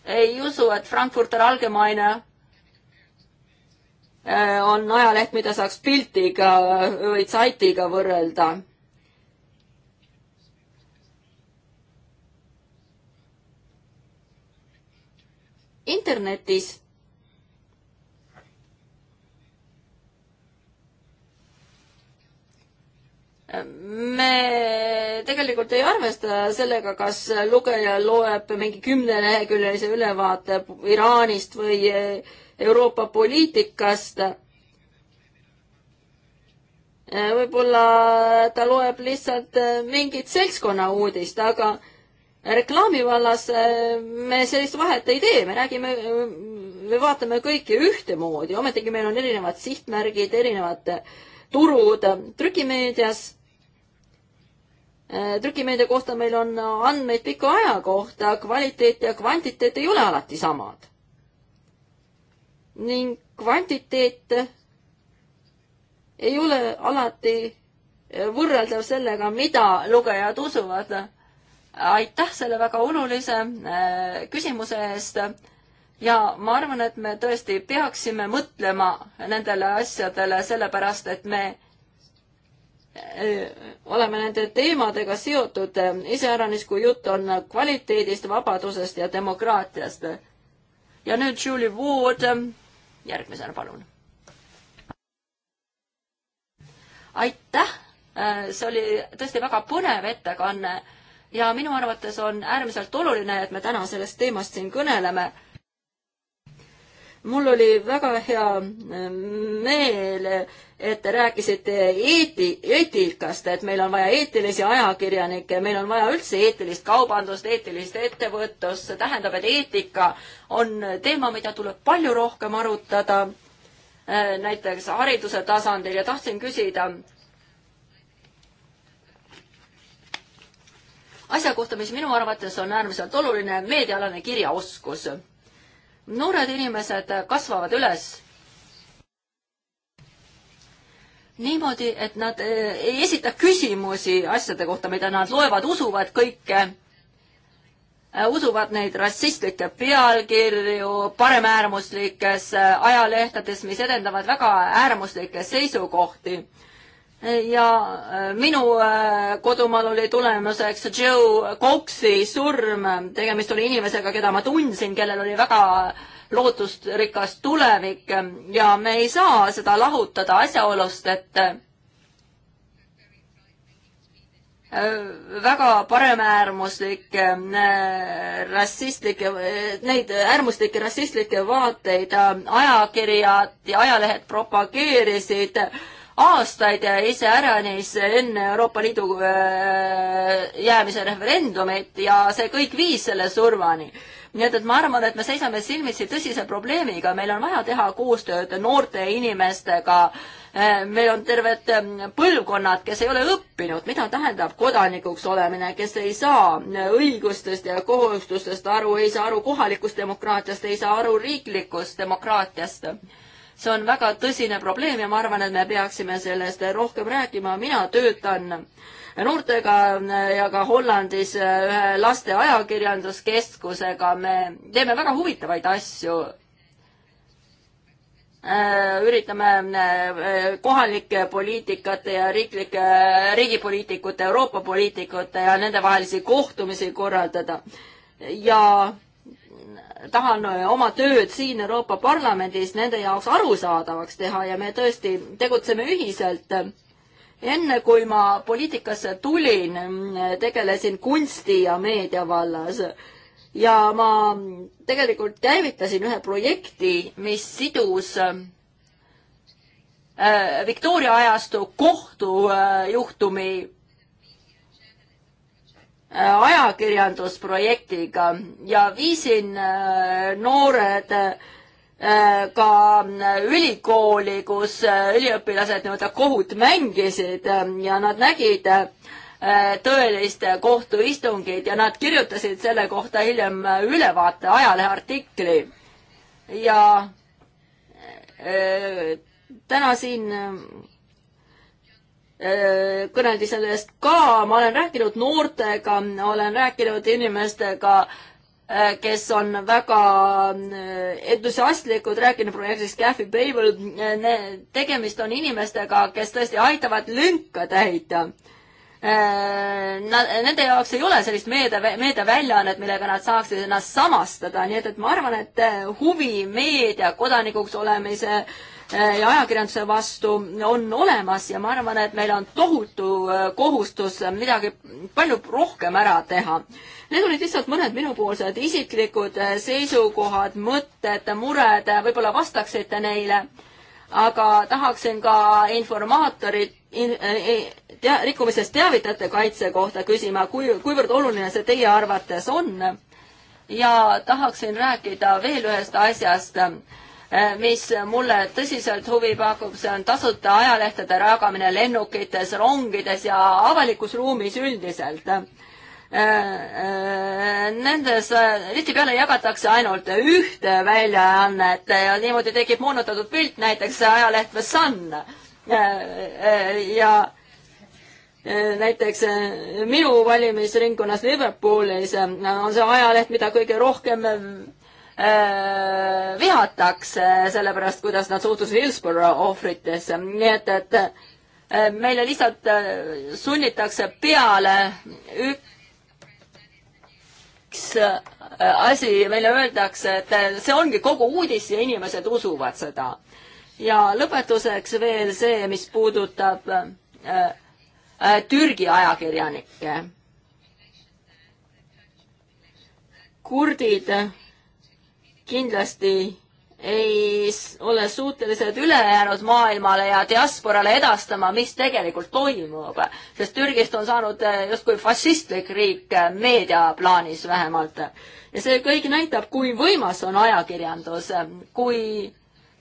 ei usu, et Frankfurter Allgemeine Äh, on ajaleht, mida saaks piltiga või saitiga võrrelda. internetis me tegelikult ei arvesta sellega, kas lugeja loeb mingi kümneleheküljelise ülevaate Iraanist või äh, Euroopa poliitikast. võib-olla ta loeb lihtsalt mingit seltskonna uudist, aga reklaami vallas me sellist vahet ei tee, me räägime, me vaatame kõiki ühtemoodi, ometigi meil on erinevad sihtmärgid, erinevad turud trükimeedias trükimeedia kohta meil on andmeid pika aja kohta, kvaliteet ja kvantiteet ei ole alati samad ning kvantiteet ei ole alati eh, võrreldav sellega, mida lugejad usuvad. aitäh selle väga olulise eh, küsimuse eest ja ma arvan, et me tõesti peaksime mõtlema nendele asjadele, sellepärast et me eh, oleme nende teemadega seotud, iseäranis kui jutt on kvaliteedist, vabadusest ja demokraatiast. ja nüüd Julie Wood järgmisena, palun. aitäh, äh, see oli tõesti väga põnev ettekanne ja minu arvates on äärmiselt oluline, et me täna sellest teemast siin kõneleme mul oli väga hea äh, meel, et te rääkisite eeti-, eetikast, et meil on vaja eetilisi ajakirjanikke, meil on vaja üldse eetilist kaubandust, eetilist ettevõtlust, see tähendab, et eetika on teema, mida tuleb palju rohkem arutada, äh, näiteks hariduse tasandil ja tahtsin küsida, asja kohta, mis minu arvates on äärmiselt oluline, meediaalane kirjaoskus noored inimesed kasvavad üles niimoodi, et nad eh, ei esita küsimusi asjade kohta, mida nad loevad, usuvad kõike, eh, usuvad neid rassistlikke pealkirju paremäärmuslikes eh, ajalehtedes, mis edendavad väga äärmuslikke seisukohti ja äh, minu äh, kodumaal oli tulemuseks Joe Coxi surm, tegemist oli inimesega, keda ma tundsin, kellel oli väga lootustrikas tulevik ja me ei saa seda lahutada asjaolust, et äh, väga paremäärmuslikke rassistlikke, neid äärmuslikke rassistlikke vaateid ajakirjad ja ajalehed propageerisid äh, aastaid ja iseäranis enne Euroopa Liidu äh, jäämise referendumit ja see kõik viis selle survani. nii et, et ma arvan, et me seisame silmitsi tõsise probleemiga, meil on vaja teha koostööd noorte inimestega, äh, meil on terved ähm, põlvkonnad, kes ei ole õppinud, mida tähendab kodanikuks olemine, kes ei saa äh, õigustest ja kohustustest aru, ei saa aru kohalikust demokraatiast, ei saa aru riiklikust demokraatiast see on väga tõsine probleem ja ma arvan, et me peaksime sellest rohkem rääkima. mina töötan noortega ja ka Hollandis ühe laste ajakirjanduskeskusega. me teeme väga huvitavaid asju äh, üritame äh, kohalike poliitikate ja riiklike, riigipoliitikute, Euroopa poliitikute ja nendevahelisi kohtumisi korraldada. ja tahan äh, oma tööd siin Euroopa Parlamendis nende jaoks arusaadavaks teha ja me tõesti tegutseme ühiselt. enne kui ma poliitikasse tulin, äh, tegelesin kunsti ja meedia vallas ja ma tegelikult käivitasin ühe projekti, mis sidus äh, Victoria ajastu kohtujuhtumi Äh, ajakirjandusprojektiga ja viisin äh, noored äh, ka ülikooli, kus üliõpilased nii-öelda kohut mängisid ja nad nägid tõelist kohtuistungit ja nad kirjutasid selle kohta hiljem ülevaate ajaleheartikli. ja täna siin Äh, kõneldi sellest ka, ma olen rääkinud noortega, olen rääkinud inimestega, äh, kes on väga äh, entusiastlikud, rääkinud projektist Café Babel. tegemist on inimestega, kes tõesti aitavad lünka täita Nad, nende jaoks ei ole sellist meede, meediaväljaannet, millega nad saaksid ennast samastada, nii et, et ma arvan, et huvi meedia kodanikuks olemise äh, Äh, ja ajakirjanduse vastu on olemas ja ma arvan, et meil on tohutu äh, kohustus midagi palju rohkem ära teha. Need olid lihtsalt mõned minupoolsed isiklikud äh, seisukohad, mõtted, mured, võib-olla vastaksite neile, aga tahaksin ka informaatorit in, tea, rikkumisest teavitajate kaitse kohta küsima, kui, kuivõrd oluline see teie arvates on. ja tahaksin rääkida veel ühest asjast Äh, mis mulle tõsiselt huvi pakub, see on tasuta ajalehtede ragamine lennukites, rongides ja avalikus ruumis üldiselt. Äh, äh, nendes tihtipeale jagatakse ainult ühte väljaannet ja niimoodi tekib moonutatud pilt, näiteks ajaleht The Sun. ja näiteks minu valimisringkonnas Liverpoolis on see ajaleht, mida kõige rohkem Äh, vihatakse selle pärast, kuidas nad suhtusid Hillsborough ohvritesse, nii et, et äh, meile lihtsalt äh, sunnitakse peale üks asi, meile öeldakse, et see ongi kogu uudis ja inimesed usuvad seda. ja lõpetuseks veel see, mis puudutab äh, äh, Türgi ajakirjanikke. kurdid äh, kindlasti ei ole suutelised ülejäänud maailmale ja diasporale edastama, mis tegelikult toimub, sest Türgist on saanud eh, justkui fašistlik riik eh, meediaplaanis vähemalt. ja see kõik näitab, kui võimas on ajakirjandus, kui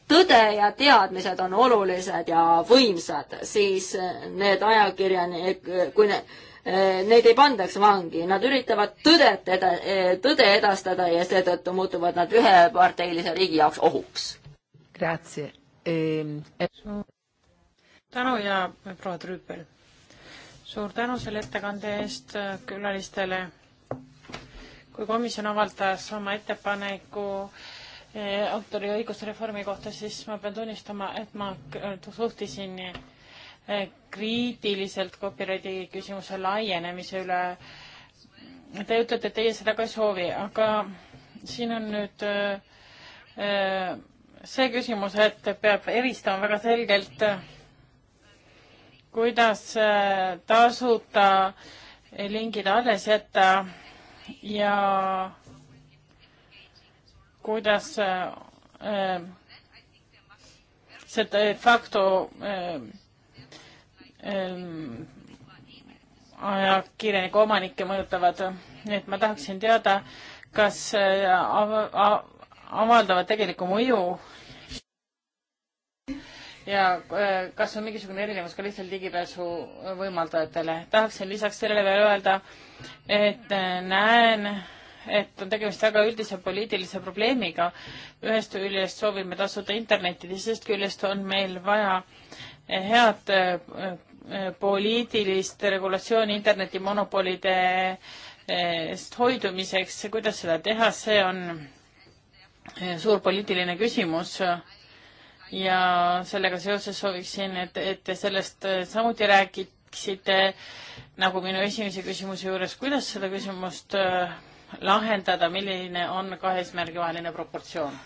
tõde ja teadmised on olulised ja võimsad, siis eh, need ajakirjanik-, kui need Eh, neid ei pandaks vangi, nad üritavad tõdet eda-, eh, tõde edastada ja seetõttu muutuvad nad üheparteilise riigi jaoks ohuks. Grazie ehm, e.... tänu ja proua Trüüpel. suur tänu selle ettekande eest eh, külalistele. kui komisjon avaldas oma ettepaneku autoriõigusreformi kohta, siis ma pean tunnistama, et ma suhtisin kriitiliselt copyrighti küsimuse laienemise üle. Te ütlete, et teie seda ka ei soovi, aga siin on nüüd äh, äh, see küsimus, et peab eristama väga selgelt, kuidas äh, tasuta lingid alles jätta ja kuidas see de facto Ehm, ajakirjaniku omanikke mõjutavad. nii et ma tahaksin teada, kas äh, av avaldavad tegelikku mõju ja äh, kas on mingisugune erinevus ka lihtsalt ligipääsu võimaldajatele. tahaksin lisaks sellele veel öelda, et äh, näen, et on tegemist väga üldise poliitilise probleemiga. ühest küljest soovime tasuda internetti, teisest küljest on meil vaja head poliitilist regulatsiooni internetimonopolide eest eh, hoidumiseks, kuidas seda teha, see on eh, suur poliitiline küsimus ja sellega seoses sooviksin, et, et te sellest eh, samuti räägiksite, nagu minu esimese küsimuse juures, kuidas seda küsimust lahendada, milline on kahe eesmärgi vaheline proportsioon?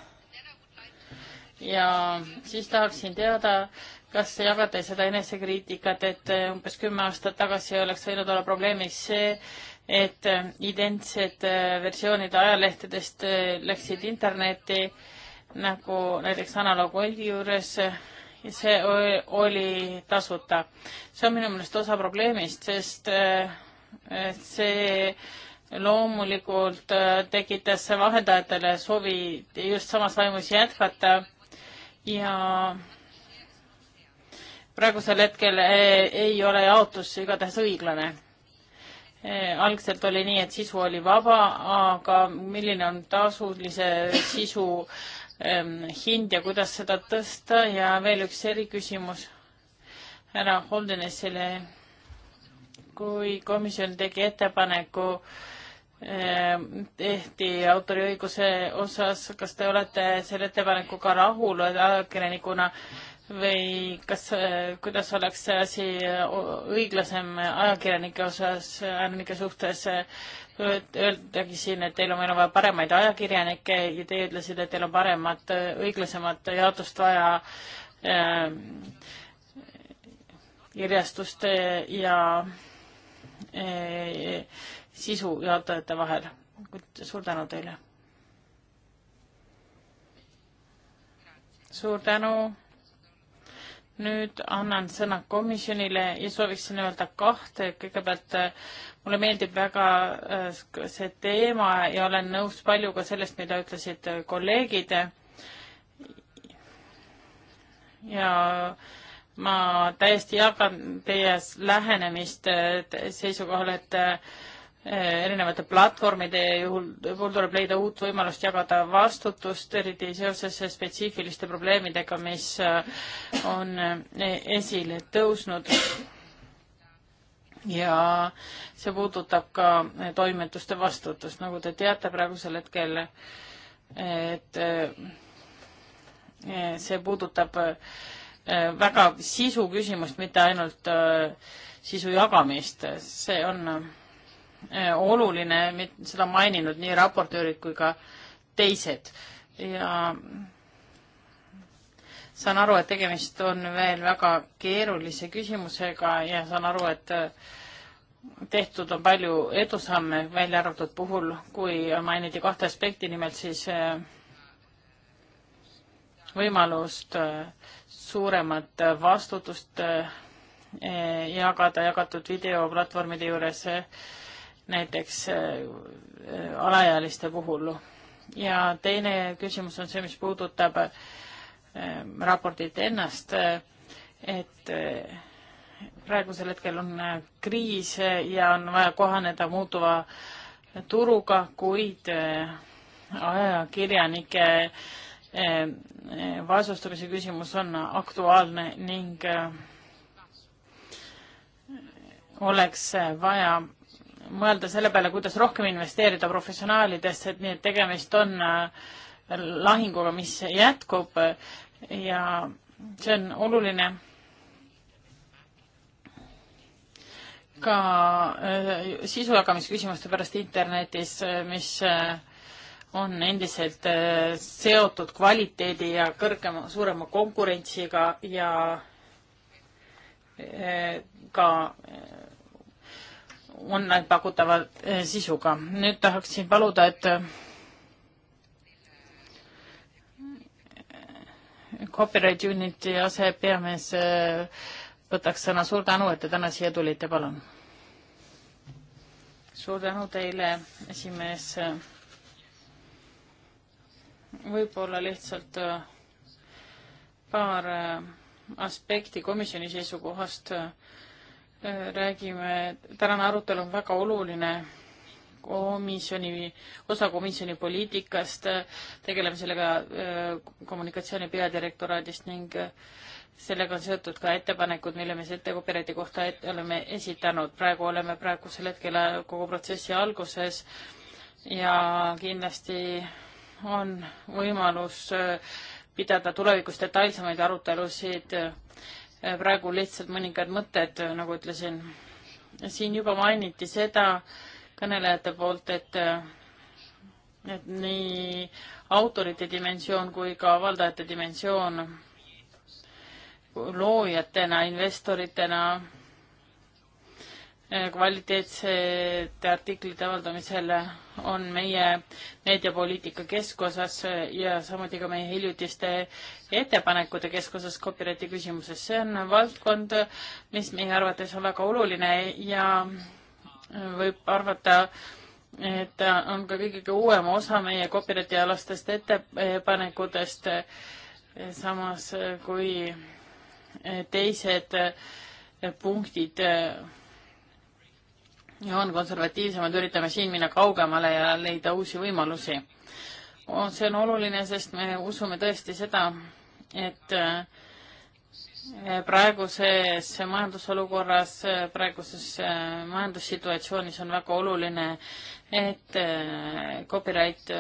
ja siis tahaksin teada, kas te jagate seda enesekriitikat, et äh, umbes kümme aastat tagasi oleks võinud olla probleemiks see, et äh, identsed äh, versioonid ajalehtedest läksid internetti nagu näiteks Analoog Oldi juures ja see oli tasuta. see on minu meelest osa probleemist, sest see loomulikult tekitas vahendajatele soovi just samas vaimus jätkata ja praegusel hetkel eh, ei ole jaotus igatahes õiglane. Eh, algselt oli nii, et sisu oli vaba, aga milline on tasulise sisu ehm, hind ja kuidas seda tõsta ja veel üks eriküsimus härra Holdenesile, kui komisjon tegi ettepaneku äh, Ehm, tehti autoriõiguse osas, kas te olete selle ettepanekuga rahul ajakirjanikuna või kas, eh, kuidas oleks see asi õiglasem ajakirjanike osas, ajakirjanike suhtes? Öeldagi siin, et teil on, meil on vaja paremaid ajakirjanikke ja teie ütlesite, et teil on paremat, õiglasemat jaotust vaja ehm, kirjastuste ja eh, sisu juhatajate vahel. suur tänu teile. suur tänu. nüüd annan sõna komisjonile ja sooviksin öelda kahte. kõigepealt äh, mulle meeldib väga äh, see teema ja olen nõus paljuga sellest, mida ütlesid äh, kolleegid. ja ma täiesti jagan teie lähenemist seisukohal, et Eh, erinevate platvormide juhul, puhul tuleb leida uut võimalust jagada vastutust, eriti seoses spetsiifiliste probleemidega, mis eh, on eh, esile tõusnud. ja see puudutab ka toimetuste vastutust, nagu te teate praegusel hetkel, et see puudutab väga sisu küsimust, mitte ainult sisu jagamist, see on Eh, oluline, seda maininud nii raportöörid kui ka teised ja saan aru, et tegemist on veel väga keerulise küsimusega ja saan aru, et eh, tehtud on palju edusamme, välja arvatud puhul, kui mainiti kahte aspekti, nimelt siis eh, võimalust suuremat vastutust jagada jagatud videoplatvormide juures näiteks äh, alaealiste puhul. ja teine küsimus on see, mis puudutab äh, raportit ennast, äh, et praegusel hetkel on kriis ja on vaja kohaneda muutuva turuga, kuid ajakirjanike vaesustumise küsimus on aktuaalne ning oleks vaja mõelda selle peale, kuidas rohkem investeerida professionaalidesse, et nii, et tegemist on äh, lahinguga, mis jätkub ja see on oluline ka äh, sisu jagamisküsimuste pärast internetis, äh, mis on endiselt seotud kvaliteedi ja kõrgema, suurema konkurentsiga ja ka online pakutava eh, sisuga. nüüd tahaksin paluda, et eh, Copyright Unity asepeamees eh, võtaks sõna. suur tänu, et te täna siia tulite, palun. suur tänu teile, esimees. võib-olla lihtsalt paar aspekti komisjoni seisukohast äh, räägime, tänane arutelu on väga oluline komisjoni, osa komisjoni poliitikast, tegeleme sellega äh, kommunikatsiooni peadirektoraadist ning äh, sellega on seotud ka ettepanekud, mille me ette kooperaadi kohta et, oleme esitanud. praegu oleme praegusel hetkel äh, kogu protsessi alguses ja kindlasti on võimalus pidada tulevikus detailsemaid arutelusid Äh, praegu lihtsalt mõningad mõtted, äh, nagu ütlesin. siin juba mainiti seda kõnelejate poolt, et äh, et nii autorite dimensioon kui ka avaldajate dimensioon loojatena, investoritena Eh, kvaliteetsete artiklite avaldamisel on meie meediapoliitika keskosas eh, ja samuti ka meie hiljutiste ettepanekute keskosas copyrighti küsimuses. see on valdkond, mis meie arvates on väga oluline ja eh, võib arvata, et on ka kõige uuem osa meie copyrighti alastest ettepanekutest, samas kui teised punktid on konservatiivsemad, üritame siin minna kaugemale ja leida uusi võimalusi. see on oluline, sest me usume tõesti seda, et äh, praeguses majandusolukorras, äh, praeguses äh, majandussituatsioonis on väga oluline, et copyright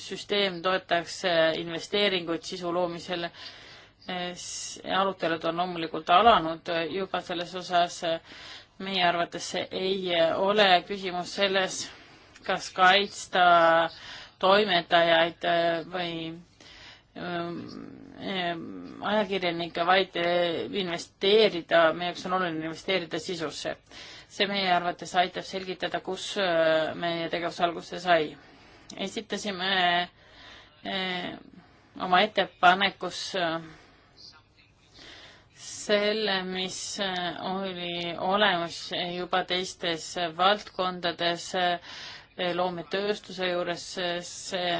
süsteem toetaks investeeringuid sisu loomisel. arutelud on loomulikult alanud juba selles osas meie arvates see ei ole küsimus selles, kas kaitsta toimetajaid äh, või ähm, ähm, ajakirjanikke, vaid äh, investeerida, meie jaoks on oluline investeerida sisusse. see meie arvates aitab selgitada, kus äh, meie tegevus alguse sai. esitasime oma ettepanekus selle, mis äh, oli olemas juba teistes valdkondades äh, loometööstuse juures, äh, see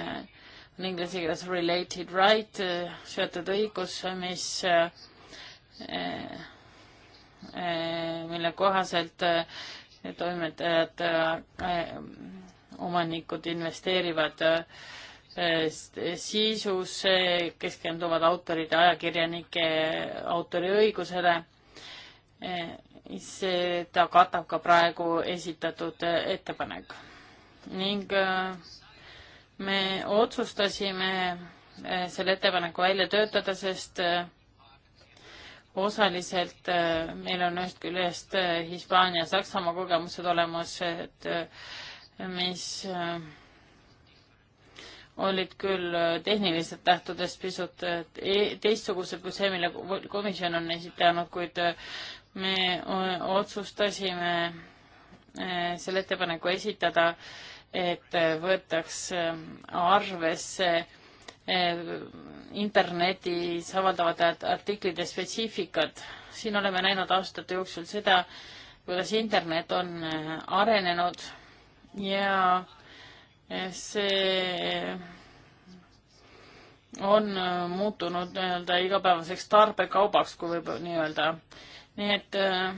on inglise keeles related right, seotud õigus, mis, mille kohaselt toimetajad, omanikud investeerivad äh, sisus keskenduvad autorid ja ajakirjanike autoriõigusele. Eh, seda katab ka praegu esitatud eh, ettepanek ning eh, me otsustasime selle ettepaneku välja töötada, sest osaliselt meil on ühest küljest Hispaania, Saksamaa kogemused olemas, et mis olid küll äh, tehniliselt tähtudes pisut äh, e-, teistsugused kui see, mille komisjon on esitanud, kuid äh, me otsustasime selle ettepaneku esitada, et võetaks arvesse internetis avaldavate artiklite spetsiifikad. siin oleme näinud aastate jooksul seda, kuidas internet on arenenud ja see on muutunud nii-öelda igapäevaseks tarbekaubaks, kui võib nii öelda. nii et äh,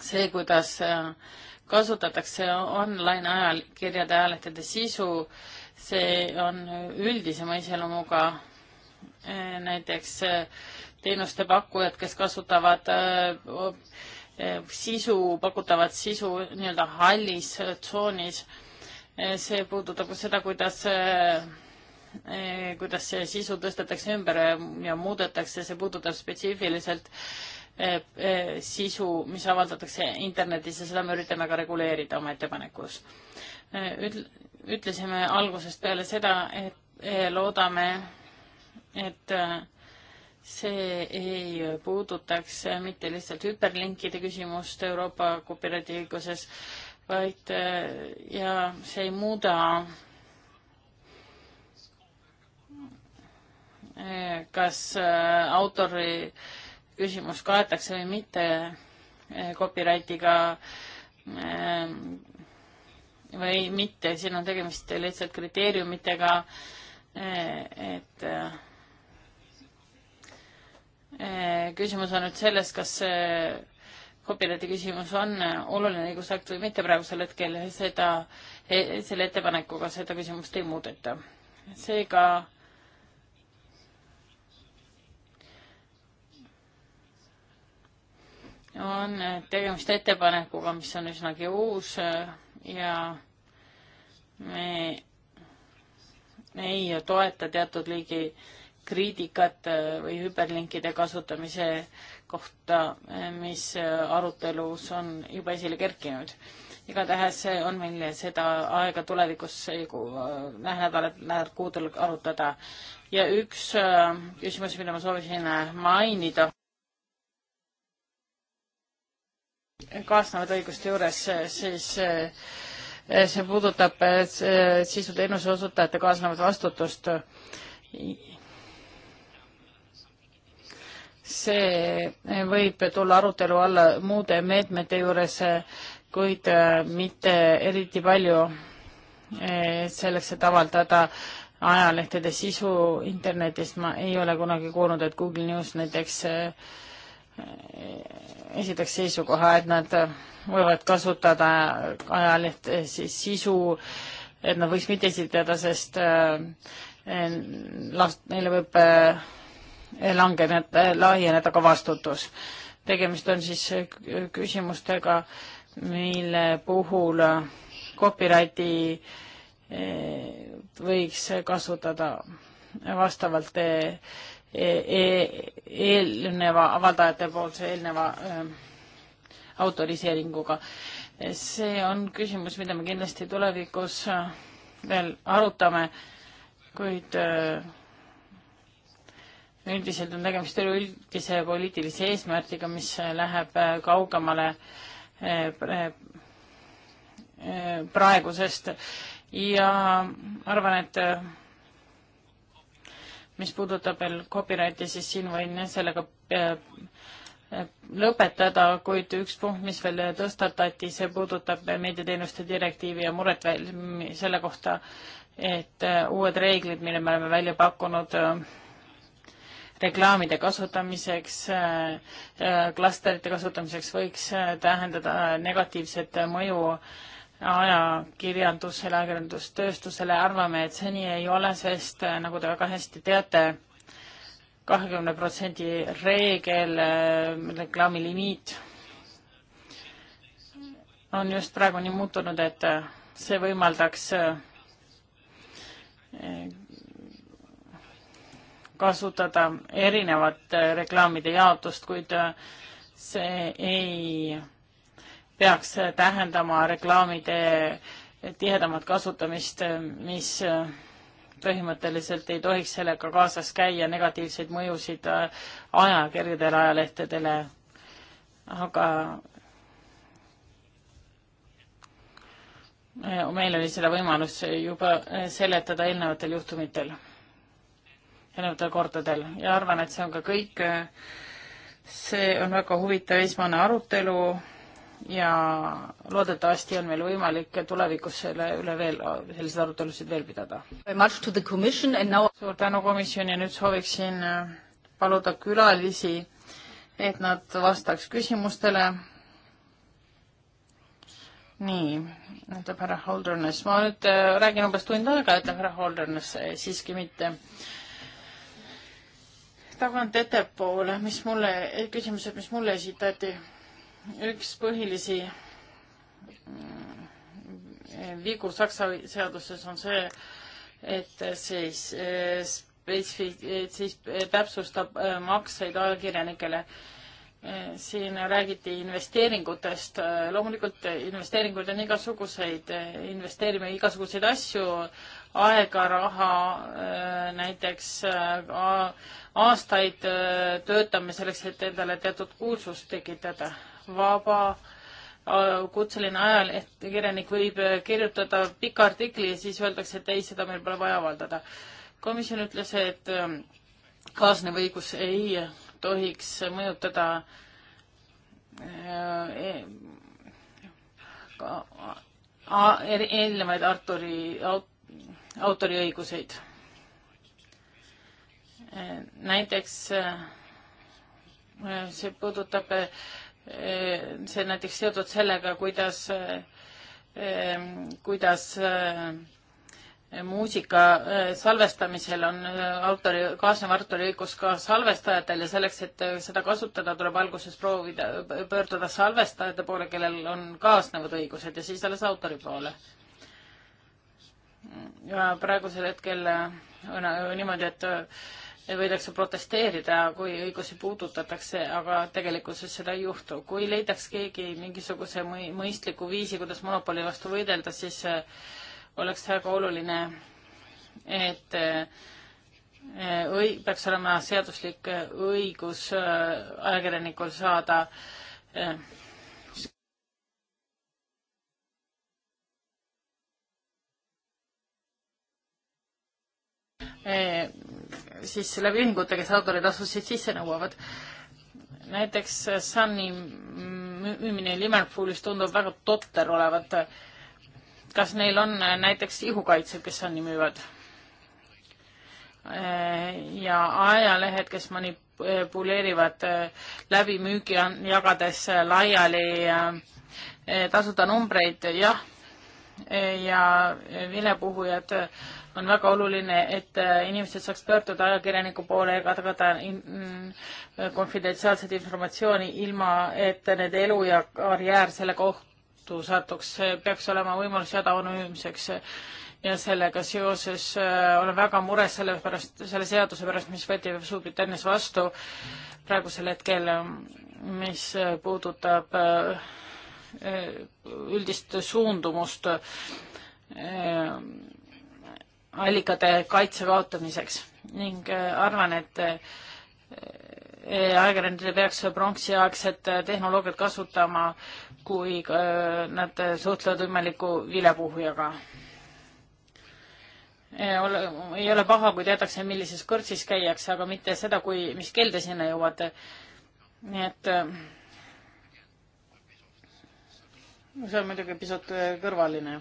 see, kuidas äh, kasutatakse online ajakirjade hääletade sisu, see on üldisema iseloomuga. Äh, näiteks teenuste pakkujad, kes kasutavad sisu, pakutavad sisu nii-öelda hallis tsoonis Eh, see puudutab ka seda, kuidas, eh, eh, kuidas see sisu tõstetakse ümber ja muudetakse, see puudutab spetsiifiliselt sisu, mis avaldatakse internetis ja seda me üritame ka reguleerida oma ettepanekus. Üt-, ütlesime algusest peale seda, et loodame, et see ei puudutaks mitte lihtsalt hüperlinkide küsimust Euroopa kooperatiivõiguses, vaid äh, ja see ei muuda äh, kas äh, autori küsimus kaetakse või mitte copyrightiga või mitte, siin on tegemist lihtsalt kriteeriumitega, et küsimus on nüüd selles, kas see copyrighti küsimus on oluline õigusakt või mitte praegusel hetkel, seda, e-, selle ettepanekuga seda küsimust ei muudeta. seega on tegemist ettepanekuga, mis on üsnagi uus ja me ei toeta teatud liigi kriitikat või hüperlinkide kasutamise äh, kohta, mis arutelus on juba esile kerkinud. igatahes on meil seda aega tulevikus nagu, äh, nädalad, nädalad, kuudel arutada. ja üks äh, küsimus, mida ma soovisin äh, mainida, kaasnevate õiguste juures siis see puudutab sisuteenuse osutajate kaasnevat vastutust see võib tulla arutelu alla muude meetmete juures, kuid äh, mitte eriti palju äh, selleks, et avaldada ajalehtede sisu internetist. ma ei ole kunagi kuulnud, et Google News näiteks äh, esitaks seisukoha, et nad võivad kasutada ajalehte siis sisu, et nad võiks mitte esitada, sest last, neile võib langeneb, äh, laieneda ka vastutus. tegemist on siis äh, küsimustega, mille puhul äh, copyrighti võiks kasutada vastavalt e-, e-, eelneva avaldajate poolse eelneva autoriseeringuga. see on küsimus, mida me kindlasti tulevikus veel arutame, kuid öö, üldiselt on tegemist üleüldise poliitilise eesmärgiga, mis läheb äh, kaugemale äh, äh, praegusest ja arvan, et mis puudutab veel copyrighti, siis siin võin sellega lõpetada, kuid üks punkt, mis veel tõstatati, see puudutab meediateenuste direktiivi ja muret veel selle kohta, et uued reeglid, mille me oleme välja pakkunud, reklaamide kasutamiseks, äh, äh, klasterite kasutamiseks võiks äh, tähendada negatiivset mõju ajakirjandusele, ajakirjandustööstusele, arvame, et see nii ei ole, sest nagu te väga hästi teate, kahekümne protsendi reegel, reklaamilimiit on just praegu nii muutunud, et see võimaldaks kasutada erinevat reklaamide jaotust, kuid äh, see ei peaks tähendama reklaamide tihedamat kasutamist, mis äh, põhimõtteliselt ei tohiks sellega kaasas käia negatiivseid mõjusid äh, ajakirjadele, ajalehtedele, aga meil oli seda võimalus juba seletada eelnevatel juhtumitel erinevatel kordadel ja arvan, et see on ka kõik. see on väga huvitav esmane arutelu ja loodetavasti on meil võimalik tulevikus selle üle veel, selliseid arutelusid veel pidada. Now... suur tänu komisjoni ja nüüd sooviksin äh, paluda külalisi, et nad vastaks küsimustele. nii, ütleb härra Holderness, ma nüüd äh, räägin umbes tund aega, ütleb härra Holderness, äh, siiski mitte tagant ettepoole, mis mulle, küsimused, mis mulle esitati. üks põhilisi mm, vigu Saksa seaduses on see, et siis eh, spetsif-, siis täpsustab eh, makseid ajakirjanikele. Eh, siin räägiti investeeringutest, loomulikult investeeringuid on igasuguseid, investeerime igasuguseid asju, aega, raha, äh, näiteks äh, aastaid äh, töötame selleks, et endale teatud kuulsust tekitada. vaba kutseline ajaleht, kirjanik võib kirjutada pika artikli ja siis öeldakse, et ei, seda meil pole vaja avaldada. komisjon ütles, et kaasnev õigus ei tohiks mõjutada e, e, eelnevaid Arturi, autoriõiguseid. näiteks see puudutab, see näiteks seotud sellega, kuidas, kuidas muusika salvestamisel on autori, kaasnev autoriõigus ka salvestajatel ja selleks, et seda kasutada, tuleb alguses proovida, pöörduda salvestajate poole, kellel on kaasnevad õigused ja siis alles autori poole ja praegusel hetkel on äh, niimoodi, et äh, võidakse protesteerida, kui õigusi puudutatakse, aga tegelikkuses seda ei juhtu. kui leidaks keegi mingisuguse mõistliku viisi, kuidas monopoli vastu võidelda, siis äh, oleks väga oluline, et õi-, peaks olema seaduslik õigus ajakirjanikul saada Eh, siis läbi ühingute, kes autoritasusid sisse nõuavad. näiteks eh, Sunny müümine Liverpoolis tundub väga totter olevat. kas neil on eh, näiteks ihukaitsjad, kes Sunny müüvad? ja ajalehed, kes manipuleerivad läbimüügi jagades laiali tasuta numbreid, jah ja vilepuhujad on väga oluline, et inimesed saaks pöörduda ajakirjaniku poole ja tagada mm, konfidentsiaalset informatsiooni, ilma et nende elu ja karjäär selle kohtu satuks, peaks olema võimalus jääda anonüümseks. ja sellega seoses äh, olen väga mures selle pärast, selle seaduse pärast, mis võeti Suurbritannias vastu praegusel hetkel, mis puudutab äh, Eh, üldist suundumust eh, allikate kaitse kaotamiseks ning eh, arvan, et ajakirjandusel peaks pronksiaegset tehnoloogiat kasutama, kui nad suhtlevad võimaliku vilepuhujaga. ei ole paha, kui teatakse, millises kõrtsis käiakse, aga mitte seda, kui, mis kelde sinna jõuad. nii et see on muidugi pisut äh, kõrvaline.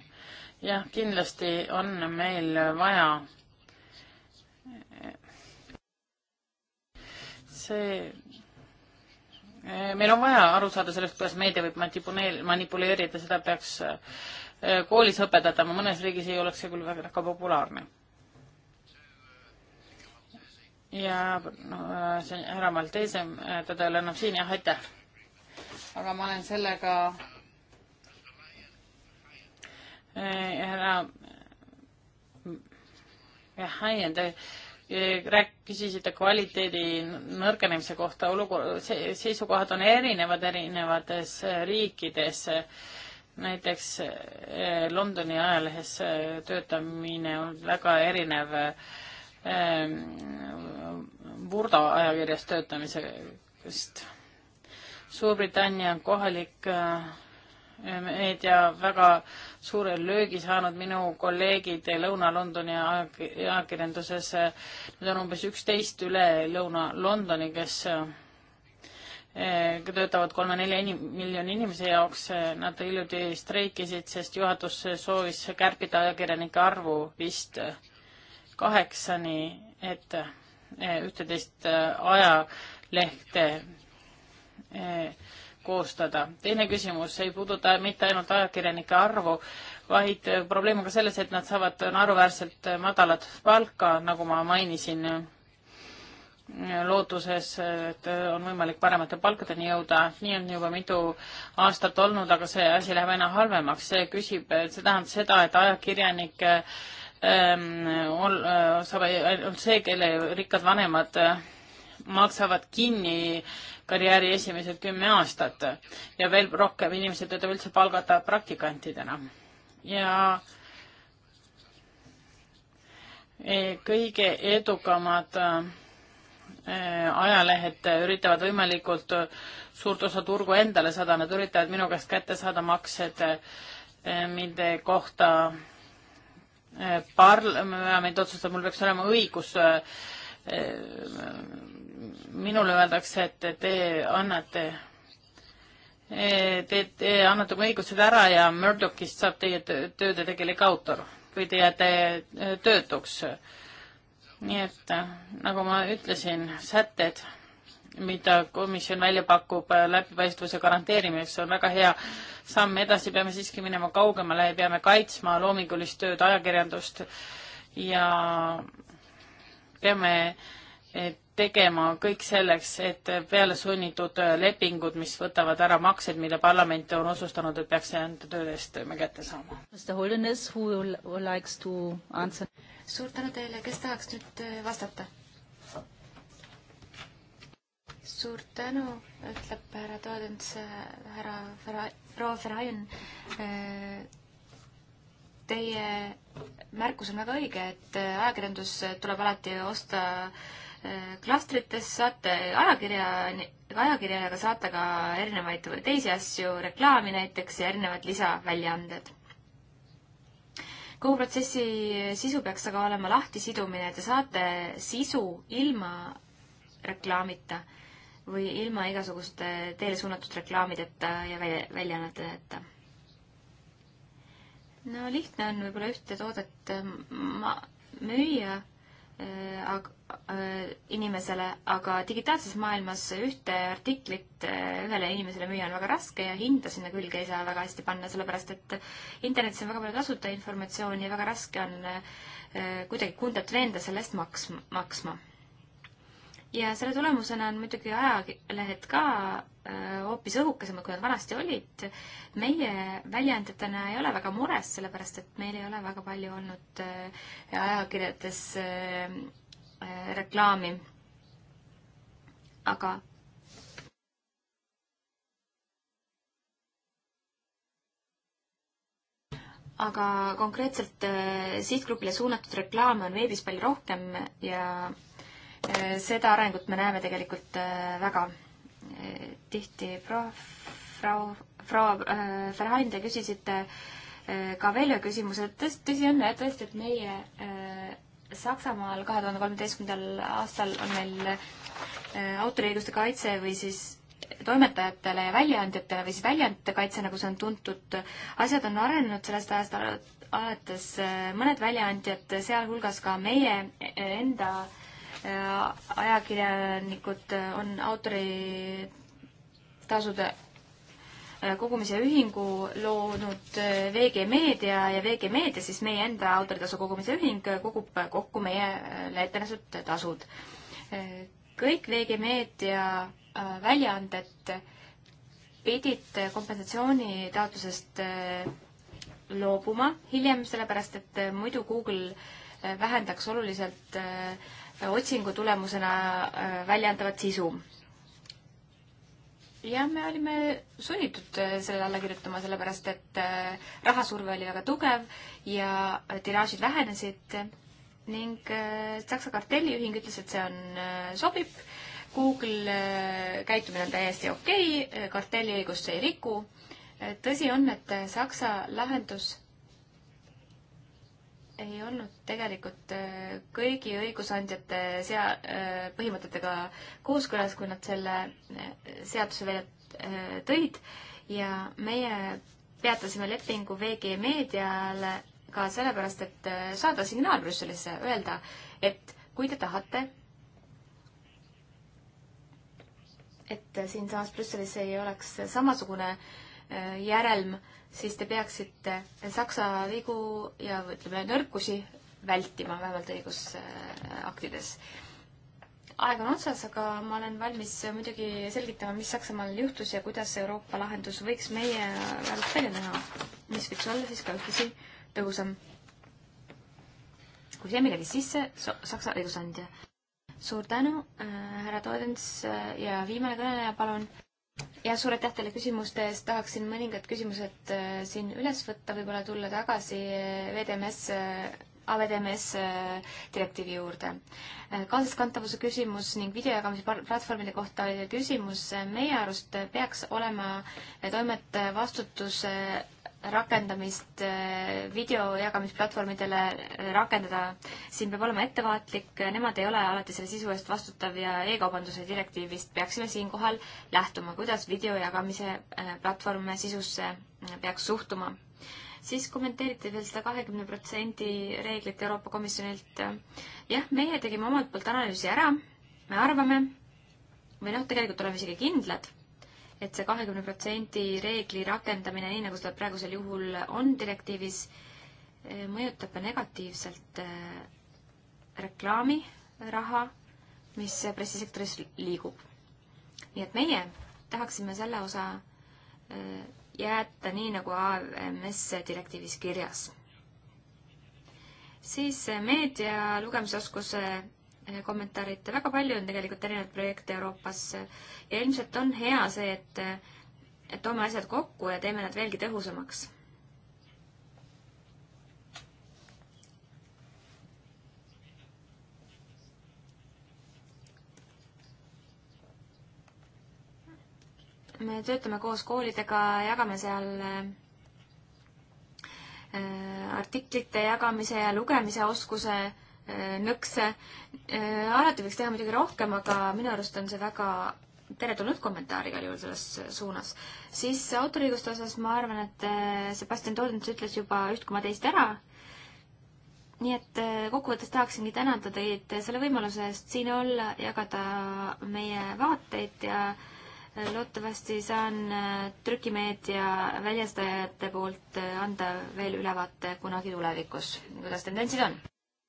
jah, kindlasti on meil vaja see, äh, meil on vaja aru saada sellest, kuidas meedia võib manipuleerida, seda peaks äh, koolis õpetatama, mõnes riigis ei oleks see küll väga, väga populaarne. ja no, see härra Maltese, teda ei ole enam siin, jah, aitäh. aga ma olen sellega Eh, härra eh, Haien, te eh, rääkisite kvaliteedi nõrgenemise kohta, olukor-, seisukohad on erinevad erinevates riikides. näiteks Londoni ajalehes töötamine on väga erinev Burda ajakirjas töötamisest. Suurbritannia kohalik meedia väga äh, suure löögi saanud minu kolleegid Lõuna-Londoni ajakirjanduses. Need on umbes üksteist üle Lõuna-Londoni, kes eh, töötavad kolme-nelja inim-, miljoni inimese jaoks. Nad hiljuti streikisid, sest juhatus soovis kärpida ajakirjanike arvu vist kaheksani, et eh, ühteteist eh, ajalehte koostada. teine küsimus ei puuduta mitte ainult ajakirjanike arvu, vaid probleem on ka selles, et nad saavad naeruväärselt madalat palka, nagu ma mainisin, lootuses, et on võimalik paremate palkadeni jõuda. nii on juba mitu aastat olnud, aga see asi läheb aina halvemaks. see küsib, see tähendab seda, et ajakirjanik ähm, on, saab ainult see, kelle rikkad vanemad äh, maksavad kinni karjääri esimesed kümme aastat ja veel rohkem inimesed tuleb üldse palgata praktikantidena. ja e, kõige edukamad e, ajalehed üritavad võimalikult suurt osa turgu endale saada, nad üritavad minu käest kätte saada maksed, e, mille kohta parlament otsustab, mul peaks olema õigus minule öeldakse, et te annate Te, te annate oma õigused ära ja Murdochist saab teie tööde tegelik autor või te jääte äh, töötuks. nii et äh, nagu ma ütlesin, sätted, mida komisjon välja pakub äh, läbipaistvuse garanteerimiseks, on väga hea samm edasi, peame siiski minema kaugemale ja peame kaitsma loomingulist tööd, ajakirjandust ja peame eh, tegema kõik selleks, et peale sunnitud eh, lepingud, mis võtavad ära maksed, mille parlament on otsustanud, et peaks enda töö eest me kätte saama. suur tänu teile, kes tahaks nüüd eh, vastata? suur tänu, ütleb härra Toodents, härra Fra-, proua Frain äh, Teie märkus on väga õige, et äh, ajakirjandus tuleb alati osta äh, klastrites, saate ajakirja, ajakirjaga saate ka erinevaid teisi asju, reklaami näiteks ja erinevad lisaväljaanded. kogu protsessi sisu peaks aga olema lahtisidumine, te saate sisu ilma reklaamita või ilma igasuguste teile suunatud reklaamideta ja väljaanneteta no lihtne on võib-olla ühte toodet äh, ma-, müüa äh, ag, äh, inimesele, aga digitaalses maailmas ühte artiklit äh, ühele inimesele müüa on väga raske ja hinda sinna külge ei saa väga hästi panna, sellepärast et internetis on väga palju tasuta informatsiooni ja väga raske on äh, kuidagi kundet veenda selle eest maks-, maksma ja selle tulemusena on muidugi ajalehed ka äh, hoopis õhukesemad, kui nad vanasti olid. meie väljaandjatena ei ole väga mures, sellepärast et meil ei ole väga palju olnud äh, ajakirjades äh, reklaami. aga aga konkreetselt sihtgrupile suunatud reklaame on veebis palju rohkem ja Äh, seda arengut me näeme tegelikult äh, väga äh, tihti. proua, proua, proua Ferhain, te küsisite ka veel ühe küsimuse. tõsi on jah tõesti, et meie Saksamaal kahe tuhande kolmeteistkümnendal aastal on meil autoriõiguste kaitse või siis toimetajatele ja väljaandjatele või siis väljaandjate kaitse, nagu see on tuntud, asjad on arenenud sellest ajast alates, mõned väljaandjad, sealhulgas ka meie enda äh, Äh, ajakirjanikud äh, on autoritasude äh, kogumise ühingu loonud VG Meedia ja VG Meedia, siis meie enda autoritasu kogumise ühing, kogub kokku meile ette nähtud tasud. kõik VG Meedia väljaanded pidid kompensatsioonitaotlusest loobuma hiljem, sellepärast et muidu Google vähendaks oluliselt äh, otsingu tulemusena äh, välja antavat sisu. ja me olime sunnitud äh, sellele alla kirjutama, sellepärast et äh, rahasurve oli väga tugev ja tiraažid vähenesid ning Saksa kartelliühing ütles, et see on, sobib. Google käitumine on täiesti okei okay,, kartelliõigust see ei riku. tõsi on, et Saksa lahendus ei olnud tegelikult äh, kõigi õigusandjate sea-, äh, põhimõtetega kooskõlas, kui nad selle äh, seaduse välja tõid ja meie peatasime lepingu VG Meediale ka sellepärast, et saada signaal Brüsselisse, öelda, et kui te tahate, et siinsamas Brüsselis ei oleks samasugune järelm äh, siis te peaksite Saksa vigu ja ütleme, nõrkusi vältima vähemalt õigusaktides. aeg on otsas, aga ma olen valmis muidugi selgitama, mis Saksamaal juhtus ja kuidas Euroopa lahendus võiks meie arust välja näha, mis võiks olla siis ka ühtlasi tõhusam. kui see millegi sisse, Saksa õigusandja. suur tänu äh,, härra Todens äh, ja viimane kõneleja, palun ja suur aitäh teile küsimuste eest, tahaksin mõningad küsimused äh, siin üles võtta, võib-olla tulla tagasi äh, VDMS, äh, AVDMS direktiivi juurde. kaasaskantavuse küsimus ning videojagamise platvormide kohta oli teil küsimus, meie arust peaks olema toimet vastutuse rakendamist äh, video jagamisplatvormidele rakendada, siin peab olema ettevaatlik, nemad ei ole alati selle sisu eest vastutav ja e-kaubanduse direktiivist peaksime siinkohal lähtuma, kuidas video jagamise äh, platvorme sisusse äh, peaks suhtuma. siis kommenteeriti veel seda kahekümne protsendi reeglit Euroopa Komisjonilt. jah, meie tegime omalt poolt analüüsi ära, me arvame, või noh, tegelikult oleme isegi kindlad et see kahekümne protsendi reegli rakendamine, nii nagu seda praegusel juhul on direktiivis, eh, mõjutab negatiivselt eh, reklaami raha, mis pressisektoris liigub. nii et meie tahaksime selle osa eh, jätta nii, nagu AMS direktiivis kirjas. siis meedia lugemisoskuse Äh, kommentaarid. väga palju on tegelikult erinevaid projekte Euroopas ja ilmselt on hea see, et, äh, et toome asjad kokku ja teeme nad veelgi tõhusamaks. me töötame koos koolidega, jagame seal äh, artiklite jagamise ja lugemise oskuse Äh, nõkse. Äh, alati võiks teha muidugi rohkem, aga minu arust on see väga teretulnud kommentaar igal juhul selles suunas. siis autoriõiguste osas ma arvan, et äh, Sebastian Tordens ütles juba üht koma teist ära. nii et kokkuvõttes tahaksingi tänada teid selle võimaluse eest siin olla, jagada meie vaateid ja loodetavasti saan trükimeedia väljastajate poolt anda veel ülevaate kunagi tulevikus, kuidas tendentsid on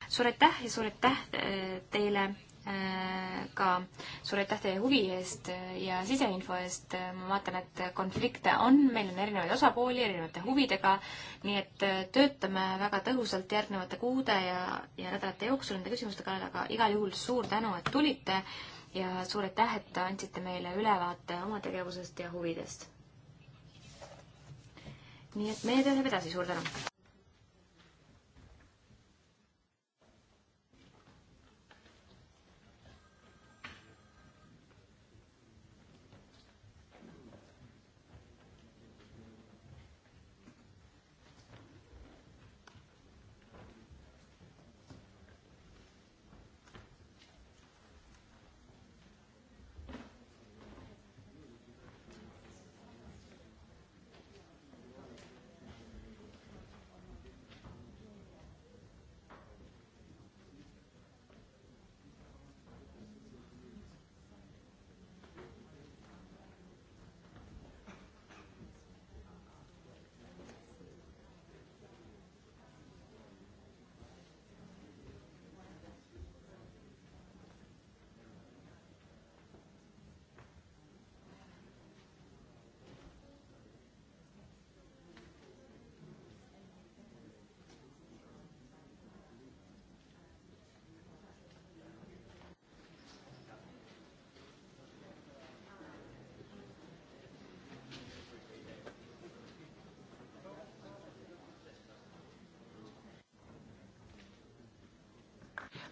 suur aitäh ja suur aitäh äh, teile äh, ka suur aitäh teie huvi eest äh, ja siseinfo eest. ma vaatan, et konflikte on, meil on erinevaid osapooli erinevate huvidega, nii et töötame väga tõhusalt järgnevate kuude ja, ja nädalate jooksul nende küsimuste kallal, aga igal juhul suur tänu, et tulite ja suur aitäh, et andsite meile ülevaate oma tegevusest ja huvidest. nii et meie töö läheb edasi, suur tänu!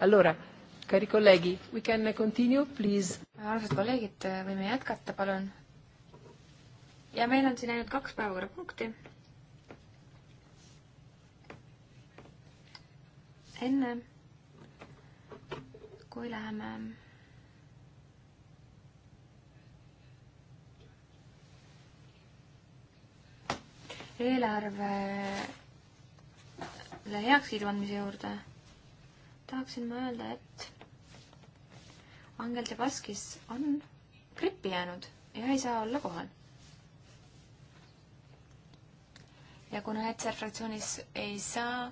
Allora, cari colleghi, we can continue, please. armsad kolleegid, võime jätkata, palun. ja meil on siin ainult kaks päevakorrapunkti. enne kui läheme eelarvele heakskiidu andmise juurde tahaksin ma öelda, et Angel Debaskis on grippi jäänud ja ei saa olla kohal. ja kuna ETSR fraktsioonis ei saa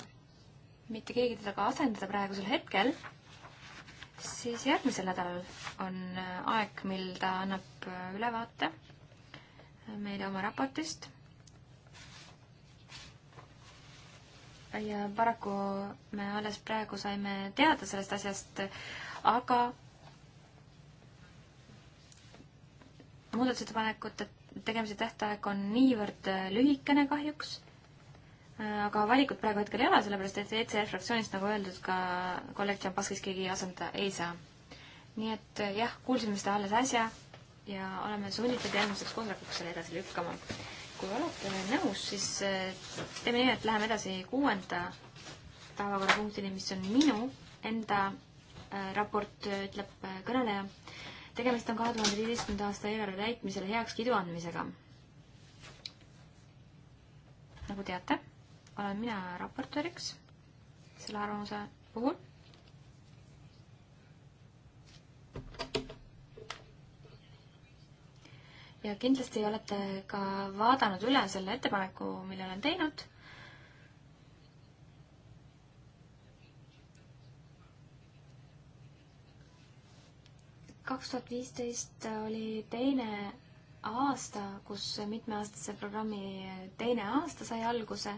mitte keegi teda ka asendada praegusel hetkel, siis järgmisel nädalal on aeg, mil ta annab ülevaate meile oma raportist ja paraku me alles praegu saime teada sellest asjast, aga muudatusettepanekute tegemise tähtaeg on niivõrd lühikene kahjuks, aga valikut praegu hetkel ei ole, sellepärast et ECR fraktsioonist, nagu öeldud, ka kolleeg Tšampaskis keegi asendada ei saa. nii et jah, kuulsime seda alles äsja ja oleme sunnitud järgmiseks koosolekuks selle edasi lükkama kui olete nõus, siis eh, teeme nii, et läheme edasi kuuenda päevakorrapunktini, mis on minu enda eh, raport, ütleb eh, kõneleja. tegemist on kahe tuhande viieteistkümnenda aasta eelarve täitmisele heakskiidu andmisega. nagu teate, olen mina raportööriks selle arvamuse puhul ja kindlasti olete ka vaadanud üle selle ettepaneku, mille olen teinud. kaks tuhat viisteist oli teine aasta, kus mitmeaastase programmi teine aasta sai alguse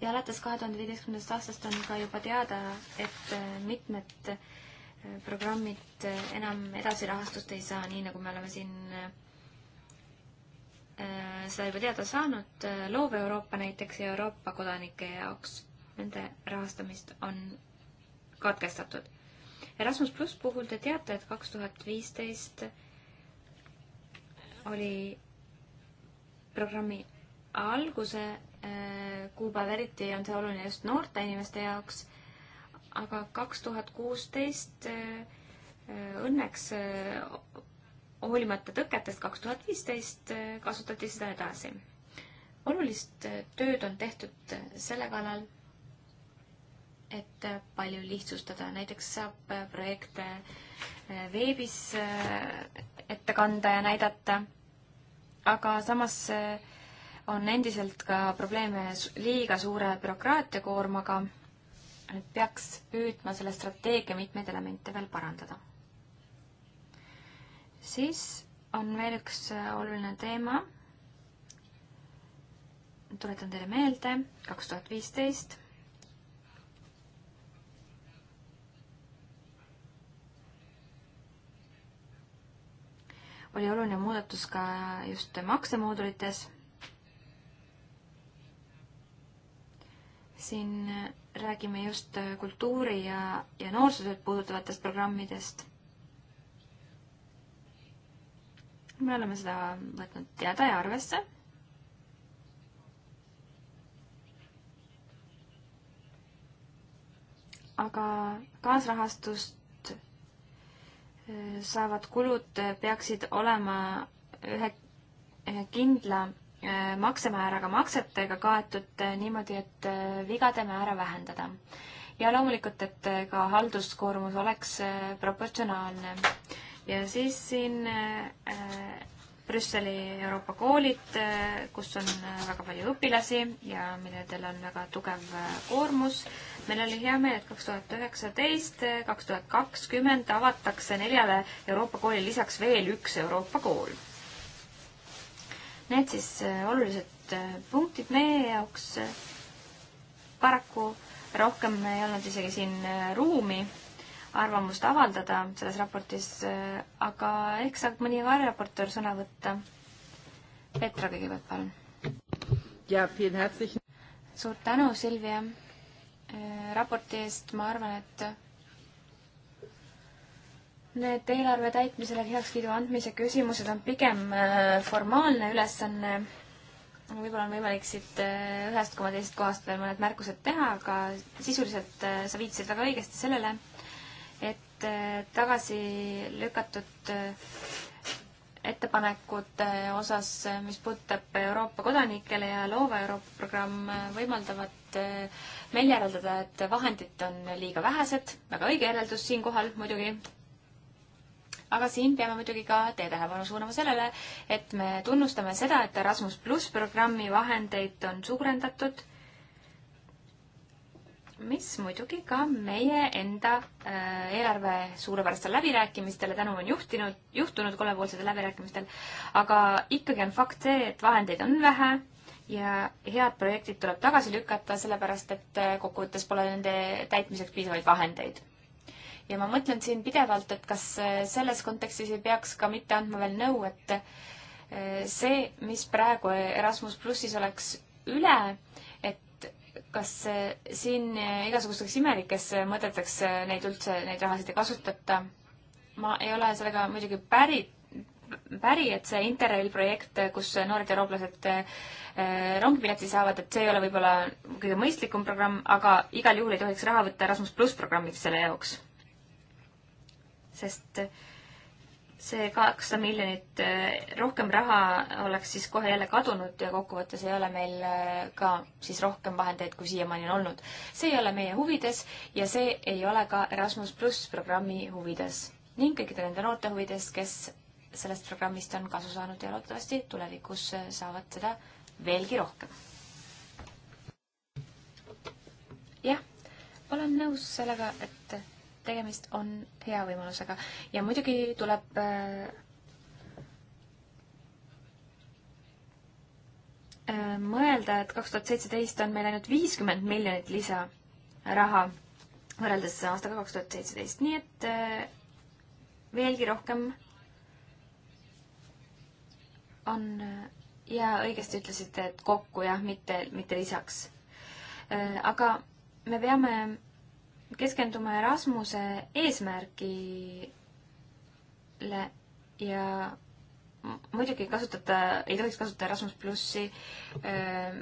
ja alates kahe tuhande viieteistkümnendast aastast on ka juba teada, et mitmed eh, programmid eh, enam edasi rahastust ei saa, nii nagu me oleme siin eh, Äh, seda juba teada saanud, äh, loov Euroopa näiteks ja Euroopa kodanike jaoks, nende rahastamist on katkestatud. Erasmus pluss puhul te teate, et kaks tuhat viisteist oli programmi alguse äh, kuupäev, eriti on see oluline just noorte inimeste jaoks, aga kaks tuhat kuusteist õnneks hoolimata tõketest kaks tuhat viisteist äh, kasutati seda edasi. olulist äh, tööd on tehtud äh, selle kallal, et palju lihtsustada, näiteks saab projekte veebis ette kanda ja näidata, aga samas on endiselt ka probleeme liiga suure bürokraatiakoormaga, et peaks püüdma selle strateegia mitmeid elemente veel parandada siis on veel üks äh, oluline teema. tuletan teile meelde, kaks tuhat viisteist. oli oluline muudatus ka just maksemoodulites. siin äh, räägime just äh, kultuuri ja, ja noorsootööd puudutavatest programmidest me oleme seda võtnud teada ja arvesse. aga kaasrahastust äh, saavad kulud peaksid olema ühe, ühe kindla äh, maksemääraga maksetega kaetud äh, niimoodi, et vigade määra vähendada. ja loomulikult, et ka halduskoormus oleks proportsionaalne ja siis siin äh, äh, Brüsseli Euroopa koolid, äh, kus on väga palju õpilasi ja millel on väga tugev koormus. meil oli hea meel, et kaks tuhat üheksateist, kaks tuhat kakskümmend avatakse neljale Euroopa kooli lisaks veel üks Euroopa kool. Need siis olulised punktid meie jaoks. paraku rohkem ei olnud isegi siin ruumi arvamust avaldada selles raportis, äh, aga ehk saab mõni variraportöör sõna võtta. Petra kõigepealt, palun. suur tänu, Silvia, äh, raporti eest, ma arvan, et need eelarve täitmisele heakskiidu andmise küsimused on pigem äh, formaalne ülesanne võib-olla on võimalik siit ühest koma teisest kohast veel mõned märkused teha, aga sisuliselt sa viitasid väga õigesti sellele, et äh, tagasi lükatud äh, ettepanekute osas, äh, mis puudutab Euroopa kodanikele ja Loova Euroopa programm, võimaldavad meil järeldada, et vahendid on liiga vähesed, väga õige järeldus siinkohal muidugi. aga siin peame muidugi ka teie tähelepanu suunama sellele, et me tunnustame seda, et Erasmus pluss programmi vahendeid on suurendatud mis muidugi ka meie enda äh, eelarve suurepärastel läbirääkimistele tänu on juhtinud, juhtunud kolmepoolsetel läbirääkimistel, aga ikkagi on fakt see, et vahendeid on vähe ja head projektid tuleb tagasi lükata, sellepärast et äh, kokkuvõttes pole nende täitmiseks piisavaid vahendeid. ja ma mõtlen siin pidevalt, et kas äh, selles kontekstis ei peaks ka mitte andma veel nõu, et see, mis praegu Erasmus plussis oleks üle, kas eh, siin eh, igasugusteks imelikes eh, mõteteks neid üldse, neid rahasid ei kasutata? ma ei ole sellega muidugi päri, päri, et see Interrail projekt, kus noored eurooplased rongipileti saavad, et see ei ole võib-olla kõige mõistlikum programm, aga igal juhul ei tohiks raha võtta Erasmus pluss programmiks selle jaoks. sest äh, see kaheksa miljonit eh, rohkem raha oleks siis kohe jälle kadunud ja kokkuvõttes ei ole meil eh, ka siis rohkem vahendeid, kui siiamaani on olnud. see ei ole meie huvides ja see ei ole ka Erasmus pluss programmi huvides ning kõikide nende noorte huvides, kes sellest programmist on kasu saanud ja loodetavasti tulevikus eh, saavad seda veelgi rohkem. jah, olen nõus sellega, et tegemist on hea võimalusega ja muidugi tuleb äh, äh, mõelda, et kaks tuhat seitseteist on meil ainult viiskümmend miljonit lisa raha võrreldes aastaga kaks tuhat seitseteist, nii et äh, veelgi rohkem on ja õigesti ütlesite, et kokku jah, mitte, mitte lisaks. aga me peame keskendume Rasmuse eesmärgile ja muidugi kasutada, ei tohiks kasutada Erasmus plussi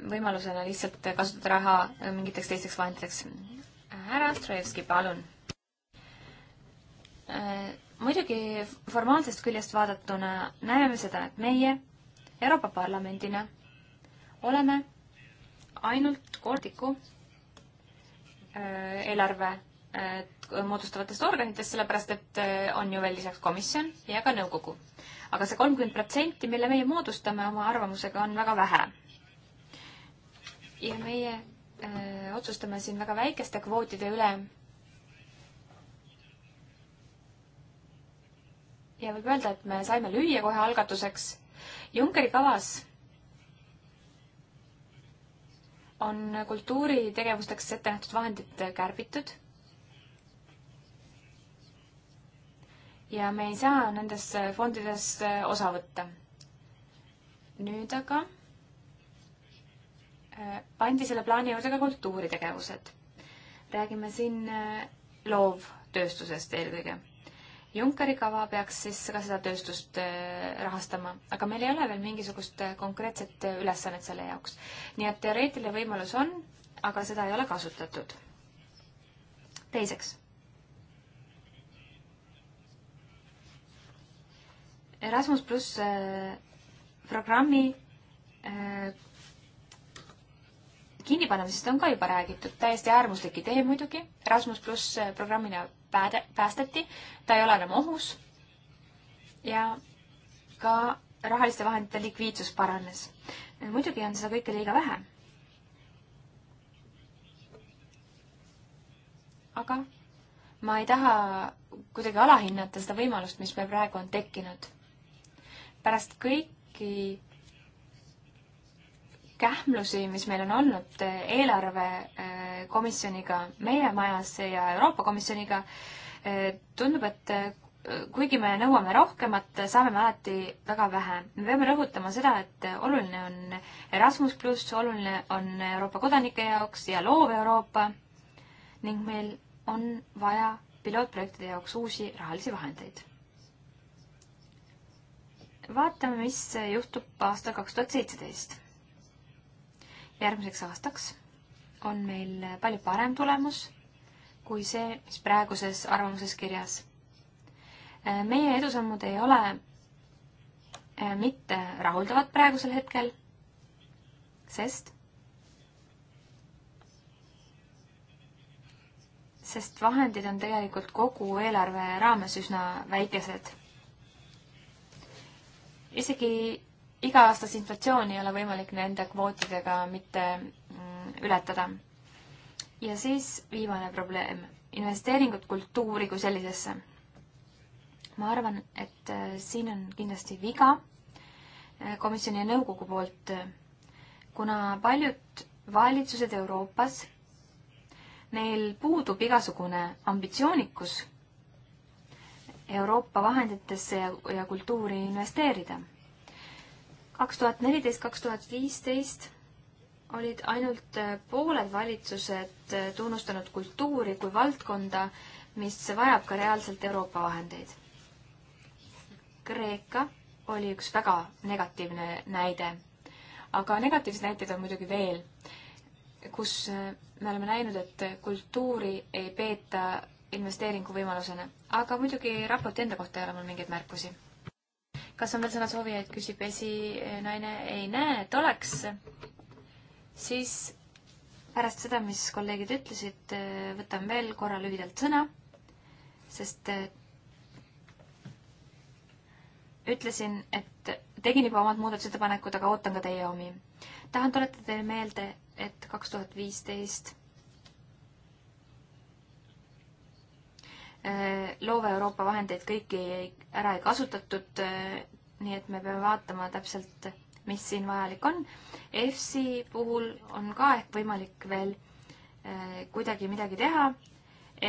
võimalusena lihtsalt kasutada raha mingiteks teisteks vahenditeks. härra Astrojevski, palun. muidugi formaalsest küljest vaadatuna näeme seda, et meie Euroopa Parlamendina oleme ainult kolmandiku Äh, eelarve äh, moodustavatest organitest, sellepärast et äh, on ju veel lisaks komisjon ja ka nõukogu. aga see kolmkümmend protsenti, mille meie moodustame oma arvamusega, on väga vähe. ja meie öö, otsustame siin väga väikeste kvootide üle. ja võib öelda, et me saime lüüa kohe algatuseks. Junckeri kavas on kultuuritegevusteks ette nähtud vahendid kärbitud. ja me ei saa nendes fondides osa võtta. nüüd aga äh, pandi selle plaani juurde ka kultuuritegevused. räägime siin äh, loovtööstusest eelkõige Junckeri kava peaks siis ka seda tööstust äh, rahastama, aga meil ei ole veel mingisugust äh, konkreetset äh, ülesannet selle jaoks. nii et teoreetiline võimalus on, aga seda ei ole kasutatud. teiseks. Erasmus pluss programmi kinnipanemisest on ka juba räägitud, täiesti äärmuslik idee muidugi, Erasmus pluss programmina pääde, päästeti, ta ei ole enam ohus ja ka rahaliste vahendite likviidsus paranes. muidugi on seda kõike liiga vähe. aga ma ei taha kuidagi alahinnata seda võimalust, mis meil praegu on tekkinud. pärast kõiki kähmlusi, mis meil on olnud eh, eelarvekomisjoniga eh, meie majas ja Euroopa Komisjoniga, eh, tundub, et kuigi me nõuame rohkemat, saame me alati väga vähe. me peame rõhutama seda, et oluline on Erasmus pluss, oluline on Euroopa kodanike jaoks ja loov Euroopa ning meil on vaja pilootprojektide jaoks uusi rahalisi vahendeid. vaatame, mis juhtub aastal kaks tuhat seitseteist järgmiseks aastaks on meil palju parem tulemus kui see, mis praeguses arvamuses kirjas. Äh, meie edusammud ei ole äh, mitte rahuldavad praegusel hetkel, sest, sest vahendid on tegelikult kogu eelarve raames üsna väikesed. isegi iga-aastast inflatsiooni ei ole võimalik nende kvootidega mitte mm, ületada. ja siis viimane probleem, investeeringud kultuuri kui sellisesse. ma arvan, et äh, siin on kindlasti viga äh, komisjoni ja nõukogu poolt, äh, kuna paljud valitsused Euroopas, neil puudub igasugune ambitsioonikus Euroopa vahenditesse ja, ja kultuuri investeerida kaks tuhat neliteist, kaks tuhat viisteist olid ainult äh, pooled valitsused äh, tunnustanud kultuuri kui valdkonda, mis vajab ka reaalselt Euroopa vahendeid. Kreeka oli üks väga negatiivne näide. aga negatiivseid näiteid on muidugi veel, kus äh, me oleme näinud, et kultuuri ei peeta investeeringuvõimalusena. aga muidugi raporti enda kohta ei ole mul mingeid märkusi kas on veel sõnasoovijaid, küsib esinaine, ei näe, et oleks. siis pärast seda, mis kolleegid ütlesid, võtan veel korra lühidalt sõna, sest äh, ütlesin, et tegin juba omad muudatusettepanekud, aga ootan ka teie omi. tahan tuletada teile meelde, et kaks tuhat viisteist äh, loova Euroopa vahendeid kõiki ära ei kasutatud äh, nii et me peame vaatama täpselt, mis siin vajalik on. EFSi puhul on ka ehk võimalik veel eh, kuidagi midagi teha,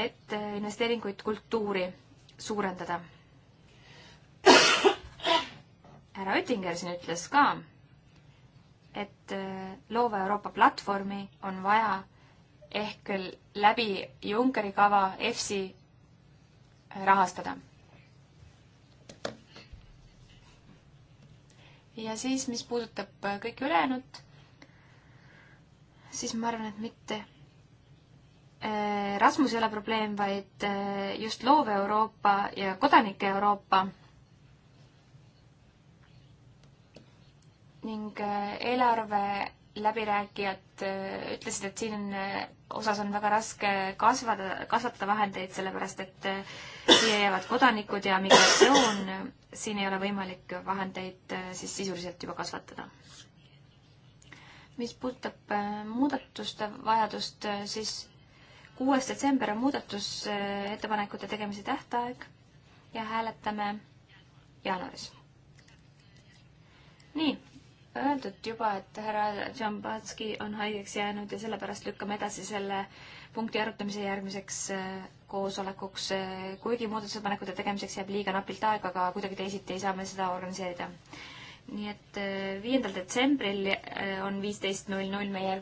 et eh, investeeringuid kultuuri suurendada. härra Oettinger siin ütles ka, et eh, loova Euroopa platvormi on vaja ehk läbi Junckeri kava EFSi eh, rahastada ja siis, mis puudutab äh, kõike ülejäänut, siis ma arvan, et mitte äh, Rasmus ei ole probleem, vaid äh, just loov Euroopa ja kodanike Euroopa. ning eelarve läbirääkijad äh, ütlesid, et siin äh, osas on väga raske kasvada, kasvatada vahendeid, sellepärast et äh, siia jäävad kodanikud ja migratsioon, siin ei ole võimalik vahendeid siis sisuliselt juba kasvatada. mis puudutab muudatuste vajadust, siis kuues detsember on muudatusettepanekute tegemise tähtaeg ja hääletame jaanuaris. nii öeldud juba, et härra Džambatski on haigeks jäänud ja sellepärast lükkame edasi selle punkti arutamise järgmiseks äh, koosolekuks, äh, kuigi muudatusettepanekute tegemiseks jääb liiga napilt aega, aga kuidagi teisiti ei saa me seda organiseerida. nii et äh, viiendal detsembril on viisteist null null meie järgmine